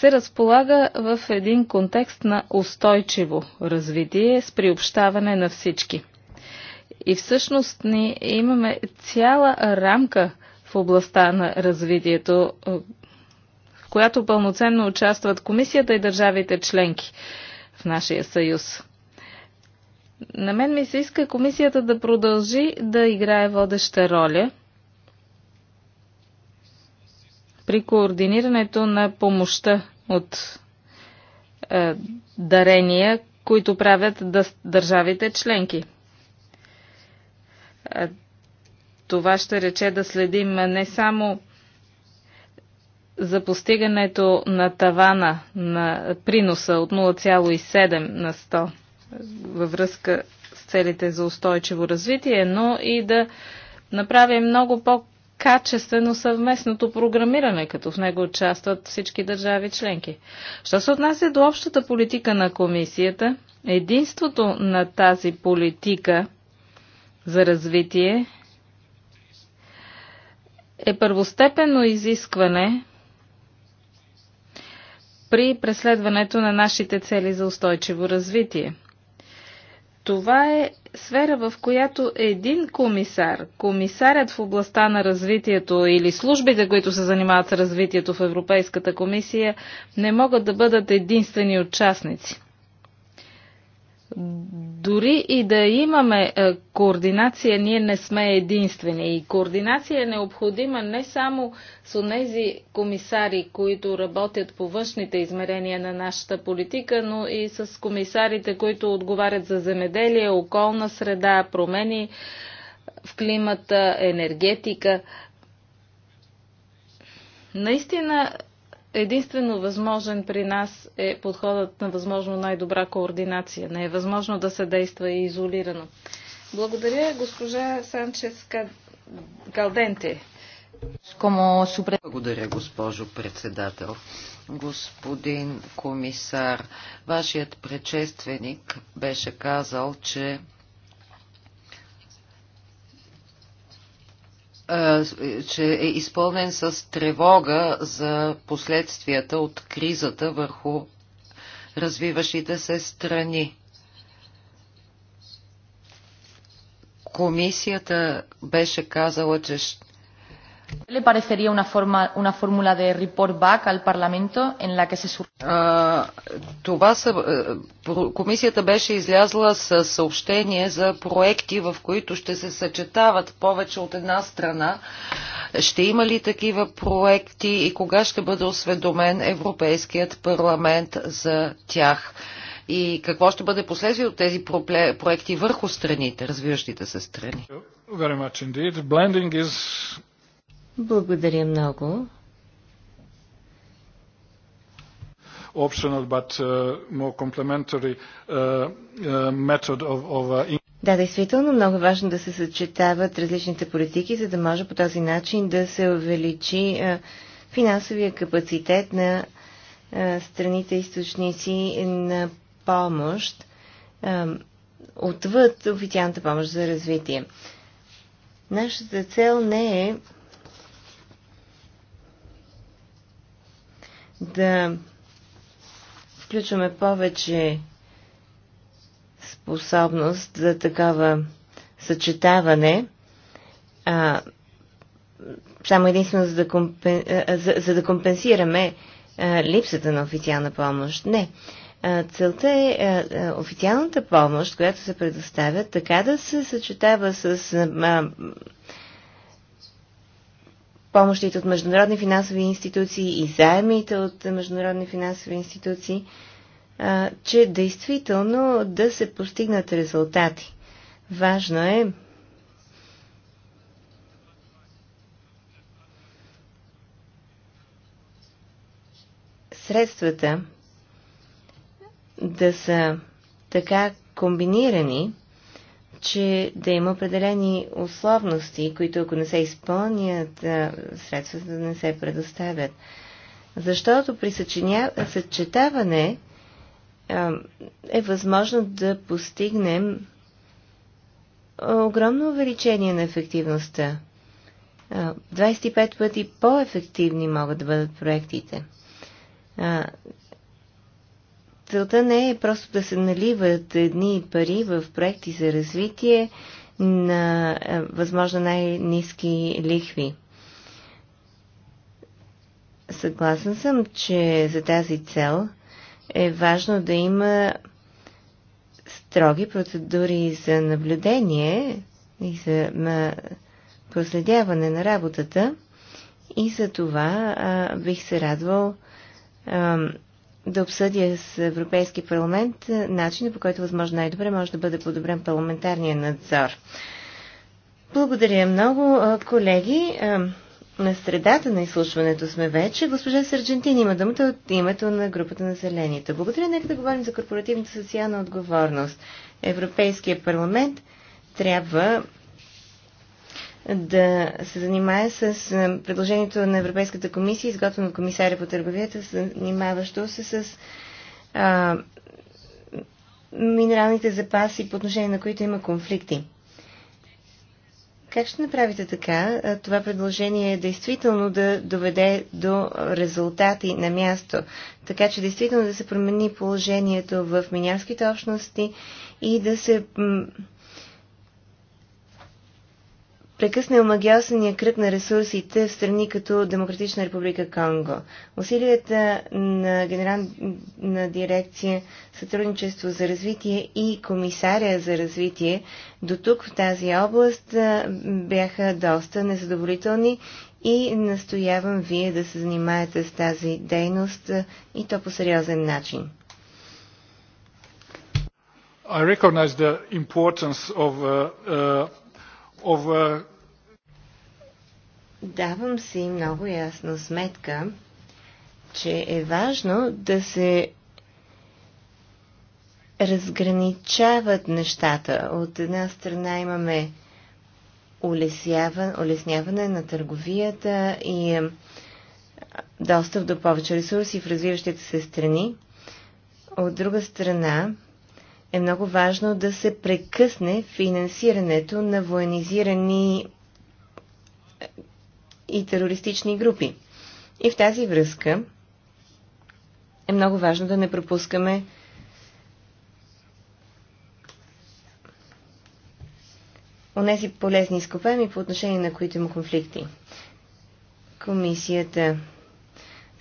Speaker 3: се разполага в един контекст на устойчиво развитие с приобщаване на всички. И всъщност ни имаме цяла рамка в областта на развитието, е, в която пълноценно участват комисията и държавите членки в нашия съюз. На мен ми се иска комисията да продължи да играе водеща роля – при координирането на помощта от е, дарения, които правят държавите членки. Е, това ще рече да следим не само за постигането на тавана на приноса от 0,7 на 100 е, във връзка с целите за устойчиво развитие, но и да направим много по- качествено съвместното програмиране, като в него участват всички държави членки. Що се отнася до общата политика на комисията, единството на тази политика за развитие е първостепенно изискване при преследването на нашите цели за устойчиво развитие – това е сфера, в която един комисар, комисарят в областта на развитието или службите, които се занимават с развитието в Европейската комисия, не могат да бъдат единствени участници дори и да имаме е, координация, ние не сме единствени. И координация е необходима не само с тези комисари, които работят по външните измерения на нашата политика, но и с комисарите, които отговарят за земеделие, околна среда, промени в климата, енергетика. Наистина единствено възможен при нас е подходът на възможно най-добра координация. Не е възможно да се действа и изолирано. Благодаря, госпожа Санчес Галденте.
Speaker 4: Благодаря, госпожо председател. Господин комисар, вашият предшественик беше казал, че Е, че е изпълнен с тревога за последствията от кризата върху развиващите се страни. Комисията беше казала, че Le parecería una, forma, una fórmula de report back al Parlamento en la que se... uh, това са, комисията беше излязла с съобщение за проекти, в които ще се съчетават повече от една страна. Ще има ли такива проекти и кога ще бъде осведомен Европейският парламент за тях? и какво ще бъде последствие от тези проекти върху страните,
Speaker 1: развиващите се страни. Благодаря много. optional but uh, more complementary uh, uh, method of, of uh,
Speaker 2: да, действително много важно да се съчетават различните политики, за да може по този начин да се увеличи финансовия капацитет на страните източници на помощ отвъд официалната помощ за развитие. Нашата цел не е да включваме повече способност за такава съчетаване, а, само единствено за да, компен... за, за да компенсираме а, липсата на официална помощ. Не. А, целта е а, официалната помощ, която се предоставя, така да се съчетава с а, помощите от международни финансови институции и заемите от международни финансови институции, че действително да се постигнат резултати. Важно е средствата да са така комбинирани, че да има определени условности, които ако не се изпълнят, средствата не се предоставят. Защото при съчетаване е възможно да постигнем огромно увеличение на ефективността. 25 пъти по-ефективни могат да бъдат проектите. Целта не е просто да се наливат едни пари в проекти за развитие на е, възможно най-низки лихви. Съгласен съм, че за тази цел е важно да има строги процедури за наблюдение и за проследяване на работата. И за това а, бих се радвал а, да обсъдя с Европейски парламент е, начина по който възможно най-добре може да бъде подобрен парламентарния надзор. Благодаря много, е, колеги. Е, на средата на изслушването сме вече. Госпожа Сърджентин има думата от името на групата на зелените. Благодаря, нека да говорим за корпоративната социална отговорност. Европейския парламент трябва да се занимае с е, предложението на Европейската комисия, изготвено от комисаря по търговията, занимаващо се с а, минералните запаси, по отношение на които има конфликти. Как ще направите така това предложение е действително да доведе до резултати на място, така че действително да се промени положението в минярските общности и да се прекъсне магиосния кръг на ресурсите в страни като Демократична република Конго. Усилията на Генерална дирекция Сътрудничество за развитие и комисаря за развитие до тук в тази област бяха доста незадоволителни и настоявам вие да се занимаете с тази дейност и то по сериозен начин.
Speaker 1: I recognize the importance of uh, uh,
Speaker 2: Давам си много ясно сметка, че е важно да се разграничават нещата. От една страна имаме улесняване на търговията и е, достъп до повече ресурси в развиващите се страни. От друга страна, е много важно да се прекъсне финансирането на военизирани е, и терористични групи. И в тази връзка е много важно да не пропускаме онези полезни изкопаеми, по отношение на които има конфликти. Комисията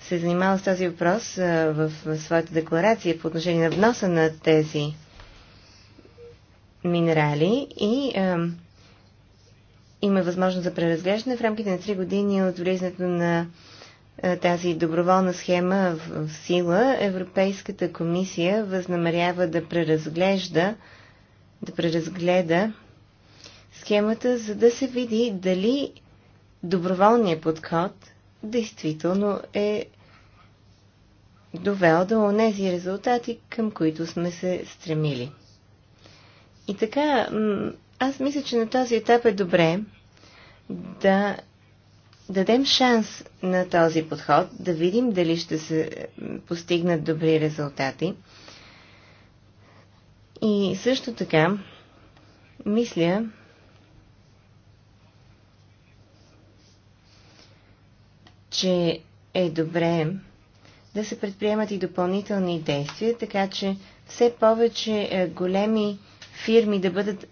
Speaker 2: се е занимава с този въпрос в своята декларация по отношение на вноса на тези минерали и а, има възможност за преразглеждане в рамките на 3 години от влизането на а, тази доброволна схема в, в сила. Европейската комисия възнамерява да преразглежда да преразгледа схемата, за да се види дали доброволният подход действително е довел до тези резултати, към които сме се стремили. И така, аз мисля, че на този етап е добре да дадем шанс на този подход, да видим дали ще се постигнат добри резултати. И също така, мисля, че е добре да се предприемат и допълнителни действия, така че все повече е, големи фирми да бъдат е,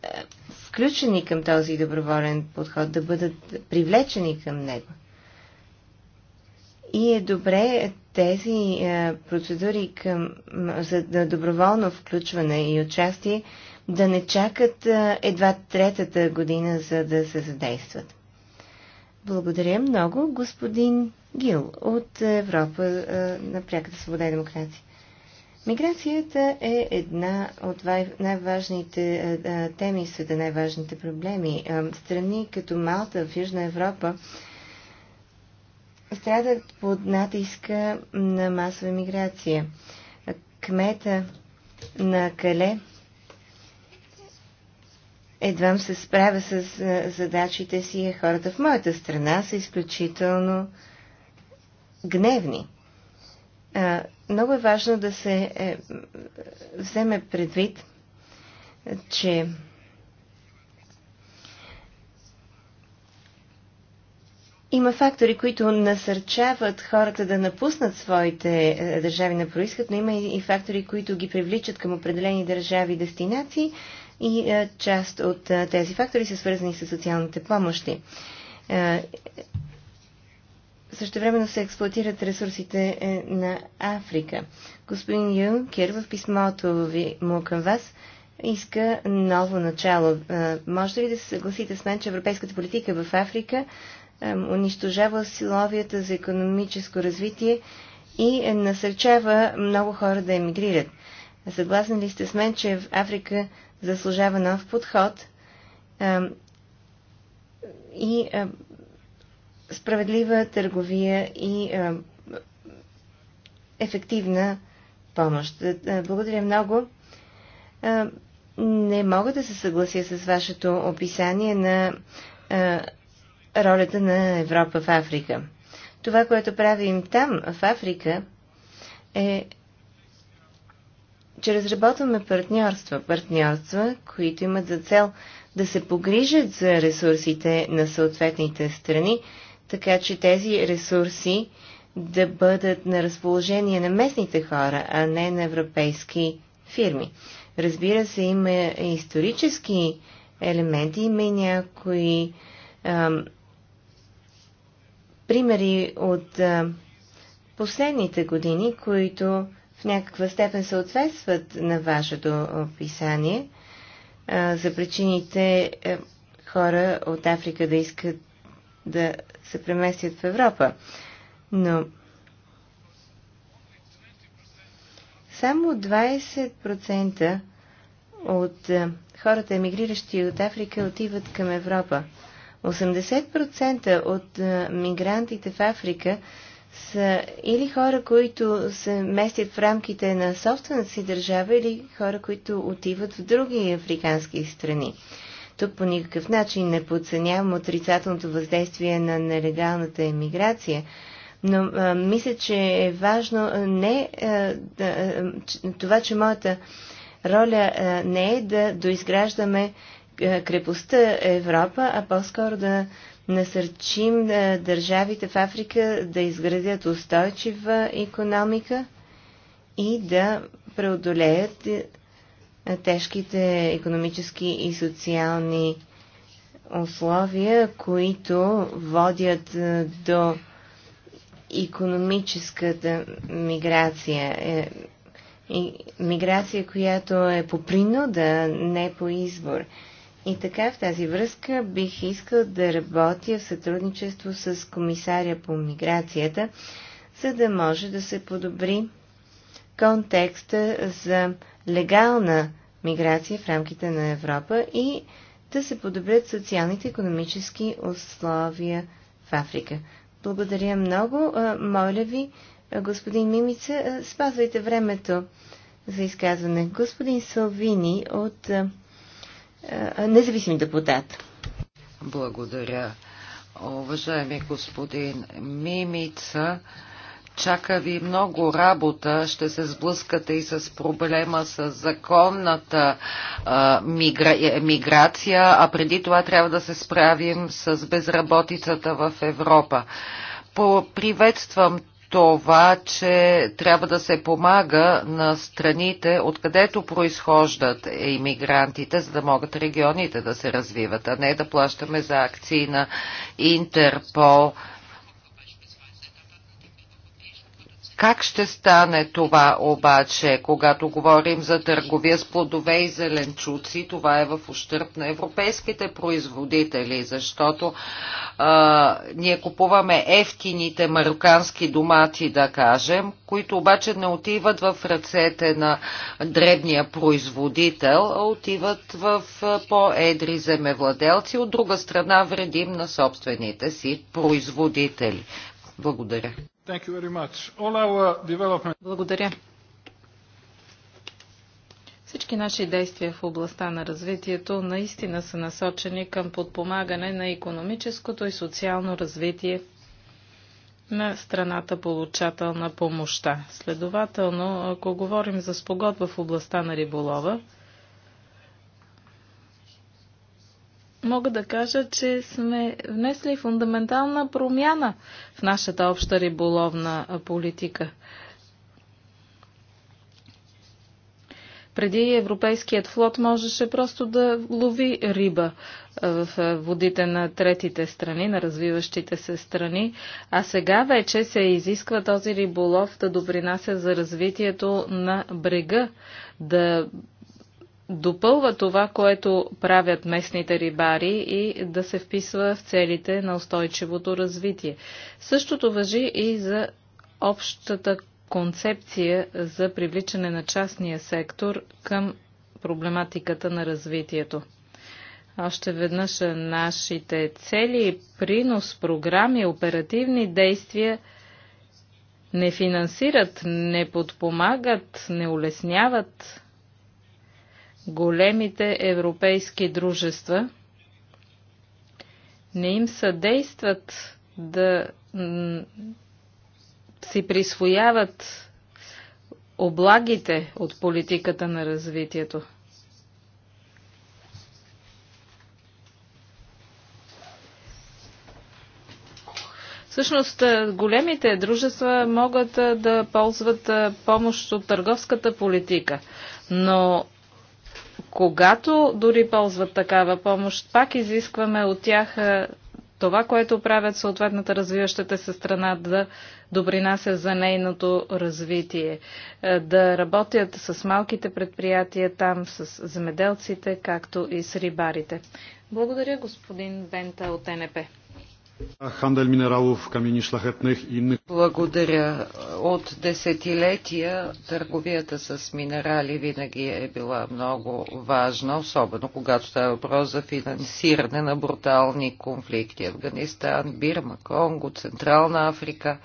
Speaker 2: включени към този доброволен подход, да бъдат привлечени към него. И е добре тези е, процедури към, за доброволно включване и участие да не чакат е, едва третата година, за да се задействат. Благодаря много, господин Гил от Европа на пряката свобода и демокрация. Миграцията е една от най-важните е, е, теми в света, най-важните проблеми. Е, страни като Малта в Южна Европа страдат под натиска на масова миграция. Кмета на Кале едвам се справя с задачите си, а хората в моята страна са изключително гневни. Много е важно да се е, вземе предвид, че Има фактори, които насърчават хората да напуснат своите е, държави на происход, но има и фактори, които ги привличат към определени държави и дестинации и е, част от тези фактори са свързани с социалните помощи същевременно се експлуатират ресурсите е, на Африка. Господин Юнкер в писмото ви, му към вас иска ново начало. Може ли да се съгласите с мен, че европейската политика в Африка унищожава силовията за економическо развитие и е, насърчава много хора да емигрират? Съгласни ли сте с мен, че в Африка заслужава нов подход и справедлива търговия и ефективна помощ. Е, е, благодаря много. Не мога да се съглася с вашето описание на ролята на Европа в Африка. Това, което правим там, в Африка, е, че разработваме партньорства. Партньорства, които имат за цел да се погрижат за ресурсите на съответните страни така че тези ресурси да бъдат на разположение на местните хора, а не на европейски фирми. Разбира се, има исторически елементи, има и някои ам, примери от ам, последните години, които в някаква степен съответстват на вашето описание а, за причините а, хора от Африка да искат да се преместят в Европа. Но само 20% от е, хората, емигриращи от Африка, отиват към Европа. 80% от е, мигрантите в Африка са или хора, които се местят в рамките на собствената си държава, или хора, които отиват в други африкански страни. Тук по никакъв начин не подценявам отрицателното въздействие на нелегалната емиграция. Но а, мисля, че е важно не а, да, това, че моята роля а, не е да доизграждаме крепостта Европа, а по-скоро да насърчим а, държавите в Африка да изградят устойчива економика и да преодолеят тежките економически и социални условия, които водят е, до економическата миграция. Е, миграция, която е по принуда, не по избор. И така в тази връзка бих искал да работя в сътрудничество с комисаря по миграцията, за да може да се подобри контекста за легална миграция в рамките на Европа и да се подобрят социалните и економически условия в Африка. Благодаря много. Моля ви, господин Мимица, спазвайте времето за изказване. Господин Салвини от
Speaker 4: независим депутат. Благодаря. Уважаеми господин Мимица, Чака ви много работа, ще се сблъскате и с проблема с законната а, мигра... Е, миграция, а преди това трябва да се справим с безработицата в Европа. По приветствам това, че трябва да се помага на страните, откъдето произхождат иммигрантите, за да могат регионите да се развиват, а не да плащаме за акции на Интерпол, Как ще стане това обаче, когато говорим за търговия с плодове и зеленчуци? Това е в ущърп на европейските производители, защото а, ние купуваме ефтините марокански домати, да кажем, които обаче не отиват в ръцете на дребния производител, а отиват в по-едри земевладелци. От друга страна вредим на собствените си производители. Благодаря.
Speaker 1: Development... Благодаря.
Speaker 3: Всички наши действия в областта на развитието наистина са насочени към подпомагане на економическото и социално развитие на страната получател на помощта. Следователно, ако говорим за спогодба в областта на риболова, мога да кажа, че сме внесли фундаментална промяна в нашата обща риболовна политика. Преди европейският флот можеше просто да лови риба в водите на третите страни, на развиващите се страни, а сега вече се изисква този риболов да допринася за развитието на брега, да допълва това, което правят местните рибари и да се вписва в целите на устойчивото развитие. Същото въжи и за общата концепция за привличане на частния сектор към проблематиката на развитието. Още веднъж нашите цели, принос, програми, оперативни действия не финансират, не подпомагат, не улесняват големите европейски дружества не им съдействат да си присвояват облагите от политиката на развитието. Всъщност, големите дружества могат да ползват помощ от търговската политика, но когато дори ползват такава помощ, пак изискваме от тях е, това, което правят съответната развиващата се страна да добринася за нейното развитие, е, да работят с малките предприятия там, с земеделците, както и с рибарите. Благодаря господин Вента от НП.
Speaker 1: Хандел минералов, камени шлахетних и иных.
Speaker 4: Благодаря. От десетилетия търговията с минерали винаги е била много важна, особено когато става въпрос за финансиране на брутални конфликти. Афганистан, Бирма, Конго, Централна Африка.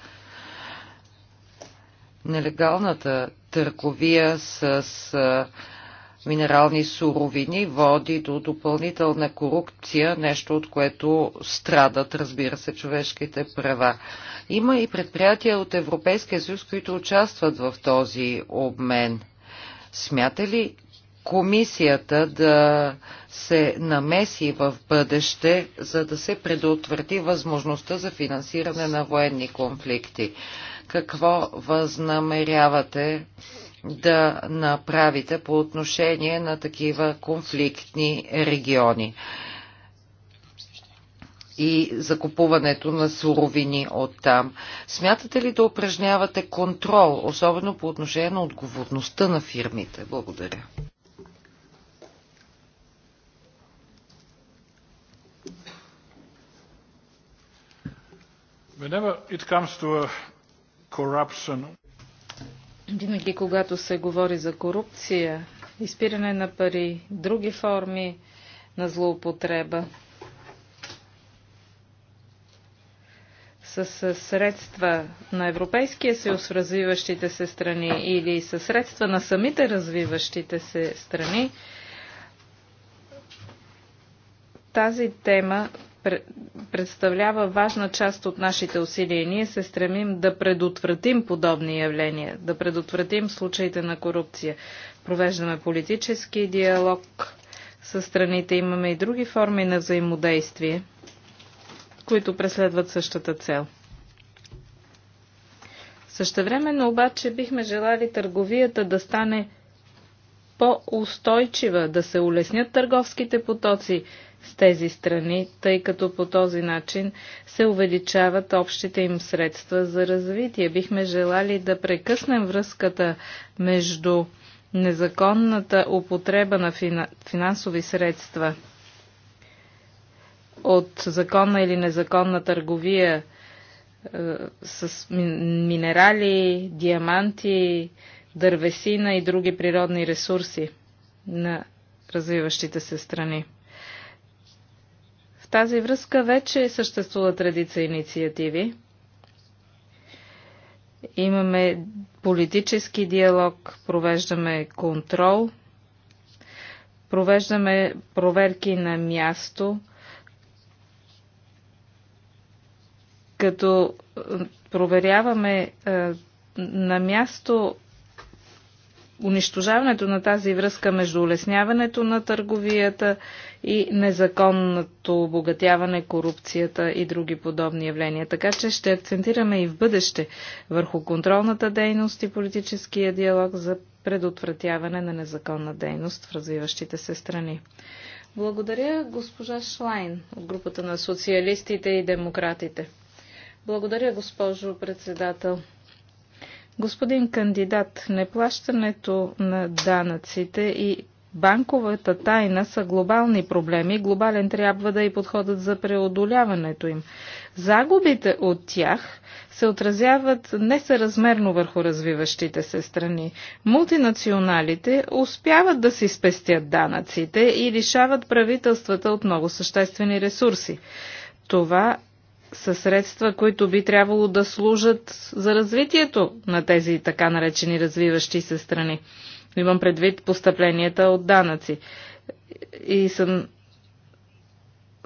Speaker 4: Нелегалната търговия с минерални суровини води до допълнителна корупция, нещо от което страдат, разбира се, човешките права. Има и предприятия от Европейския съюз, които участват в този обмен. Смята ли комисията да се намеси в бъдеще, за да се предотврати възможността за финансиране на военни конфликти? Какво възнамерявате да направите по отношение на такива конфликтни региони и закупуването на суровини от там. Смятате ли да упражнявате контрол, особено по отношение на отговорността на фирмите? Благодаря.
Speaker 1: Whenever it comes to corruption,
Speaker 3: винаги, когато се говори за корупция, изпиране на пари, други форми на злоупотреба, с средства на Европейския съюз в развиващите се страни или с средства на самите развиващите се страни, тази тема представлява важна част от нашите усилия. Ние се стремим да предотвратим подобни явления, да предотвратим случаите на корупция. Провеждаме политически диалог с страните, имаме и други форми на взаимодействие, които преследват същата цел. Същевременно обаче бихме желали търговията да стане по-устойчива, да се улеснят търговските потоци, с тези страни, тъй като по този начин се увеличават общите им средства за развитие. Бихме желали да прекъснем връзката между незаконната употреба на финансови средства от законна или незаконна търговия е, с минерали, диаманти, дървесина и други природни ресурси на развиващите се страни тази връзка вече съществуват редица инициативи. Имаме политически диалог, провеждаме контрол, провеждаме проверки на място, като е, проверяваме е, на място унищожаването на тази връзка между улесняването на търговията и незаконното обогатяване, корупцията и други подобни явления. Така че ще акцентираме и в бъдеще върху контролната дейност и политическия диалог за предотвратяване на незаконна дейност в развиващите се страни. Благодаря госпожа Шлайн от групата на социалистите и демократите. Благодаря госпожо председател. Господин кандидат, неплащането на данъците и банковата тайна са глобални проблеми. Глобален трябва да е и подходят за преодоляването им. Загубите от тях се отразяват несъразмерно върху развиващите се страни. Мултинационалите успяват да си спестят данъците и лишават правителствата от много съществени ресурси. Това са средства, които би трябвало да служат за развитието на тези така наречени развиващи се страни. Имам предвид постъпленията от данъци. И съм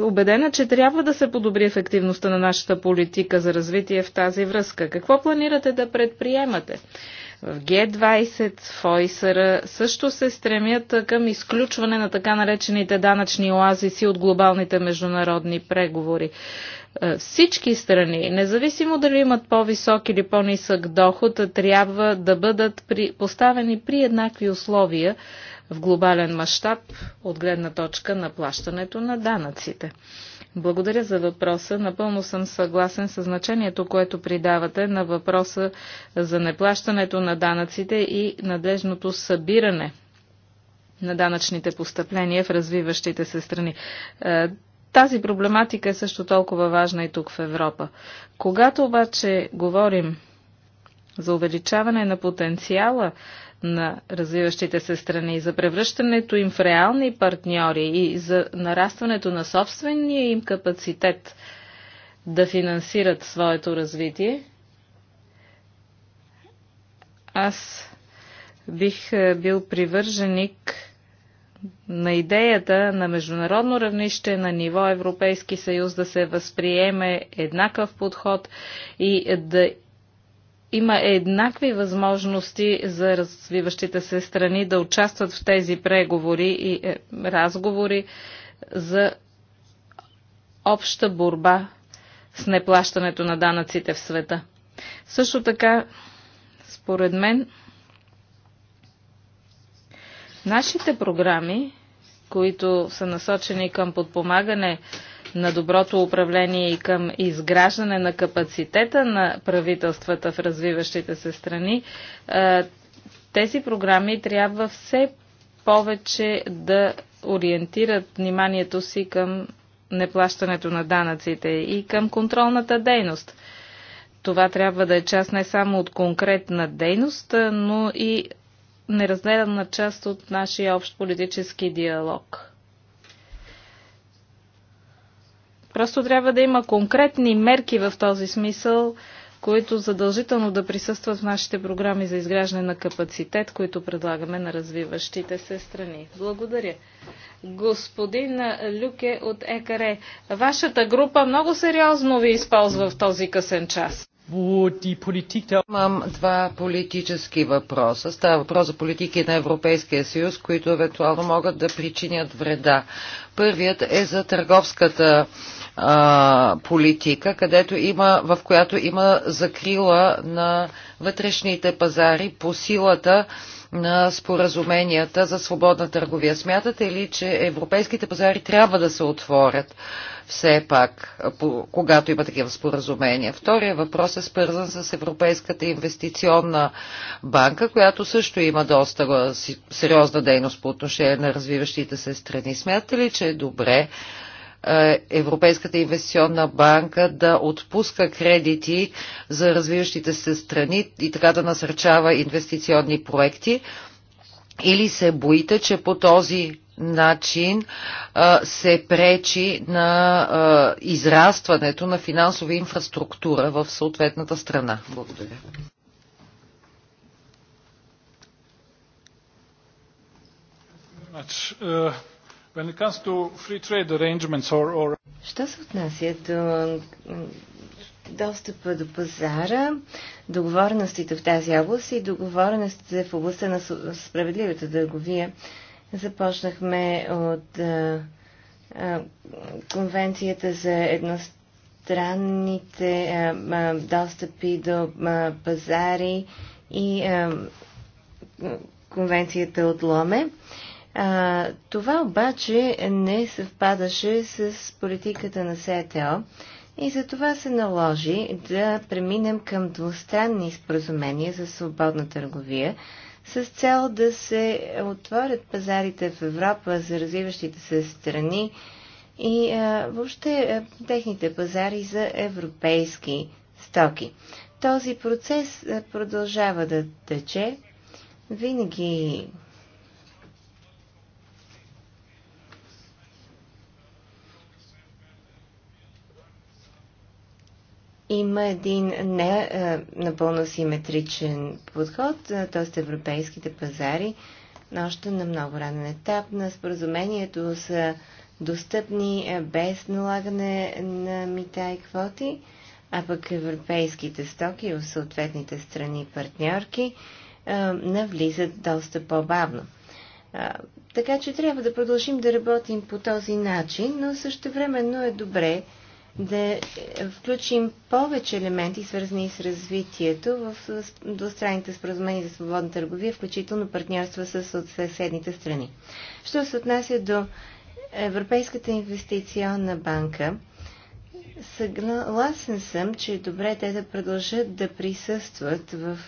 Speaker 3: убедена, че трябва да се подобри ефективността на нашата политика за развитие в тази връзка. Какво планирате да предприемате? В Г20, в ОИСР също се стремят към изключване на така наречените данъчни оазиси от глобалните международни преговори. Е, всички страни, независимо дали имат по-висок или по-нисък доход, трябва да бъдат при, поставени при еднакви условия в глобален мащаб от гледна точка на плащането на данъците. Благодаря за въпроса. Напълно съм съгласен с значението, което придавате на въпроса за неплащането на данъците и надлежното събиране на данъчните постъпления в развиващите се страни. Е, тази проблематика е също толкова важна и тук в Европа. Когато обаче говорим за увеличаване на потенциала на развиващите се страни, за превръщането им в реални партньори и за нарастването на собствения им капацитет да финансират своето развитие, аз бих е, бил привърженик на идеята на международно равнище на ниво Европейски съюз да се възприеме еднакъв подход и да има еднакви възможности за развиващите се страни да участват в тези преговори и е, разговори за обща борба с неплащането на данъците в света. Също така, според мен, Нашите програми, които са насочени към подпомагане на доброто управление и към изграждане на капацитета на правителствата в развиващите се страни, тези програми трябва все повече да ориентират вниманието си към неплащането на данъците и към контролната дейност. Това трябва да е част не само от конкретна дейност, но и неразгледана част от нашия общ политически диалог. Просто трябва да има конкретни мерки в този смисъл, които задължително да присъстват в нашите програми за изграждане на капацитет, които предлагаме на развиващите се страни. Благодаря. Господин Люке от ЕКАРЕ, вашата група много сериозно ви използва в този късен
Speaker 4: час. Имам два политически въпроса. Става въпрос за политики на Европейския съюз, които евентуално могат да причинят вреда. Първият е за търговската а, политика, където има, в която има закрила на вътрешните пазари по силата на споразуменията за свободна търговия. Смятате ли, че европейските пазари трябва да се отворят все пак, когато има такива споразумения? Втория въпрос е свързан с Европейската инвестиционна банка, която също има доста сериозна дейност по отношение на развиващите се страни. Смятате ли, че че е добре е, Европейската инвестиционна банка да отпуска кредити за развиващите се страни и така да насърчава инвестиционни проекти? Или се боите, че по този начин е, се пречи на е, израстването на финансова инфраструктура в съответната страна? Благодаря.
Speaker 2: Що се отнася до достъпа до пазара, договорностите в тази област и договорностите в областта на справедливата търговия, започнахме от конвенцията за едностранните достъпи до пазари и конвенцията от Ломе. А, това обаче не съвпадаше с политиката на СТО и за това се наложи да преминем към двустранни споразумения за свободна търговия с цел да се отворят пазарите в Европа за развиващите се страни и а, въобще а, техните пазари за европейски стоки. Този процес а, продължава да тече. Винаги има един не е, напълно симетричен подход, е, т.е. европейските пазари още на много ранен етап на споразумението са достъпни е, без налагане на мита и квоти, а пък европейските стоки от съответните страни партньорки навлизат доста по-бавно. Така че трябва да продължим да работим по този начин, но също времено е добре да включим повече елементи, свързани с развитието в двустранните споразумения за свободна търговия, включително партньорства с съседните страни. Що се отнася до Европейската инвестиционна банка, съгласен съм, че е добре те да продължат да присъстват в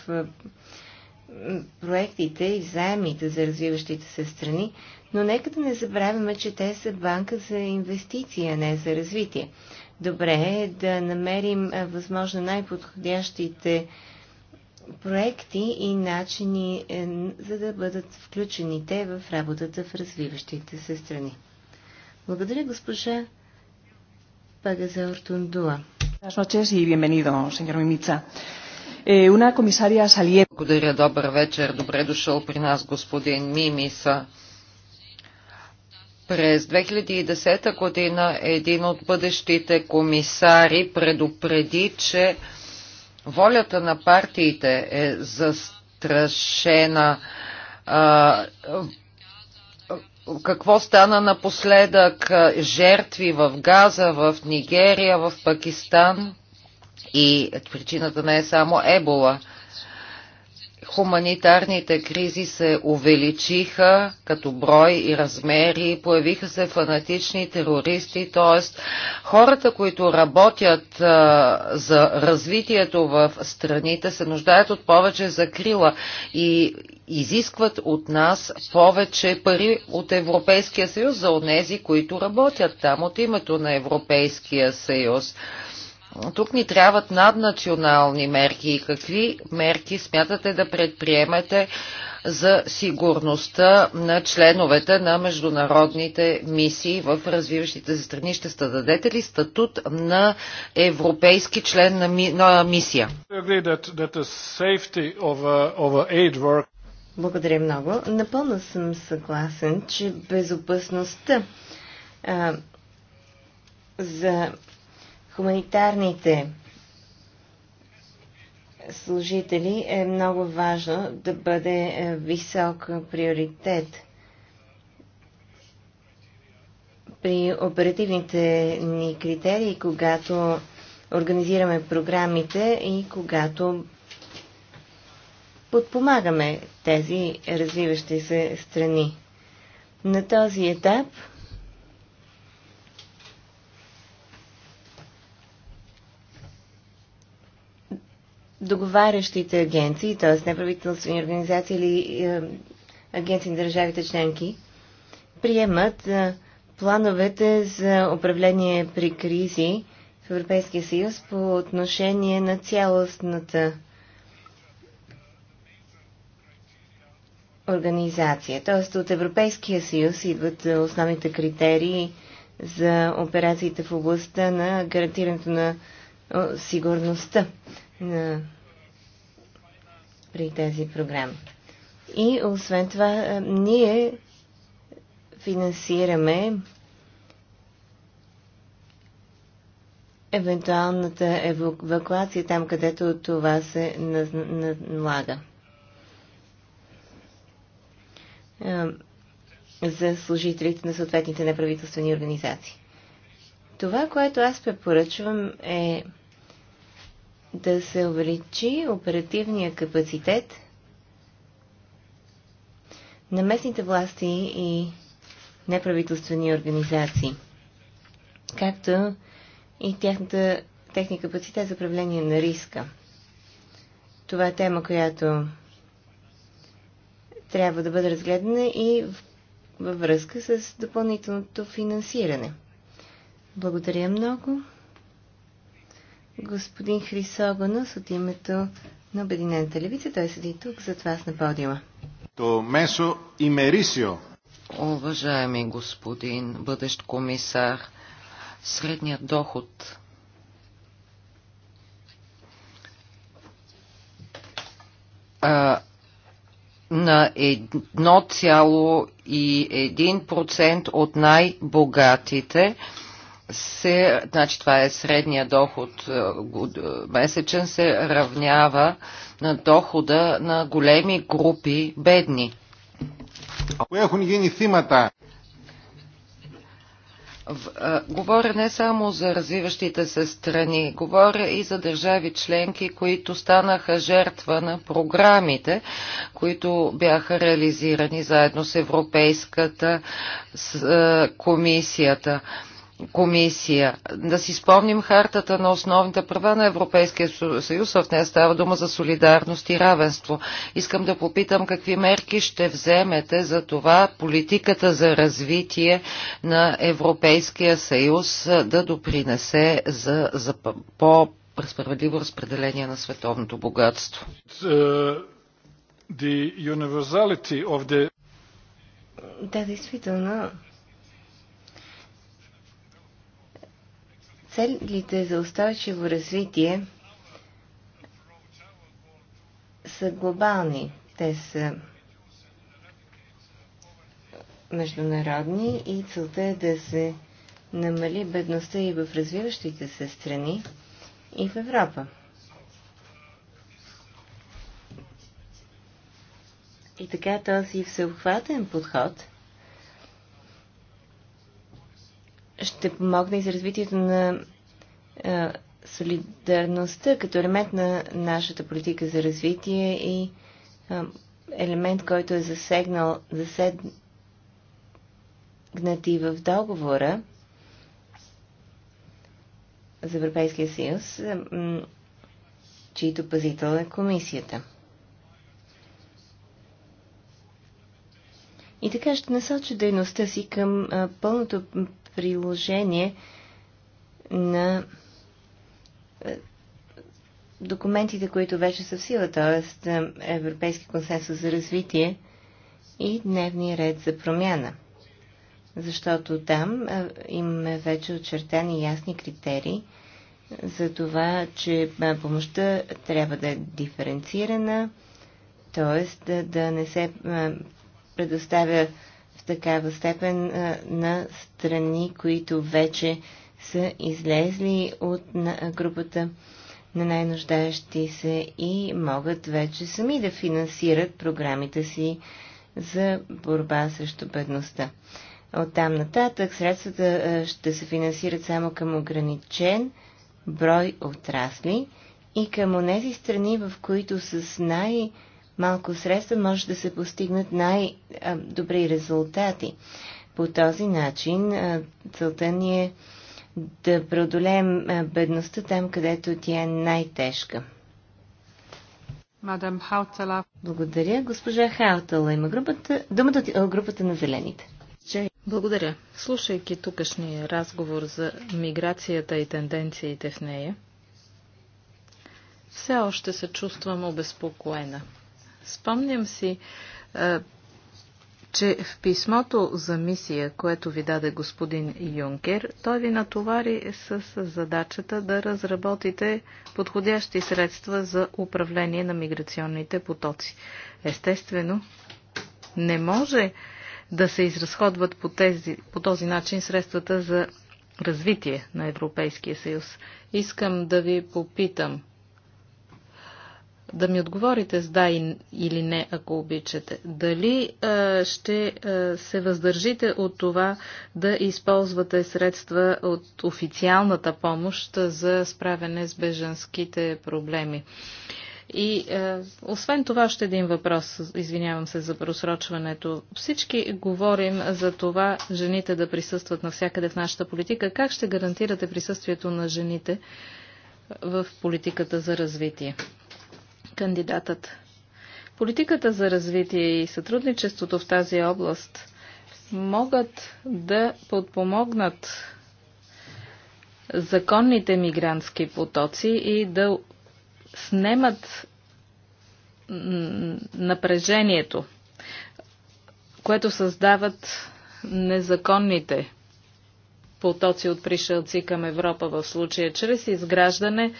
Speaker 2: проектите и заемите за развиващите се страни, но нека да не забравяме, че те са банка за инвестиция, а не за развитие добре е да намерим възможно най-подходящите проекти и начини, е, за да бъдат включени те в работата в развиващите се страни. Благодаря, госпожа
Speaker 4: Пагаза Ортундуа. Eh, Благодаря, добър вечер. Добре дошъл при нас господин Мимиса. През 2010 година един от бъдещите комисари предупреди, че волята на партиите е застрашена. А, какво стана напоследък? Жертви в Газа, в Нигерия, в Пакистан. И причината не е само ебола. Хуманитарните кризи се увеличиха като брой и размери, появиха се фанатични терористи, т.е. хората, които работят а, за развитието в страните, се нуждаят от повече закрила и изискват от нас повече пари от Европейския съюз за онези, които работят там от името на Европейския съюз. Тук ни трябват наднационални мерки какви мерки смятате да предприемете за сигурността на членовете на международните мисии в развиващите се страни? Ще дадете ли статут на европейски член на, ми, на мисия?
Speaker 1: Благодаря
Speaker 2: много. Напълно съм съгласен, че безопасността а, за хуманитарните служители е много важно да бъде е, висок приоритет при оперативните ни критерии, когато организираме програмите и когато подпомагаме тези развиващи се страни. На този етап договарящите агенции, т.е. неправителствени организации или е, агенции на държавите членки, приемат е, плановете за управление при кризи в Европейския съюз по отношение на цялостната организация. Т.е. от Европейския съюз идват е, основните критерии за операциите в областта на гарантирането на сигурността на, при тази програма. И освен това, е, ние финансираме евентуалната евакуация там, където това се налага. Е, за служителите на съответните неправителствени организации. Това, което аз препоръчвам е да се увеличи оперативния капацитет на местните власти и неправителствени организации, както и тяхната, техния капацитет за управление на риска. Това е тема, която трябва да бъде разгледана и във връзка с допълнителното финансиране. Благодаря много господин Хрисоганос от името на Обединената левица. Той седи тук зад вас на подиума.
Speaker 4: То месо и мерисио. Уважаеми господин бъдещ комисар, средният доход а, на 1,1% от най-богатите се, значи това е средния доход е, е, месечен, се равнява на дохода на големи групи бедни. Е, говоря не само за развиващите се страни, говоря и за държави членки, които станаха жертва на програмите, които бяха реализирани заедно с Европейската с, комисията комисия. Да си спомним хартата на основните права на Европейския съюз, в нея става дума за солидарност и равенство. Искам да попитам какви мерки ще вземете за това политиката за развитие на Европейския съюз да допринесе за, за по справедливо разпределение на световното богатство.
Speaker 1: Uh, the...
Speaker 2: Да, действително, Целите за устойчиво развитие са глобални. Те са международни и целта е да се намали бедността и в развиващите се страни и в Европа. И така този всеобхватен подход – ще помогне и за развитието на а, солидарността като елемент на нашата политика за развитие и а, елемент, който е засегнал, засегнат и в договора за Европейския съюз, чийто пазител е комисията. И така ще насоча дейността си към пълното приложение на е, документите, които вече са в сила, т.е. Е, Европейски консенсус за развитие и дневния ред за промяна. Защото там е, имаме вече очертани ясни критерии за това, че помощта трябва да е диференцирана, т.е. Да, да не се предоставя такава степен на страни, които вече са излезли от групата на най-нуждаещи се и могат вече сами да финансират програмите си за борба срещу бедността. От там нататък средствата ще се финансират само към ограничен брой отрасли и към онези страни, в които с най- малко средства може да се постигнат най-добри резултати. По този начин целта ни е да преодолеем бедността там, където тя е най-тежка. Мадам Благодаря. Госпожа Хаутала има
Speaker 3: групата, думата от групата на зелените. Благодаря. Слушайки тукашния разговор за миграцията и тенденциите в нея, все още се чувствам обезпокоена. Спомням си, че в писмото за мисия, което ви даде господин Юнкер, той ви натовари с задачата да разработите подходящи средства за управление на миграционните потоци. Естествено, не може да се изразходват по, тези, по този начин средствата за развитие на Европейския съюз. Искам да ви попитам – да ми отговорите с да или не, ако обичате. Дали а, ще а, се въздържите от това да използвате средства от официалната помощ за справяне с бежанските проблеми? И а, освен това, ще един въпрос, извинявам се за просрочването. Всички говорим за това жените да присъстват навсякъде в нашата политика. Как ще гарантирате присъствието на жените в политиката за развитие? Кандидатът. Политиката за развитие и сътрудничеството в тази област могат да подпомогнат законните мигрантски потоци и да снемат напрежението, което създават незаконните потоци от пришелци към Европа в случая, чрез изграждане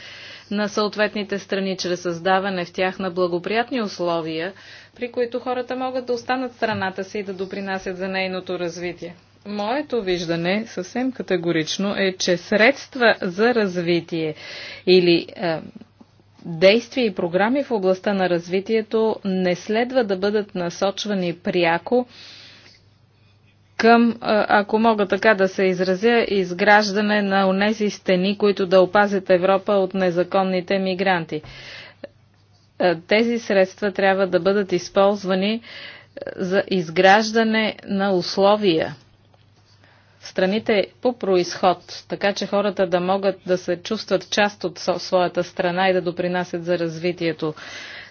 Speaker 3: на съответните страни, чрез създаване в тях на благоприятни условия, при които хората могат да останат страната си и да допринасят за нейното развитие. Моето виждане съвсем категорично е, че средства за развитие или е, действия и програми в областта на развитието не следва да бъдат насочвани пряко към, ако мога така да се изразя, изграждане на онези стени, които да опазят Европа от незаконните мигранти. Тези средства трябва да бъдат използвани за изграждане на условия в страните по происход, така че хората да могат да се чувстват част от своята страна и да допринасят за развитието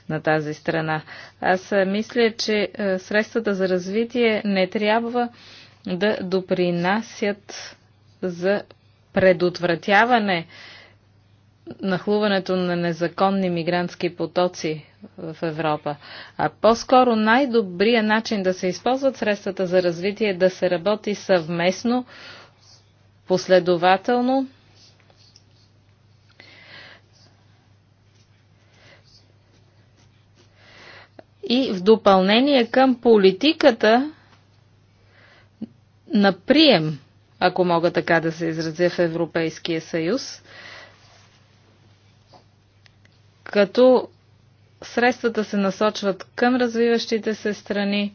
Speaker 3: на тази страна. Аз мисля, че средствата за развитие не трябва да допринасят за предотвратяване нахлуването на незаконни мигрантски потоци в Европа. А по-скоро най-добрият начин да се използват средствата за развитие е да се работи съвместно, последователно и в допълнение към политиката на прием, ако мога така да се изразя в Европейския съюз, като средствата се насочват към развиващите се страни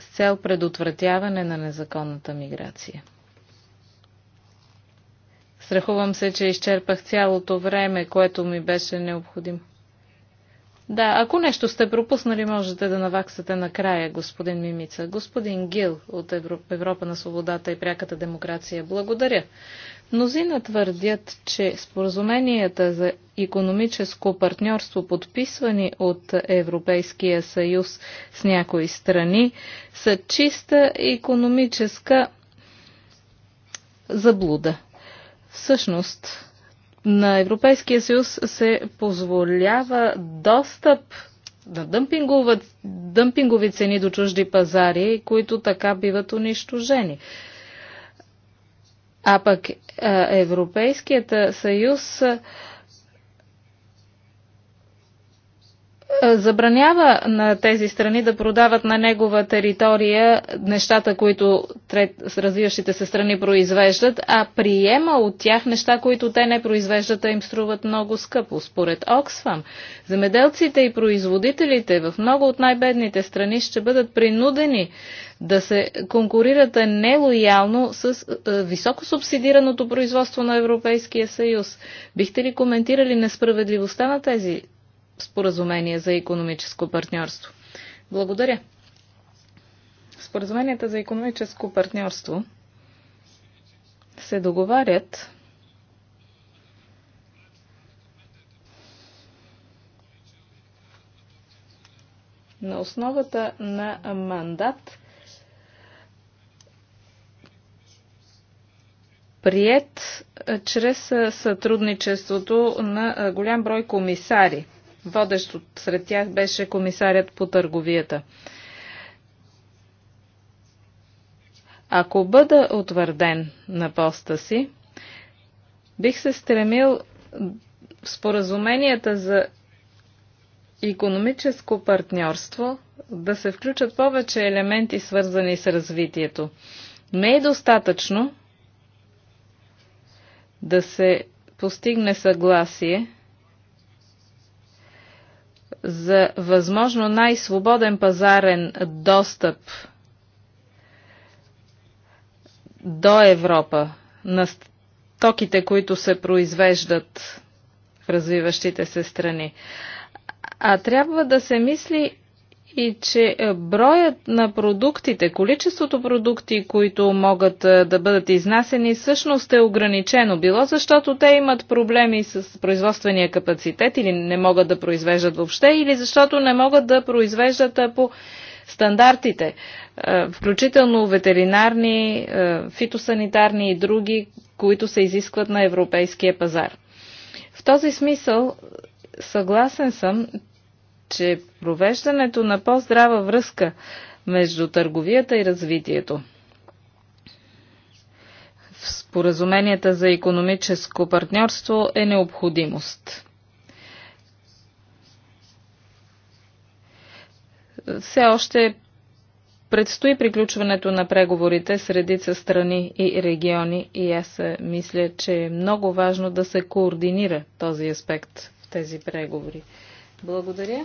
Speaker 3: с цел предотвратяване на незаконната миграция. Страхувам се, че изчерпах цялото време, което ми беше необходимо. Да, ако нещо сте пропуснали, можете да наваксате накрая, господин Мимица. Господин Гил от Европа на свободата и пряката демокрация. Благодаря. Мнозина твърдят, че споразуменията за економическо партньорство, подписвани от Европейския съюз с някои страни, са чиста економическа заблуда. Всъщност, на Европейския съюз се позволява достъп на дъмпингова, дъмпингови цени до чужди пазари, които така биват унищожени. А пък Европейският съюз Е, забранява на тези страни да продават на негова територия нещата, които трет, развиващите се страни произвеждат, а приема от тях неща, които те не произвеждат, а им струват много скъпо. Според Оксфам, земеделците и производителите в много от най-бедните страни ще бъдат принудени да се конкурират нелоялно с е, високо субсидираното производство на Европейския съюз. Бихте ли коментирали несправедливостта на тези споразумение за економическо партньорство. Благодаря. Споразуменията за економическо партньорство се договарят на основата на мандат, прият чрез сътрудничеството на голям брой комисари – Водещ от сред тях беше комисарят по търговията. Ако бъда утвърден на поста си, бих се стремил в споразуменията за економическо партньорство да се включат повече елементи, свързани с развитието. Не е достатъчно да се постигне съгласие – за възможно най-свободен пазарен достъп до Европа на стоките, които се произвеждат в развиващите се страни. А трябва да се мисли и че е, броят на продуктите, количеството продукти, които могат е, да бъдат изнасени, всъщност е ограничено. Било защото те имат проблеми с производствения капацитет или не могат да произвеждат въобще, или защото не могат да произвеждат е, по стандартите, включително ветеринарни, фитосанитарни и други, които се изискват на европейския пазар. В този смисъл съгласен съм, че провеждането на по-здрава връзка между търговията и развитието в споразуменията за економическо партньорство е необходимост. Все още предстои приключването на преговорите с редица страни и региони и аз мисля, че е много важно да се координира този аспект в тези преговори. Благодаря.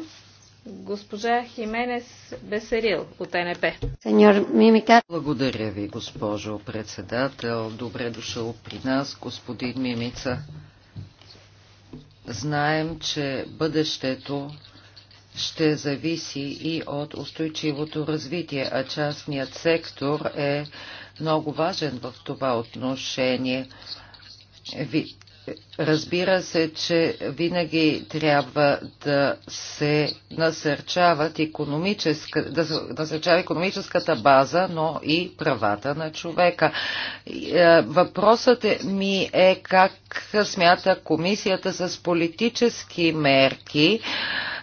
Speaker 3: Госпожа Хименес Бесерил от НП.
Speaker 4: Сеньор Мимика. Благодаря ви, госпожо председател. Добре дошъл при нас, господин Мимица. Знаем, че бъдещето ще зависи и от устойчивото развитие, а частният сектор е много важен в това отношение. Разбира се, че винаги трябва да се насърчават економическа, да се насърчава економическата база, но и правата на човека. Е, въпросът е- ми е как смята комисията с политически мерки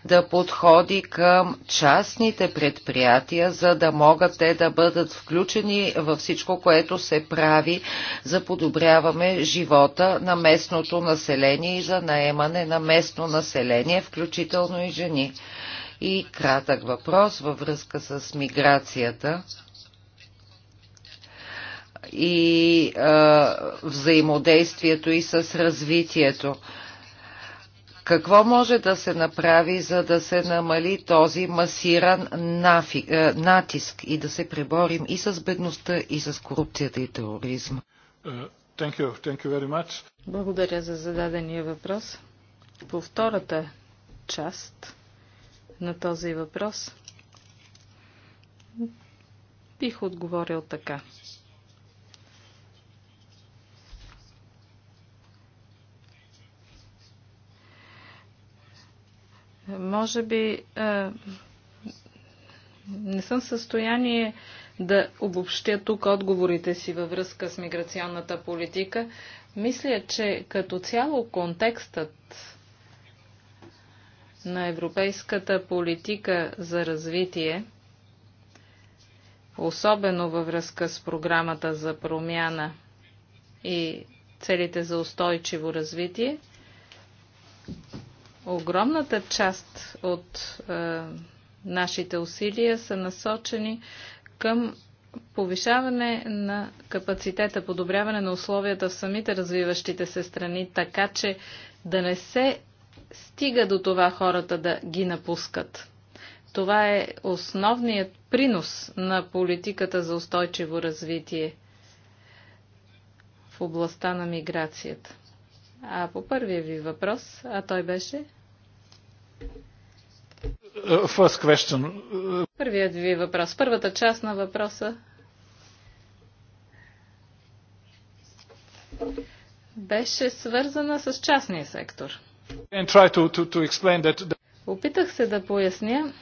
Speaker 4: да подходи към частните предприятия, за да могат те да бъдат включени във всичко, което се прави за подобряваме живота на местното население и за наемане на местно население, включително и жени. И кратък въпрос във връзка с миграцията и а, взаимодействието и с развитието. А, какво може да се направи, за да се намали този масиран нафи, э, натиск и да се преборим и с бедността, и с корупцията и тероризма? Е, thank you. Thank you
Speaker 3: Благодаря за зададения въпрос. По втората част на този въпрос бих отговорил така. Може би е, не съм в състояние да обобщя тук отговорите си във връзка с миграционната политика. Мисля, че като цяло контекстът на европейската политика за развитие, особено във връзка с програмата за промяна и целите за устойчиво развитие, огромната част от е, нашите усилия са насочени към повишаване на капацитета, подобряване на условията в самите развиващите се страни, така че да не се стига до това хората да ги напускат. Това е основният принос на политиката за устойчиво развитие в областта на миграцията. А по първия ви въпрос, а той беше? Uh, first question. Uh, Първият ви въпрос. Първата част на въпроса беше свързана с частния сектор.
Speaker 1: To, to, to that...
Speaker 3: Опитах се да поясня,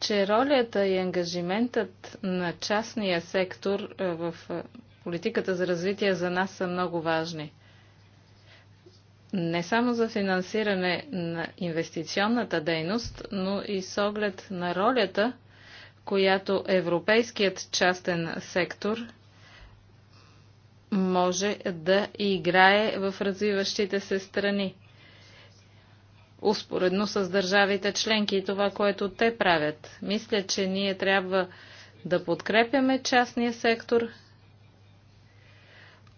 Speaker 3: че ролята и ангажиментът на частния сектор е, в е, политиката за развитие за нас са много важни – не само за финансиране на инвестиционната дейност, но и с оглед на ролята, която европейският частен сектор може да играе в развиващите се страни. Успоредно с държавите членки и това, което те правят. Мисля, че ние трябва да подкрепяме частния сектор,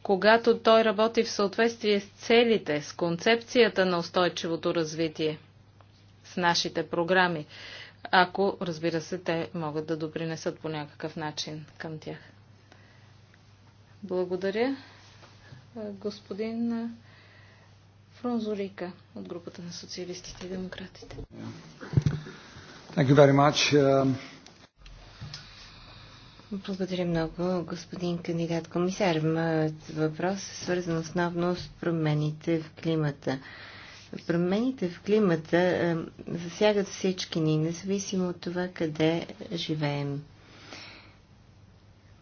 Speaker 3: когато той работи в съответствие с целите, с концепцията на устойчивото развитие, с нашите програми, ако, разбира се, те могат да допринесат по някакъв начин към тях. Благодаря, господин Фрунзорика от групата на социалистите и демократите.
Speaker 1: Thank you very much.
Speaker 2: Благодаря много, господин кандидат комисар. Моят въпрос е свързан основно с промените в климата. Промените в климата е, засягат всички ни, независимо от това къде живеем.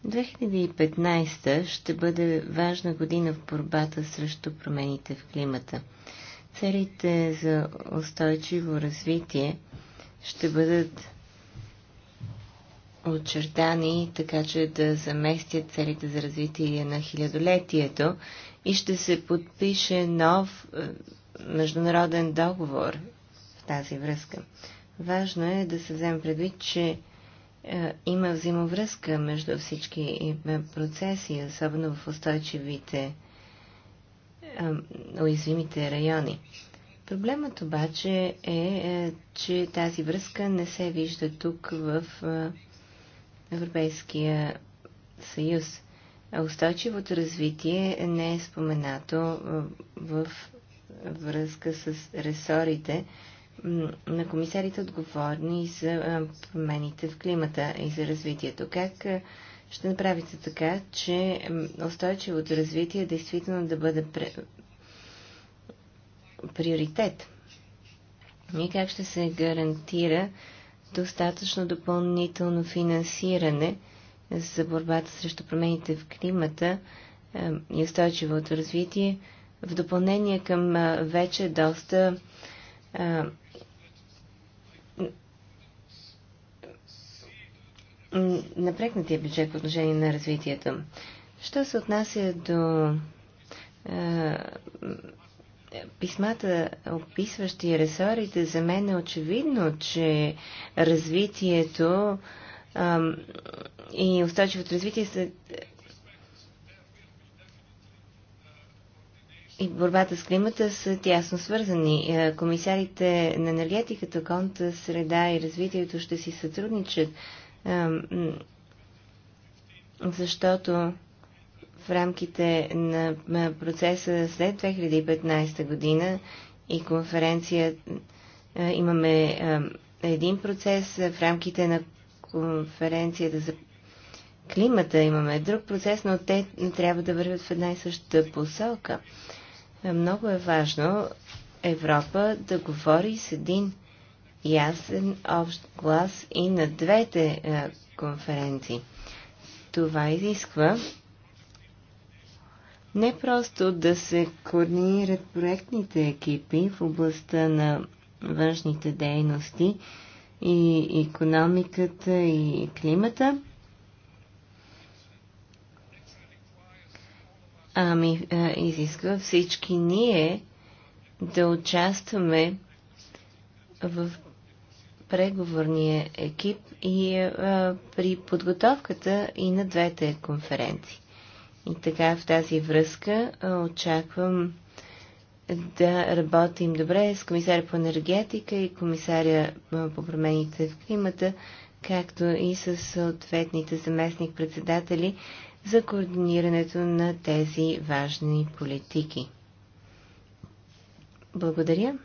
Speaker 2: 2015 ще бъде важна година в борбата срещу промените в климата. Целите за устойчиво развитие ще бъдат очертани, така че да заместят целите за развитие на хилядолетието и ще се подпише нов е, международен договор в тази връзка. Важно е да се вземе предвид, че е, има взаимовръзка между всички е, процеси, особено в устойчивите уязвимите райони. Проблемът обаче е, че тази връзка не се вижда тук в Европейския съюз. устойчивото развитие не е споменато в връзка с ресорите на комисарите отговорни за промените в климата и за развитието. Как ще направите така, че устойчивото развитие действително да бъде приоритет? И как ще се гарантира достатъчно допълнително финансиране за борбата срещу промените в климата е, и устойчивото развитие, в допълнение към е, вече доста е, напрегнатия бюджет по отношение на развитието. Що се отнася до а, писмата, описващи ресорите, за мен е очевидно, че развитието ам, и устойчивото развитие са и борбата с климата са тясно свързани. Е, комисарите на енергетиката, конта, среда и развитието ще си сътрудничат, защото в рамките на процеса след 2015 година и конференция е, имаме е, един процес е, в рамките на конференцията за климата имаме друг процес, но те трябва да вървят в една и съща посока. Много е важно Европа да говори с един ясен общ глас и на двете конференции. Това изисква не просто да се координират проектните екипи в областта на външните дейности и економиката и климата, ами изисква всички ние да участваме в преговорния екип и а, при подготовката и на двете конференции. И така в тази връзка очаквам да работим добре с комисаря по енергетика и комисаря по промените в климата, както и с съответните заместник-председатели за координирането на тези важни политики. Благодаря.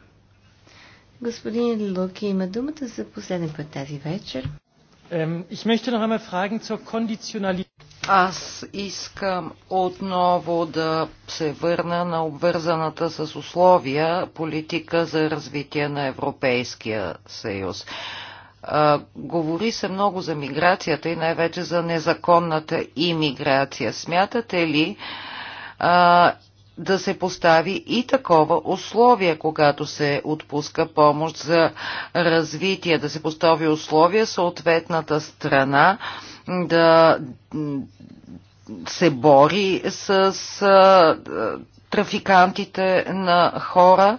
Speaker 2: Господин Луки има думата за последен път тази
Speaker 4: вечер. Ich möchte noch einmal fragen zur Konditionalität. Аз искам отново да се върна на обвързаната с условия политика за развитие на Европейския съюз. А, говори се много за миграцията и най-вече за незаконната имиграция. Смятате ли а, да се постави и такова условие, когато се отпуска помощ за развитие, да се постави условие съответната страна? А, да се бори с трафикантите на хора,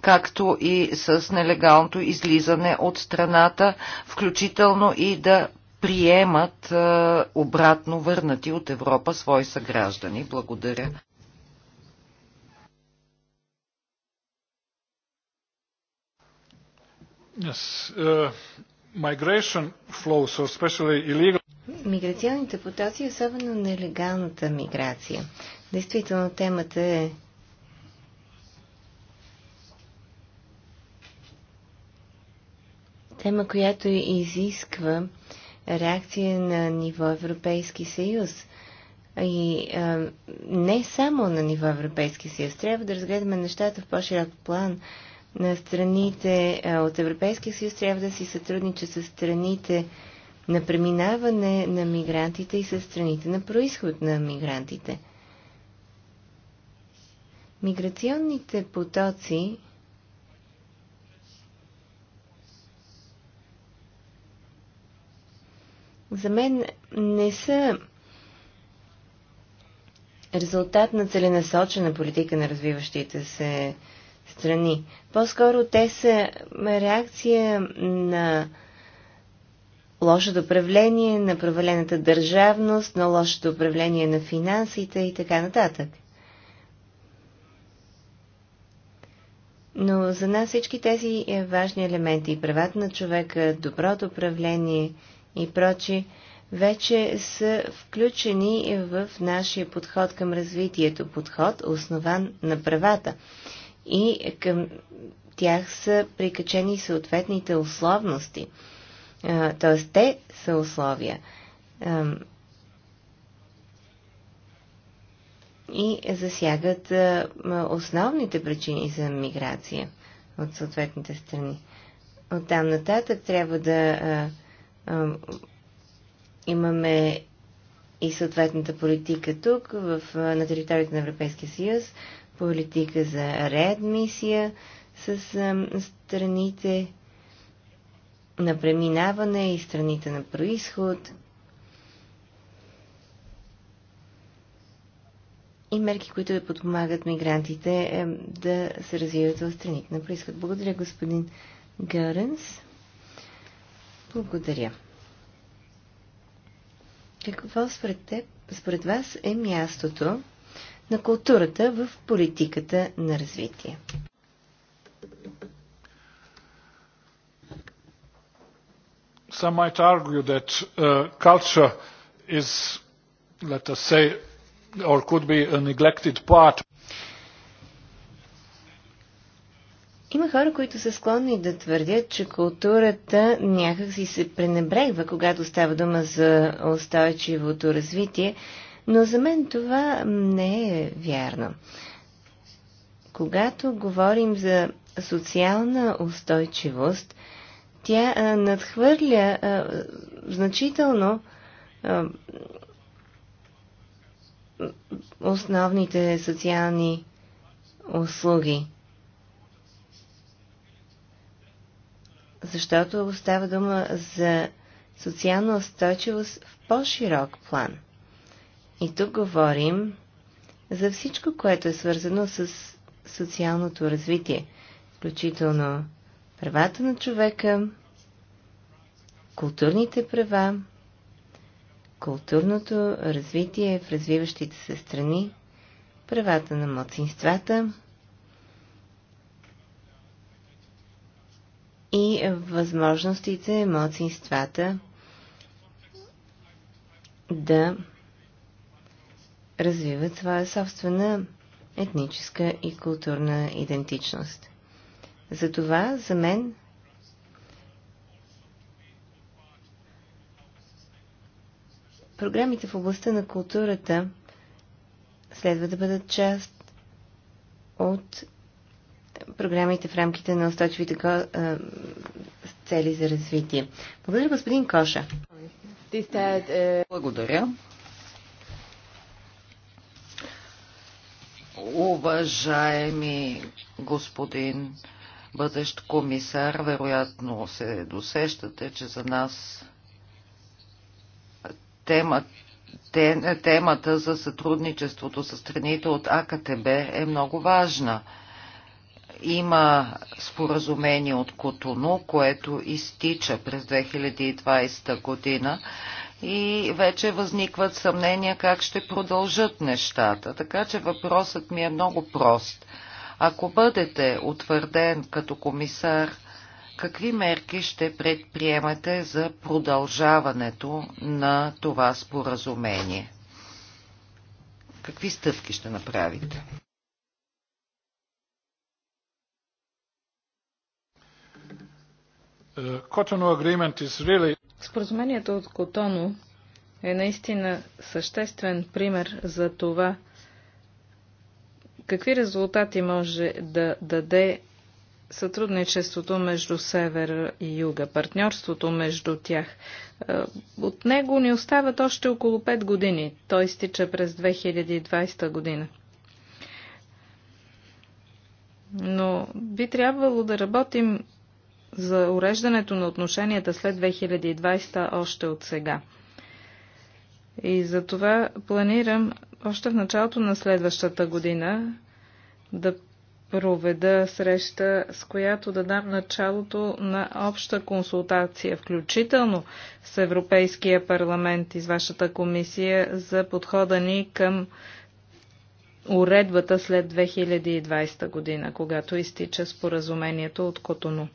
Speaker 4: както и с нелегалното излизане от страната, включително и да приемат обратно върнати от Европа свои съграждани. Благодаря.
Speaker 1: Yes. Uh, migration flows, so especially illegal
Speaker 2: миграционните потоци, е особено нелегалната миграция. Действително темата е тема, която изисква реакция на ниво Европейски съюз. И а, не само на ниво Европейски съюз. Трябва да разгледаме нещата в по-широк план. На страните а, от Европейския съюз трябва да си сътрудничат с страните на преминаване на мигрантите и със страните на происход на мигрантите. Миграционните потоци за мен не са резултат на целенасочена политика на развиващите се страни. По-скоро те са реакция на лошото управление, на провалената държавност, на лошото управление на финансите и така нататък. Но за нас всички тези е важни елементи правата на човека, доброто управление и прочи, вече са включени в нашия подход към развитието. Подход, основан на правата. И към тях са прикачени съответните условности – т.е. те са условия. И засягат основните причини за миграция от съответните страни. От там нататък трябва да имаме и съответната политика тук, в, на територията на Европейския съюз, политика за реадмисия с страните на преминаване и страните на происход и мерки, които да подпомагат мигрантите е, да се развиват в страните на происход. Благодаря, господин Гъренс. Благодаря. Какво според, теб, според вас е мястото на културата в политиката на развитие?
Speaker 1: Some might argue that uh, culture is, let us say, or could be a neglected part.
Speaker 2: Има хора, които са склонни да твърдят, че културата някак си се пренебрегва, когато става дума за устойчивото развитие, но за мен това не е вярно. Когато говорим за социална устойчивост – тя надхвърля значително основните социални услуги. Защото става дума за социална устойчивост в по-широк план. И тук говорим за всичко, което е свързано с социалното развитие, включително правата на човека, културните права, културното развитие в развиващите се страни, правата на младсинствата и възможностите младсинствата да развиват своя собствена етническа и културна идентичност. Затова за мен програмите в областта на културата следва да бъдат част от програмите в рамките на устойчивите цели за развитие. Благодаря,
Speaker 4: господин Коша. Благодаря. Уважаеми господин бъдещ комисар, вероятно се досещате, че за нас темата темата за сътрудничеството с страните от АКТБ е много важна. Има споразумение от Котону, което изтича през 2020 година и вече възникват съмнения как ще продължат нещата. Така че въпросът ми е много прост. Ако бъдете утвърден като комисар, какви мерки ще предприемате за продължаването на това споразумение? Какви стъпки ще направите?
Speaker 1: Е,
Speaker 3: Споразумението от Котоно е наистина съществен пример за това, Какви резултати може да даде сътрудничеството между север и юга, партньорството между тях. Е, от него ни остават още около 5 години. Той стича през 2020 година. Но би трябвало да работим за уреждането на отношенията след 2020 още от сега. И за това планирам още в началото на следващата година да проведа среща, с която да дам началото на обща консултация, включително с Европейския парламент и с вашата комисия за подхода ни към уредбата след 2020 година, когато изтича споразумението от Котоно.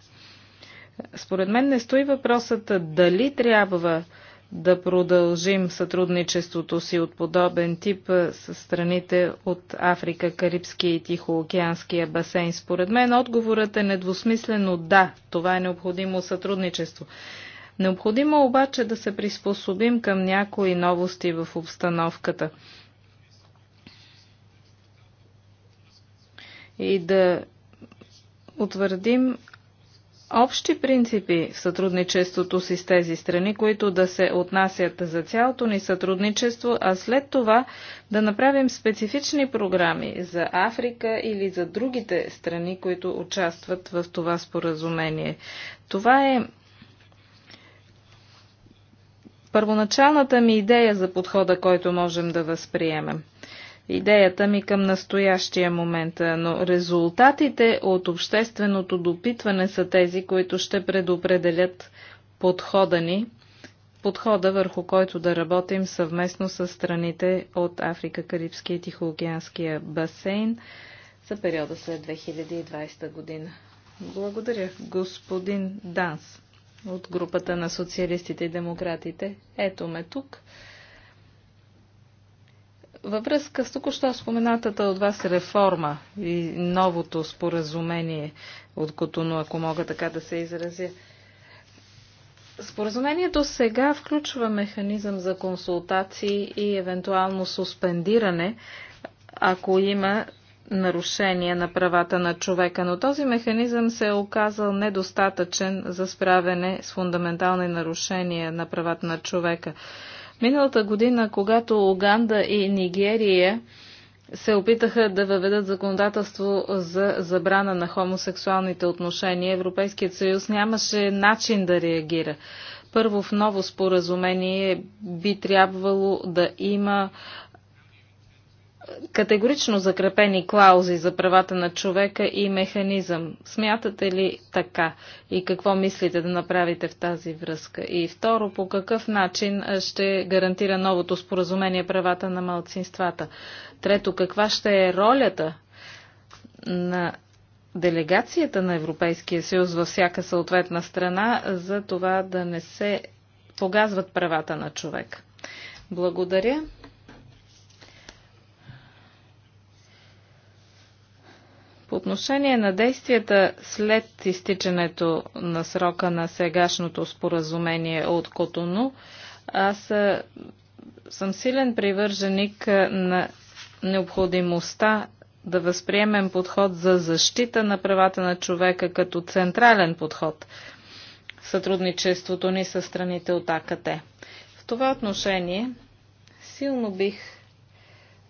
Speaker 3: Според мен не стои въпросът дали трябва да продължим сътрудничеството си от подобен тип с страните от Африка, Карибския и Тихоокеанския басейн. Според мен отговорът е недвусмислено да, това е необходимо сътрудничество. Необходимо обаче да се приспособим към някои новости в обстановката и да утвърдим общи принципи в сътрудничеството си с тези страни, които да се отнасят за цялото ни сътрудничество, а след това да направим специфични програми за Африка или за другите страни, които участват в това споразумение. Това е първоначалната ми идея за подхода, който можем да възприемем идеята ми към настоящия момент, но резултатите от общественото допитване са тези, които ще предопределят подхода ни, подхода върху който да работим съвместно с страните от Африка, Карибския и Тихоокеанския басейн за периода след 2020 година. Благодаря, господин Данс от групата на социалистите и демократите. Ето ме тук. Във връзка с тук, що споменатата от вас реформа и новото споразумение от Котуно, ако мога така да се изразя, Споразумението сега включва механизъм за консултации и евентуално суспендиране, ако има нарушение на правата на човека, но този механизъм се е оказал недостатъчен за справяне с фундаментални нарушения на правата на човека. Миналата година, когато Уганда и Нигерия се опитаха да въведат законодателство за забрана на хомосексуалните отношения, Европейският съюз нямаше начин да реагира. Първо в ново споразумение би трябвало да има категорично закрепени клаузи за правата на човека и механизъм. Смятате ли така? И какво мислите да направите в тази връзка? И второ, по какъв начин ще гарантира новото споразумение правата на малцинствата? Трето, каква ще е ролята на делегацията на Европейския съюз във всяка съответна страна за това да не се погазват правата на човек? Благодаря. По отношение на действията след изтичането на срока на сегашното споразумение от Котону, аз съм силен привърженик на необходимостта да възприемем подход за защита на правата на човека като централен подход в сътрудничеството ни с страните от АКТ. В това отношение силно бих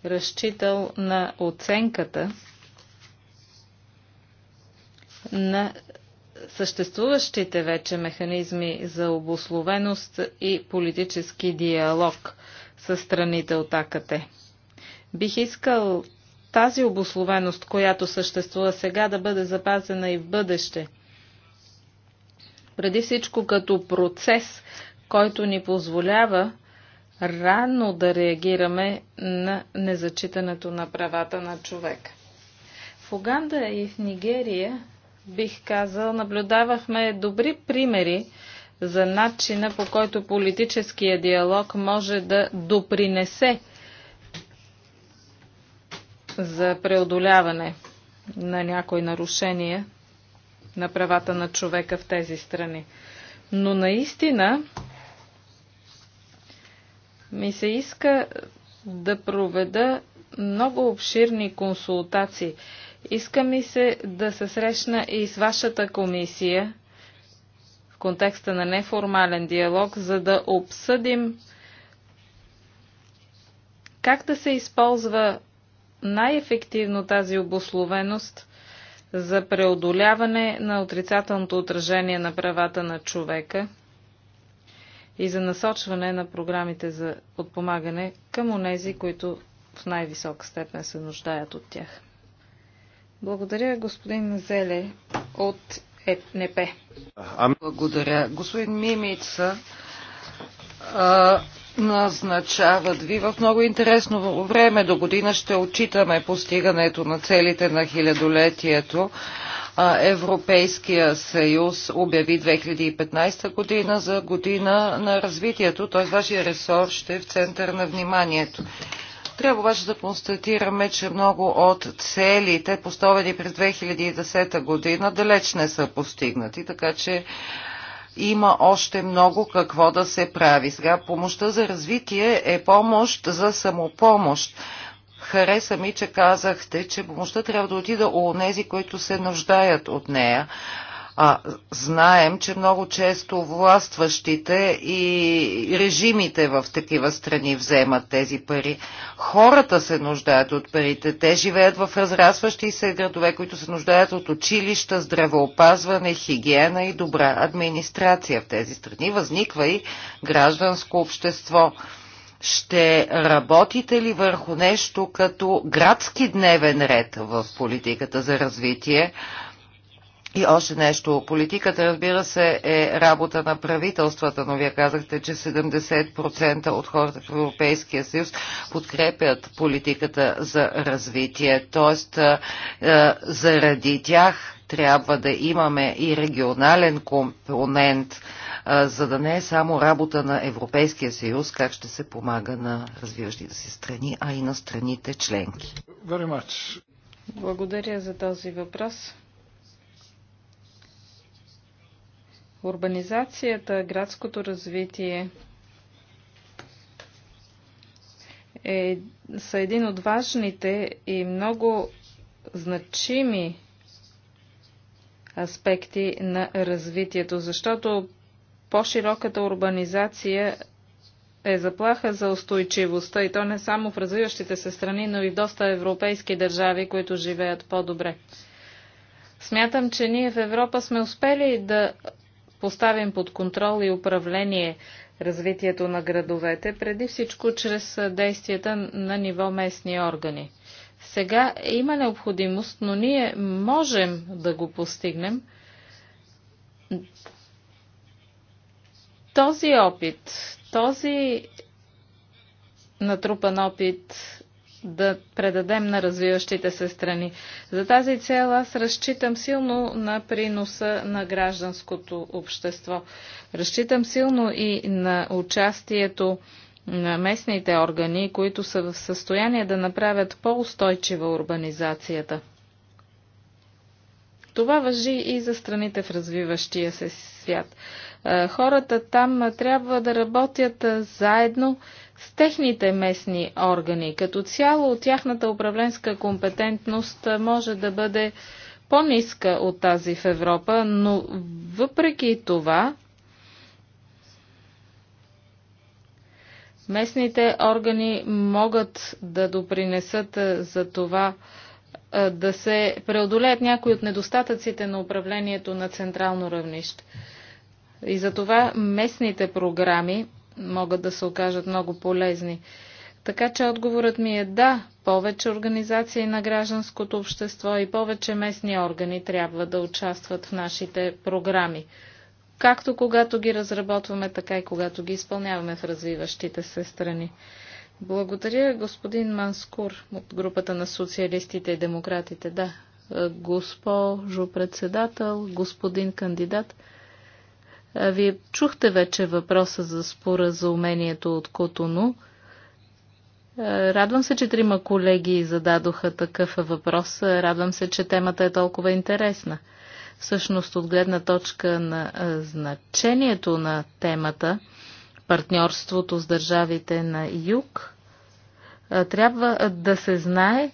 Speaker 3: разчитал на оценката на съществуващите вече механизми за обословеност и политически диалог с страните от АКТ. Бих искал тази обословеност, която съществува сега, да бъде запазена и в бъдеще. Преди всичко като процес, който ни позволява рано да реагираме на незачитането на правата на човека. В Уганда и в Нигерия бих казал, наблюдавахме добри примери за начина по който политическия диалог може да допринесе за преодоляване на някои нарушения на правата на човека в тези страни. Но наистина ми се иска да проведа много обширни консултации. Иска ми се да се срещна и с вашата комисия в контекста на неформален диалог, за да обсъдим как да се използва най-ефективно тази обословеност за преодоляване на отрицателното отражение на правата на човека и за насочване на програмите за подпомагане към онези, които в най-висока степен се нуждаят от тях. Благодаря, господин Зеле
Speaker 4: от ЕНП. Благодаря. Господин Мимица, а, назначават ви в много интересно време. До година ще отчитаме постигането на целите на хилядолетието. Европейския съюз обяви 2015 година за година на развитието, т.е. вашия ресор ще е в център на вниманието. Трябва обаче да констатираме, че много от целите, поставени през 2010 година, далеч не са постигнати, така че има още много какво да се прави. Сега помощта за развитие е помощ за самопомощ. Хареса ми, че казахте, че помощта трябва да отида у нези, които се нуждаят от нея, а знаем, че много често властващите и режимите в такива страни вземат тези пари. Хората се нуждаят от парите. Те живеят в разрастващи се градове, които се нуждаят от училища, здравеопазване, хигиена и добра администрация в тези страни. Възниква и гражданско общество. Ще работите ли върху нещо като градски дневен ред в политиката за развитие? И още нещо. Политиката, разбира се, е работа на правителствата, но вие казахте, че 70% от хората в Европейския съюз подкрепят политиката за развитие. Тоест, заради тях трябва да имаме и регионален компонент, за да не е само работа на Европейския съюз, как ще се помага на развиващите се страни, а и на страните членки.
Speaker 3: Благодаря за този въпрос. Урбанизацията, градското развитие е, са един от важните и много значими аспекти на развитието, защото по-широката урбанизация е заплаха за устойчивостта и то не само в развиващите се страни, но и в доста европейски държави, които живеят по-добре. Смятам, че ние в Европа сме успели да поставим под контрол и управление развитието на градовете, преди всичко чрез действията на ниво местни органи. Сега има необходимост, но ние можем да го постигнем. Този опит, този натрупан опит да предадем на развиващите се страни. За тази цел аз разчитам силно на приноса на гражданското общество. Разчитам силно и на участието на местните органи, които са в състояние да направят по-устойчива урбанизацията. Това въжи и за страните в развиващия се свят. Хората там трябва да работят заедно с техните местни органи. Като цяло тяхната управленска компетентност може да бъде по-ниска от тази в Европа, но въпреки това местните органи могат да допринесат за това да се преодолеят някои от недостатъците на управлението на централно равнище. И за това местните програми могат да се окажат много полезни. Така че отговорът ми е да, повече организации на гражданското общество и повече местни органи трябва да участват в нашите програми. Както когато ги разработваме, така и когато ги изпълняваме в развиващите се страни. Благодаря, господин Манскур от групата на социалистите и демократите. Да, госпожо председател, господин кандидат. Вие чухте вече въпроса за спора за умението от Котону. Радвам се, че трима колеги зададоха такъв въпрос. Радвам се, че темата е толкова интересна. Всъщност, от гледна точка на значението на темата, партньорството с държавите на юг, трябва да се знае,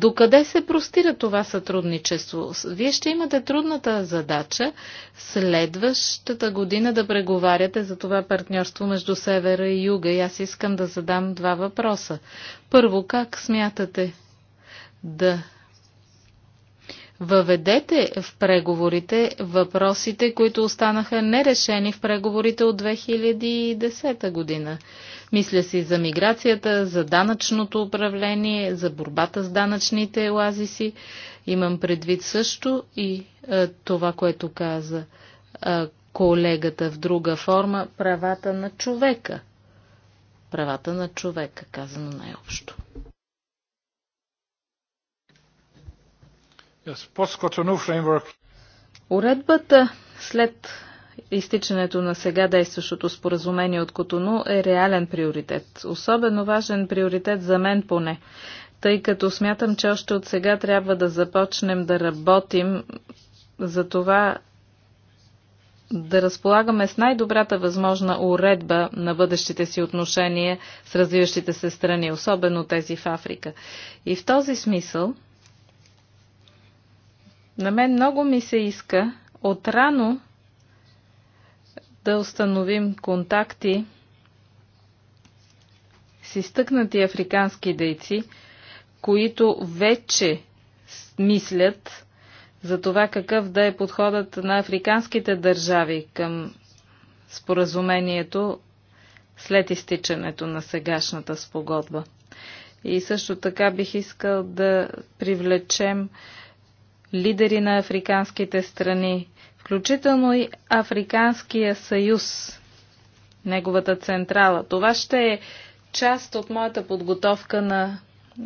Speaker 3: Докъде се простира това сътрудничество? Вие ще имате трудната задача следващата година да преговаряте за това партньорство между севера и юга. И аз искам да задам два въпроса. Първо, как смятате да въведете в преговорите въпросите, които останаха нерешени в преговорите от 2010 година. Мисля си за миграцията, за данъчното управление, за борбата с данъчните оазиси. Имам предвид също и а, е, това, което каза а, е, колегата в друга форма, правата на човека. Правата на човека, казано най-общо.
Speaker 1: Yes,
Speaker 3: Уредбата след изтичането на сега действащото споразумение от Котону е реален приоритет. Особено важен приоритет за мен поне, тъй като смятам, че още от сега трябва да започнем да работим за това да разполагаме с най-добрата възможна уредба на бъдещите си отношения с развиващите се страни, особено тези в Африка. И в този смисъл, на мен много ми се иска отрано да установим контакти с изтъкнати африкански дейци, които вече мислят за това какъв да е подходът на африканските държави към споразумението след изтичането на сегашната спогодба. И също така бих искал да привлечем лидери на африканските страни, включително и Африканския съюз, неговата централа. Това ще е част от моята подготовка на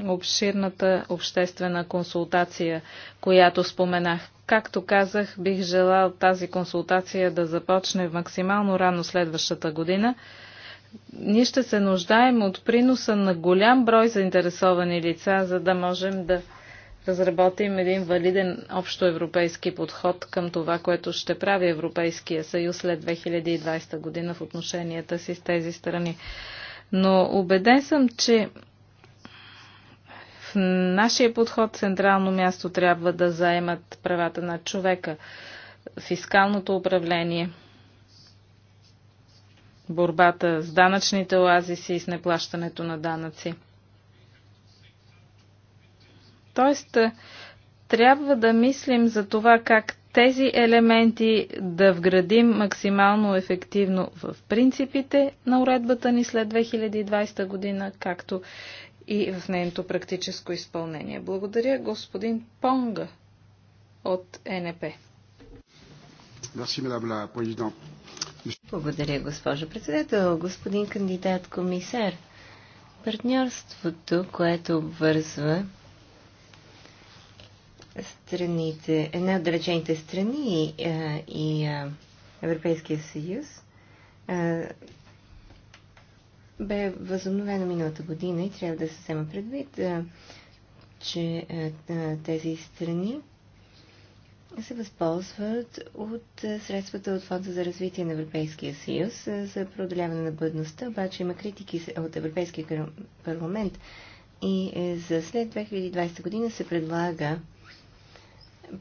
Speaker 3: обширната обществена консултация, която споменах. Както казах, бих желал тази консултация да започне максимално рано следващата година. Ние ще се нуждаем от приноса на голям брой заинтересовани лица, за да можем да разработим един валиден общоевропейски подход към това, което ще прави Европейския съюз след 2020 година в отношенията си с тези страни. Но убеден съм, че в нашия подход централно място трябва да заемат правата на човека, фискалното управление, борбата с данъчните оазиси и с неплащането на данъци. Тоест, е, трябва да мислим за това как тези елементи да вградим максимално ефективно в принципите на уредбата ни след 2020 година, както и в нейното практическо изпълнение. Благодаря господин Понга от НП. Благодаря, госпожо
Speaker 2: председател. Господин кандидат комисар, партньорството, което обвързва страните, една от далечените страни и, и Европейския съюз бе възобновено миналата година и трябва да се взема предвид, че тези страни се възползват от средствата от Фонда за развитие на Европейския съюз за преодоляване на бъдността, обаче има критики от Европейския парламент и е, за след 2020 година се предлага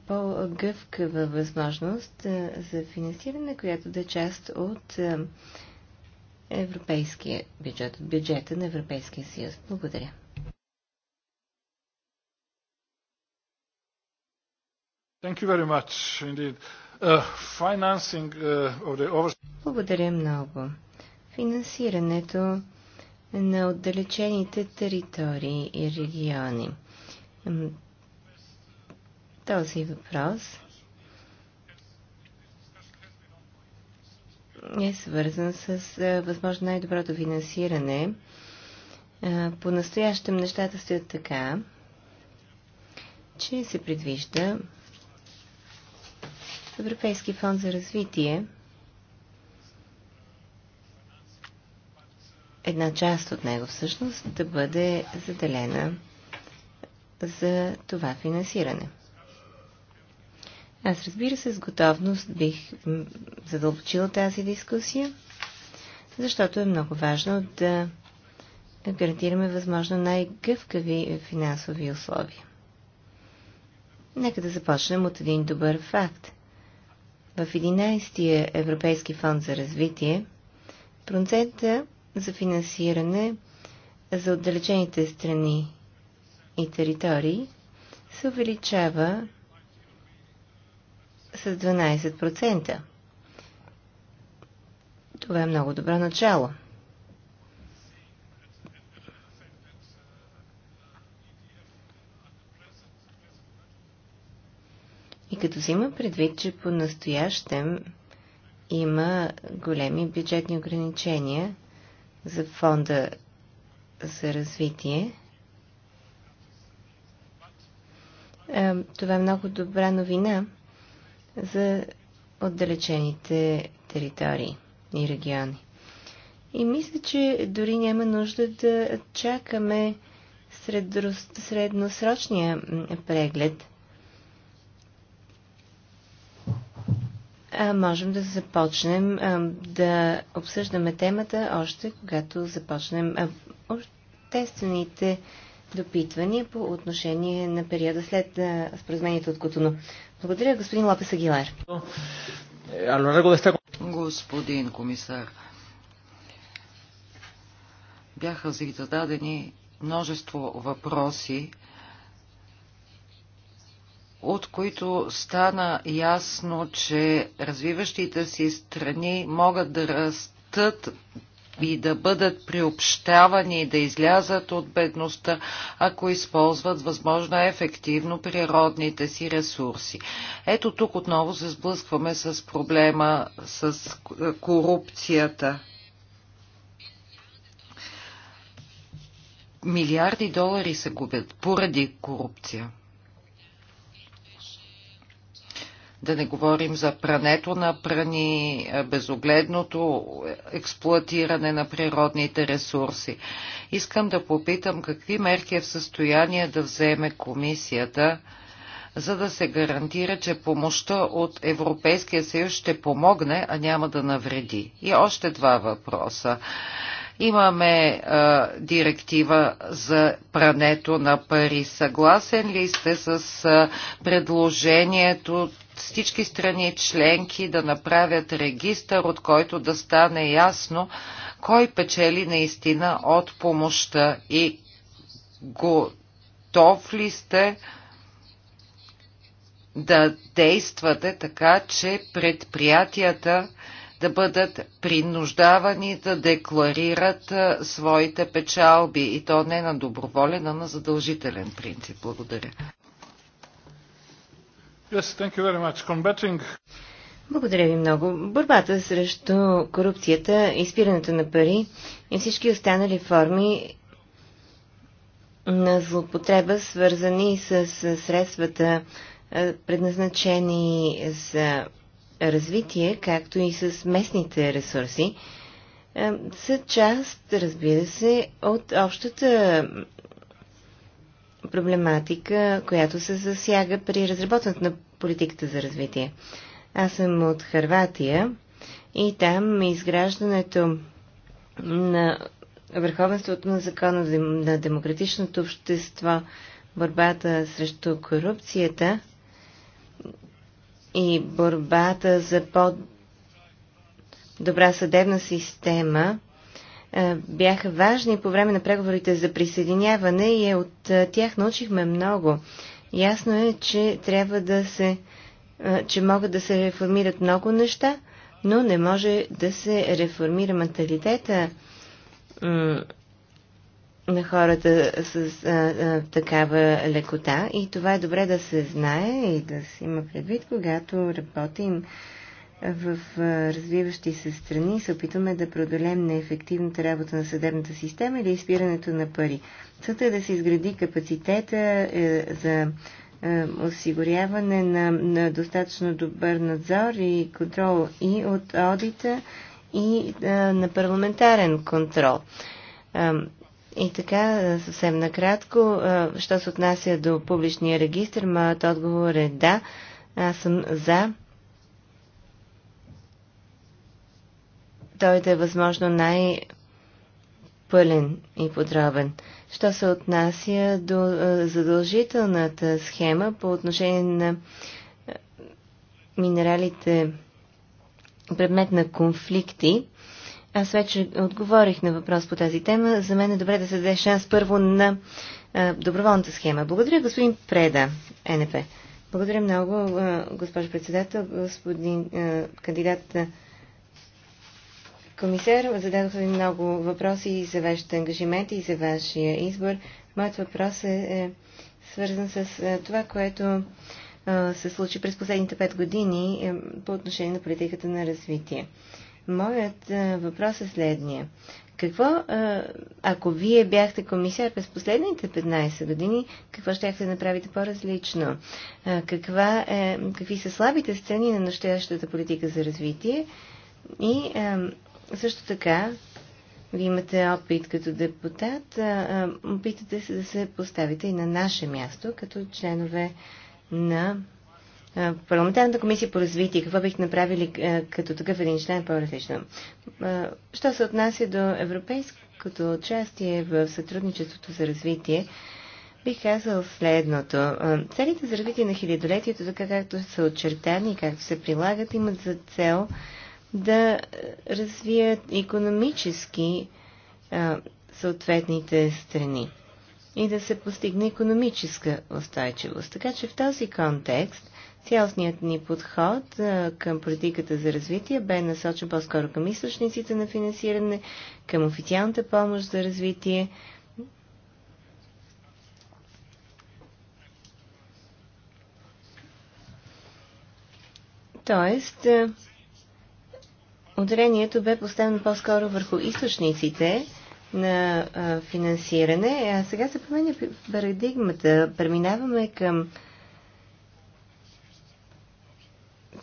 Speaker 2: по-гъвкава възможност за финансиране, която да е част от европейския бюджет, от бюджета на Европейския съюз. Благодаря.
Speaker 1: Thank you very much indeed. Uh, uh, of the over...
Speaker 2: Благодаря много. Финансирането на отдалечените територии и региони този въпрос е свързан с възможно най-доброто финансиране. По-настоящем нещата стоят така, че се предвижда Европейски фонд за развитие една част от него всъщност да бъде заделена за това финансиране. Аз разбира се, с готовност бих задълбочила тази дискусия, защото е много важно да гарантираме възможно най-гъвкави финансови условия. Нека да започнем от един добър факт. В 11 тия Европейски фонд за развитие процента за финансиране за отдалечените страни и територии се увеличава с 12%. Това е много добро начало. И като се има предвид, че по-настоящем има големи бюджетни ограничения за фонда за развитие, е, това е много добра новина за отдалечените територии и региони. И мисля, че дори няма нужда да чакаме средносрочния преглед, а можем да започнем да обсъждаме темата още когато започнем обществените допитвания по отношение на периода след споразумението от Котоно. Благодаря, господин Лопес Агилер.
Speaker 4: Е, господин комисар, бяха зададени множество въпроси, от които стана ясно, че развиващите си страни могат да растат и да бъдат приобщавани и да излязат от бедността, ако използват възможно ефективно природните си ресурси. Ето тук отново се сблъскваме с проблема с корупцията. Милиарди долари се губят поради корупция. Да не говорим за прането на прани, безогледното експлуатиране на природните ресурси. Искам да попитам какви мерки е в състояние да вземе комисията, за да се гарантира, че помощта от Европейския съюз ще помогне, а няма да навреди. И още два въпроса. Имаме а, директива за прането на пари. Съгласен ли сте с а, предложението всички страни членки да направят регистър, от който да стане ясно кой печели наистина от помощта и готов ли сте да действате така, че предприятията да бъдат принуждавани да декларират своите печалби и то не на доброволен, а на задължителен принцип. Благодаря.
Speaker 1: Yes, Combating...
Speaker 2: Благодаря ви много. Борбата срещу корупцията, изпирането на пари и всички останали форми на злопотреба, свързани с средствата, е, предназначени за развитие, както и с местните ресурси, е, са част, разбира се, от общата проблематика, която се засяга при разработването на политиката за развитие. Аз съм от Харватия и там изграждането на върховенството на закона на демократичното общество, борбата срещу корупцията и борбата за по-добра съдебна система – е, бяха важни по време на преговорите за присъединяване и е от е, тях научихме много. Ясно е, че трябва да се че могат да се реформират много неща, но не може да се реформира менталитета на хората с а, а, такава лекота и това е добре да се знае и да се има предвид, когато работим в развиващи се страни се опитваме да преодолем неефективната работа на съдебната система или изпирането на пари. Целта е да се изгради капацитета е, за е, осигуряване на, на достатъчно добър надзор и контрол и от аудита, и е, на парламентарен контрол. и така, съвсем накратко, що се отнася до публичния регистр, моят отговор е да, аз съм за той да е възможно най-пълен и подробен. Що се отнася до задължителната схема по отношение на минералите предмет на конфликти, аз вече отговорих на въпрос по тази тема. За мен е добре да се даде шанс първо на доброволната схема. Благодаря, господин Преда, НП. Благодаря много, госпожо председател, господин кандидат комисар. зададоха ви много въпроси и за вашите ангажименти и за вашия избор. Моят въпрос е, е свързан с е, това, което е, се случи през последните пет години е, по отношение на политиката на развитие. Моят е, въпрос е следния. Какво, е, ако вие бяхте комисар през последните 15 години, какво ще да направите по-различно? Е, каква е, какви са слабите сцени на настоящата политика за развитие? И е, също така, вие имате опит като депутат, опитате се да се поставите и на наше място, като членове на парламентарната комисия по развитие. Какво бихте направили като такъв един член по-различно? Що се отнася до европейското участие в сътрудничеството за развитие, бих казал следното. Целите за развитие на хилядолетието, така както са очертани и както се прилагат, имат за цел да развият економически а, съответните страни и да се постигне економическа устойчивост. Така че в този контекст цялостният ни подход а, към политиката за развитие бе насочен по-скоро към източниците на финансиране, към официалната помощ за развитие, Тоест, ударението бе поставено по-скоро върху източниците на а, финансиране, а сега се променя парадигмата. Преминаваме към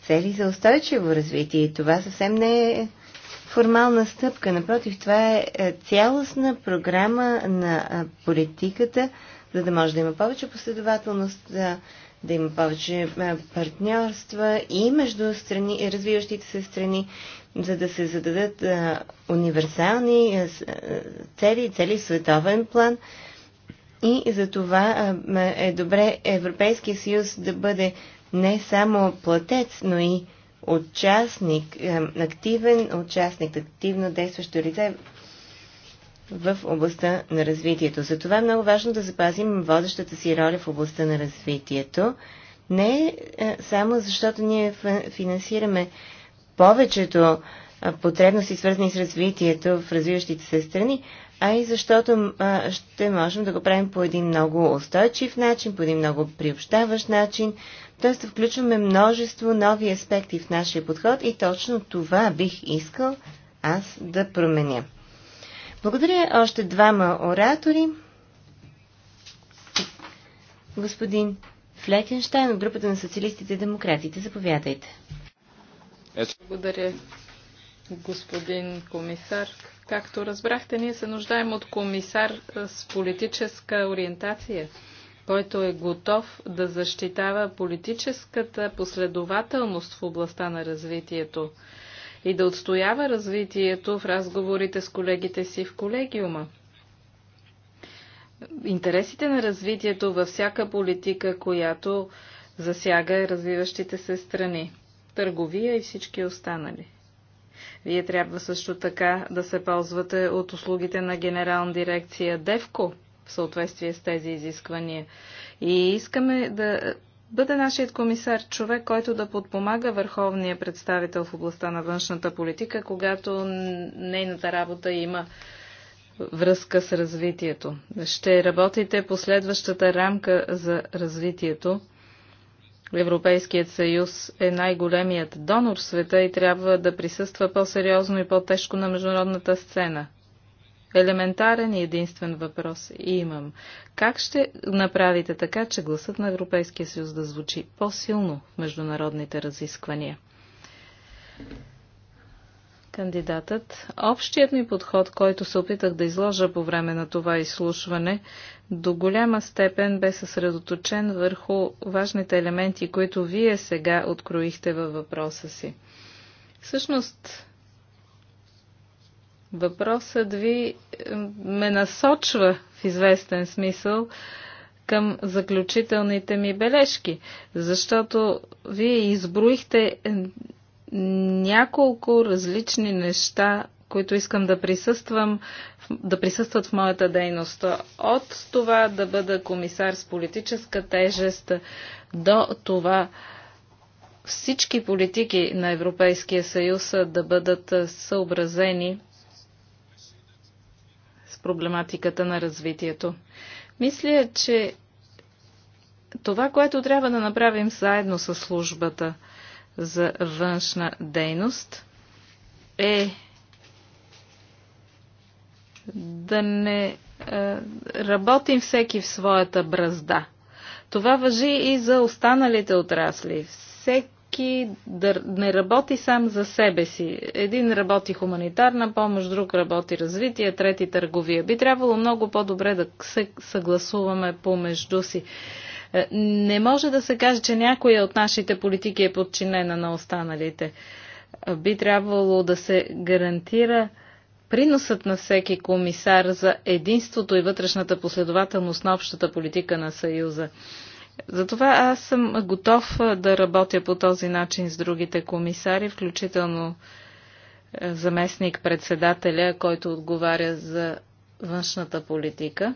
Speaker 2: цели за устойчиво развитие. Това съвсем не е формална стъпка. Напротив, това е, е цялостна програма на политиката, за да може да има повече последователност, да има повече партньорства и между страни, развиващите се страни, за да се зададат универсални цели, цели световен план. И за това е добре Европейския съюз да бъде не само платец, но и участник, активен участник, активно действащо лице в областта на развитието. Затова е много важно да запазим водещата си роля в областта на развитието. Не е, е, само защото ние финансираме повечето потребности, свързани с развитието в развиващите се страни, а и защото ще можем да го правим по един много устойчив начин, по един много приобщаващ начин, Тоест да включваме множество нови аспекти в нашия подход и точно това бих искал аз да променя. Благодаря още двама оратори. Господин Флекенштайн от групата на социалистите и демократите. Заповядайте.
Speaker 3: Благодаря, господин комисар. Както разбрахте, ние се нуждаем от комисар с политическа ориентация, който е готов да защитава политическата последователност в областта на развитието и да отстоява развитието в разговорите с колегите си в колегиума. Интересите на развитието във всяка политика, която засяга развиващите се страни, търговия и всички останали. Вие трябва също така да се ползвате от услугите на генерална дирекция ДЕВКО в съответствие с тези изисквания. И искаме да бъде нашият комисар човек, който да подпомага върховния представител в областта на външната политика, когато нейната работа има връзка с развитието. Ще работите по следващата рамка за развитието. Европейският съюз е най-големият донор в света и трябва да присъства по-сериозно и по-тежко на международната сцена – елементарен и единствен въпрос имам. Как ще направите така, че гласът на Европейския съюз да звучи по-силно в международните разисквания? Кандидатът. Общият ми подход, който се опитах да изложа по време на това изслушване, до голяма степен бе съсредоточен върху важните елементи, които вие сега откроихте във въпроса си. Всъщност, Въпросът ви е, ме насочва в известен смисъл към заключителните ми бележки, защото вие изброихте няколко различни неща, които искам да присъствам, да присъстват в моята дейност. От това да бъда комисар с политическа тежест до това всички политики на Европейския съюз да бъдат съобразени проблематиката на развитието. Мисля, че това, което трябва да направим заедно с службата за външна дейност, е да не е, работим всеки в своята бразда. Това въжи и за останалите отрасли. Всеки всеки да не работи сам за себе си. Един работи хуманитарна помощ, друг работи развитие, трети търговия. Би трябвало много по-добре да се съгласуваме помежду си. Е, не може да се каже, че някоя от нашите политики е подчинена на останалите. Е, би трябвало да се гарантира приносът на всеки комисар за единството и вътрешната последователност на общата политика на Съюза. Затова аз съм готов да работя по този начин с другите комисари, включително заместник председателя, който отговаря за външната политика.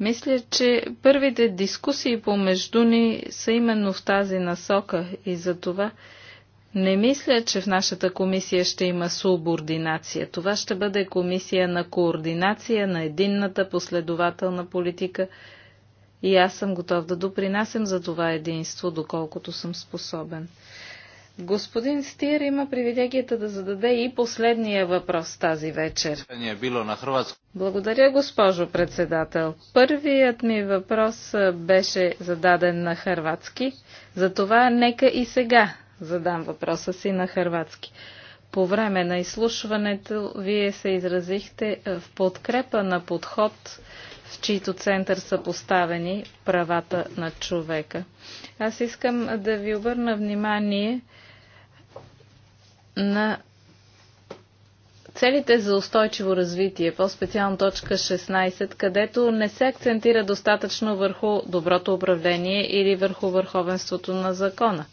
Speaker 3: Мисля, че първите дискусии помежду ни са именно в тази насока и за това не мисля, че в нашата комисия ще има субординация. Това ще бъде комисия на координация на единната последователна политика – и аз съм готов да допринасям за това единство, доколкото съм способен. Господин Стир има привилегията да зададе и последния въпрос тази вечер. Е Благодаря, госпожо председател. Първият ми въпрос беше зададен на хърватски, затова нека и сега задам въпроса си на хърватски. По време на изслушването вие се изразихте в подкрепа на подход в чийто център са поставени правата на човека. Аз искам да ви обърна внимание на целите за устойчиво развитие, по-специално точка 16, където не се акцентира достатъчно върху доброто управление или върху върховенството на закона.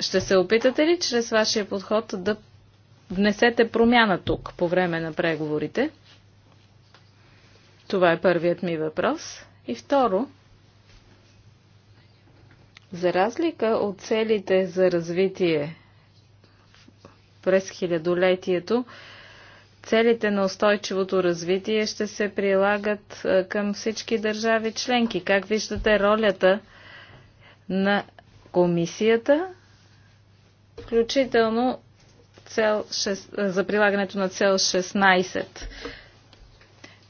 Speaker 3: Ще се опитате ли чрез вашия подход да внесете промяна тук по време на преговорите? Това е първият ми въпрос. И второ, за разлика от целите за развитие през хилядолетието, целите на устойчивото развитие ще се прилагат към всички държави членки. Как виждате ролята на комисията, включително цел 6, за прилагането на цел 16?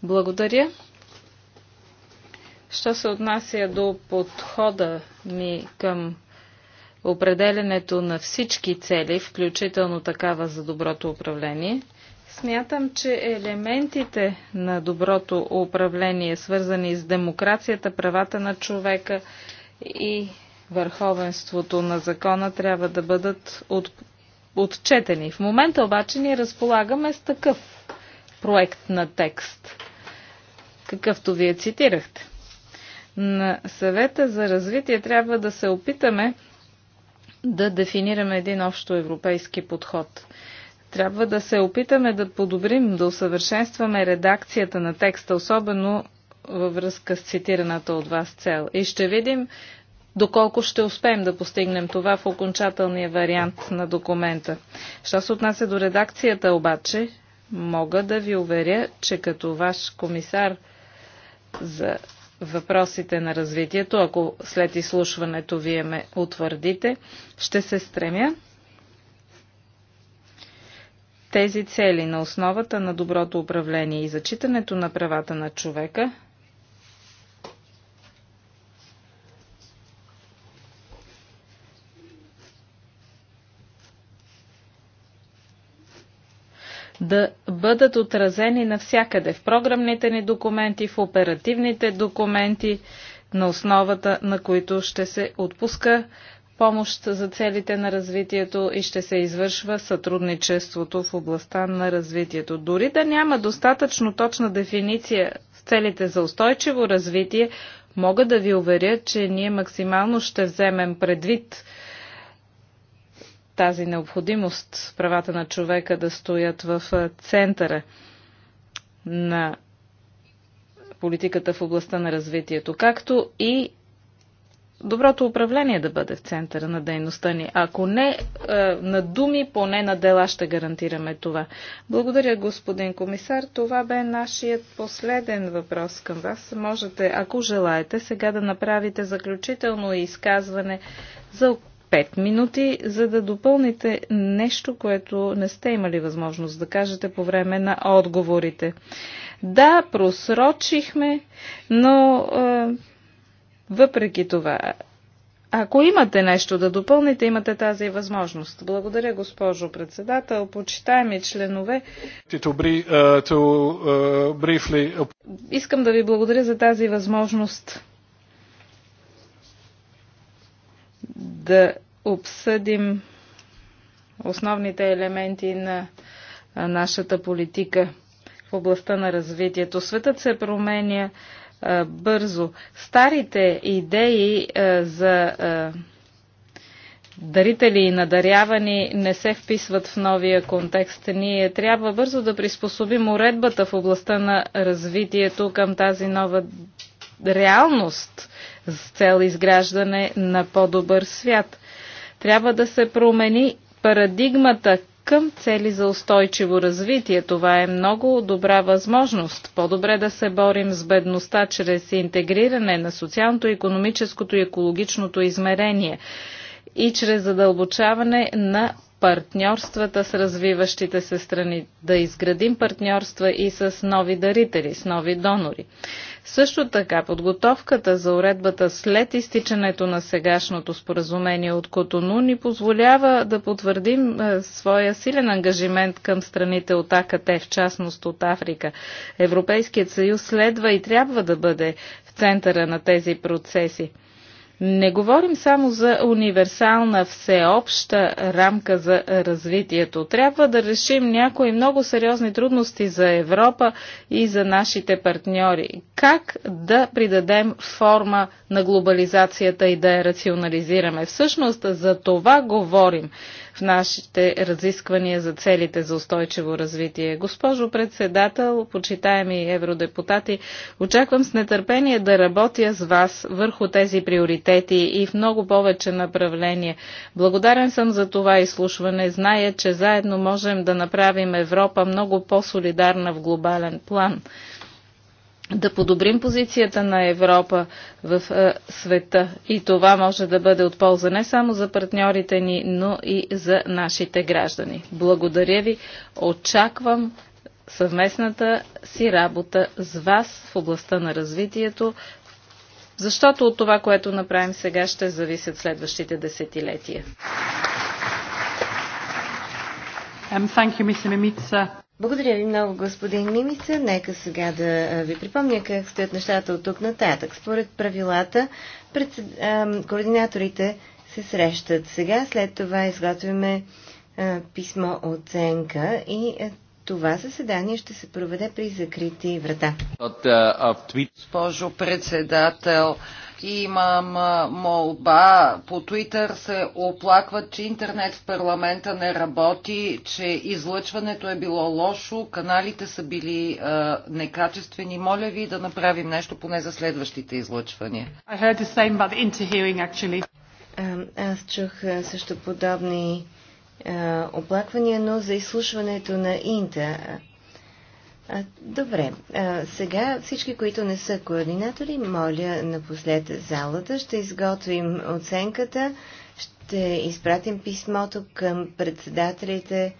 Speaker 3: Благодаря. Що се отнася до подхода ми към определенето на всички цели, включително такава за доброто управление, смятам, че елементите на доброто управление, свързани с демокрацията, правата на човека и върховенството на закона, трябва да бъдат от, отчетени. В момента обаче ние разполагаме с такъв проект на текст какъвто вие цитирахте. На съвета за развитие трябва да се опитаме да дефинираме един общо европейски подход. Трябва да се опитаме да подобрим, да усъвършенстваме редакцията на текста, особено във връзка с цитираната от вас цел. И ще видим доколко ще успеем да постигнем това в окончателния вариант на документа. Що се отнася до редакцията обаче, мога да ви уверя, че като ваш комисар – за въпросите на развитието, ако след изслушването вие ме утвърдите, ще се стремя тези цели на основата на доброто управление и зачитането на правата на човека – да бъдат отразени навсякъде в програмните ни документи, в оперативните документи, на основата на които ще се отпуска помощ за целите на развитието и ще се извършва сътрудничеството в областта на развитието. Дори да няма достатъчно точна дефиниция с целите за устойчиво развитие, мога да ви уверя, че ние максимално ще вземем предвид тази необходимост правата на човека да стоят в центъра на политиката в областта на развитието, както и доброто управление да бъде в центъра на дейността ни. Ако не на думи, поне на дела ще гарантираме това. Благодаря, господин комисар. Това бе нашият последен въпрос към вас. Можете, ако желаете, сега да направите заключително изказване за 5 минути, за да допълните нещо, което не сте имали възможност да кажете по време на отговорите. Да, просрочихме, но е, въпреки това, ако имате нещо да допълните, имате тази възможност. Благодаря, госпожо председател, почитаеми членове.
Speaker 1: Е, е,
Speaker 3: искам да ви благодаря за тази възможност да обсъдим основните елементи на нашата политика в областта на развитието. Светът се променя бързо. Старите идеи за дарители и надарявани не се вписват в новия контекст. Ние трябва бързо да приспособим уредбата в областта на развитието към тази нова реалност с цел изграждане на по-добър свят. Трябва да се промени парадигмата към цели за устойчиво развитие. Това е много добра възможност. По-добре да се борим с бедността чрез интегриране на социалното, економическото и екологичното измерение и чрез задълбочаване на партньорствата с развиващите се страни, да изградим партньорства и с нови дарители, с нови донори. Също така, подготовката за уредбата след изтичането на сегашното споразумение от Котону ни позволява да потвърдим е, своя силен ангажимент към страните от АКТ, в частност от Африка. Европейският съюз следва и трябва да бъде в центъра на тези процеси. Не говорим само за универсална всеобща рамка за развитието. Трябва да решим някои много сериозни трудности за Европа и за нашите партньори. Как да придадем форма на глобализацията и да я рационализираме? Всъщност за това говорим в нашите разисквания за целите за устойчиво развитие. Госпожо председател, почитаеми евродепутати, очаквам с нетърпение да работя с вас върху тези приоритети и в много повече направления. Благодарен съм за това изслушване. Зная, че заедно можем да направим Европа много по-солидарна в глобален план да подобрим позицията на Европа в е, света. И това може да бъде от полза не само за партньорите ни, но и за нашите граждани. Благодаря ви. Очаквам съвместната си работа с вас в областта на развитието, защото от това, което направим сега, ще зависят следващите десетилетия.
Speaker 1: Um, thank you,
Speaker 2: Mr. Благодаря ви много, господин Мимица. Нека сега да ви припомня как стоят нещата от тук нататък. Според правилата, пред, а, координаторите се срещат сега, след това изготвяме писмо оценка
Speaker 4: и а, това заседание ще се проведе при закрити врата.
Speaker 1: От, а, от...
Speaker 4: Госпожо председател, Имам молба. По Твитър се оплакват, че интернет в парламента не работи, че излъчването е било лошо, каналите са били а, некачествени. Моля ви да направим нещо поне за следващите излъчвания.
Speaker 2: Аз чух също подобни а, оплаквания, но за изслушването на Инта. Добре, сега всички, които не са координатори, моля напослед залата. Ще изготвим оценката, ще изпратим писмото към председателите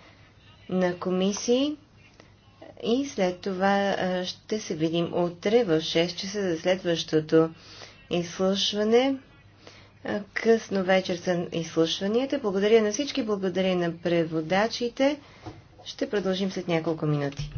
Speaker 2: на комисии и след това ще се видим утре в 6 часа за следващото изслушване. Късно вечер са изслушванията. Благодаря на всички, благодаря на преводачите. Ще продължим след няколко минути.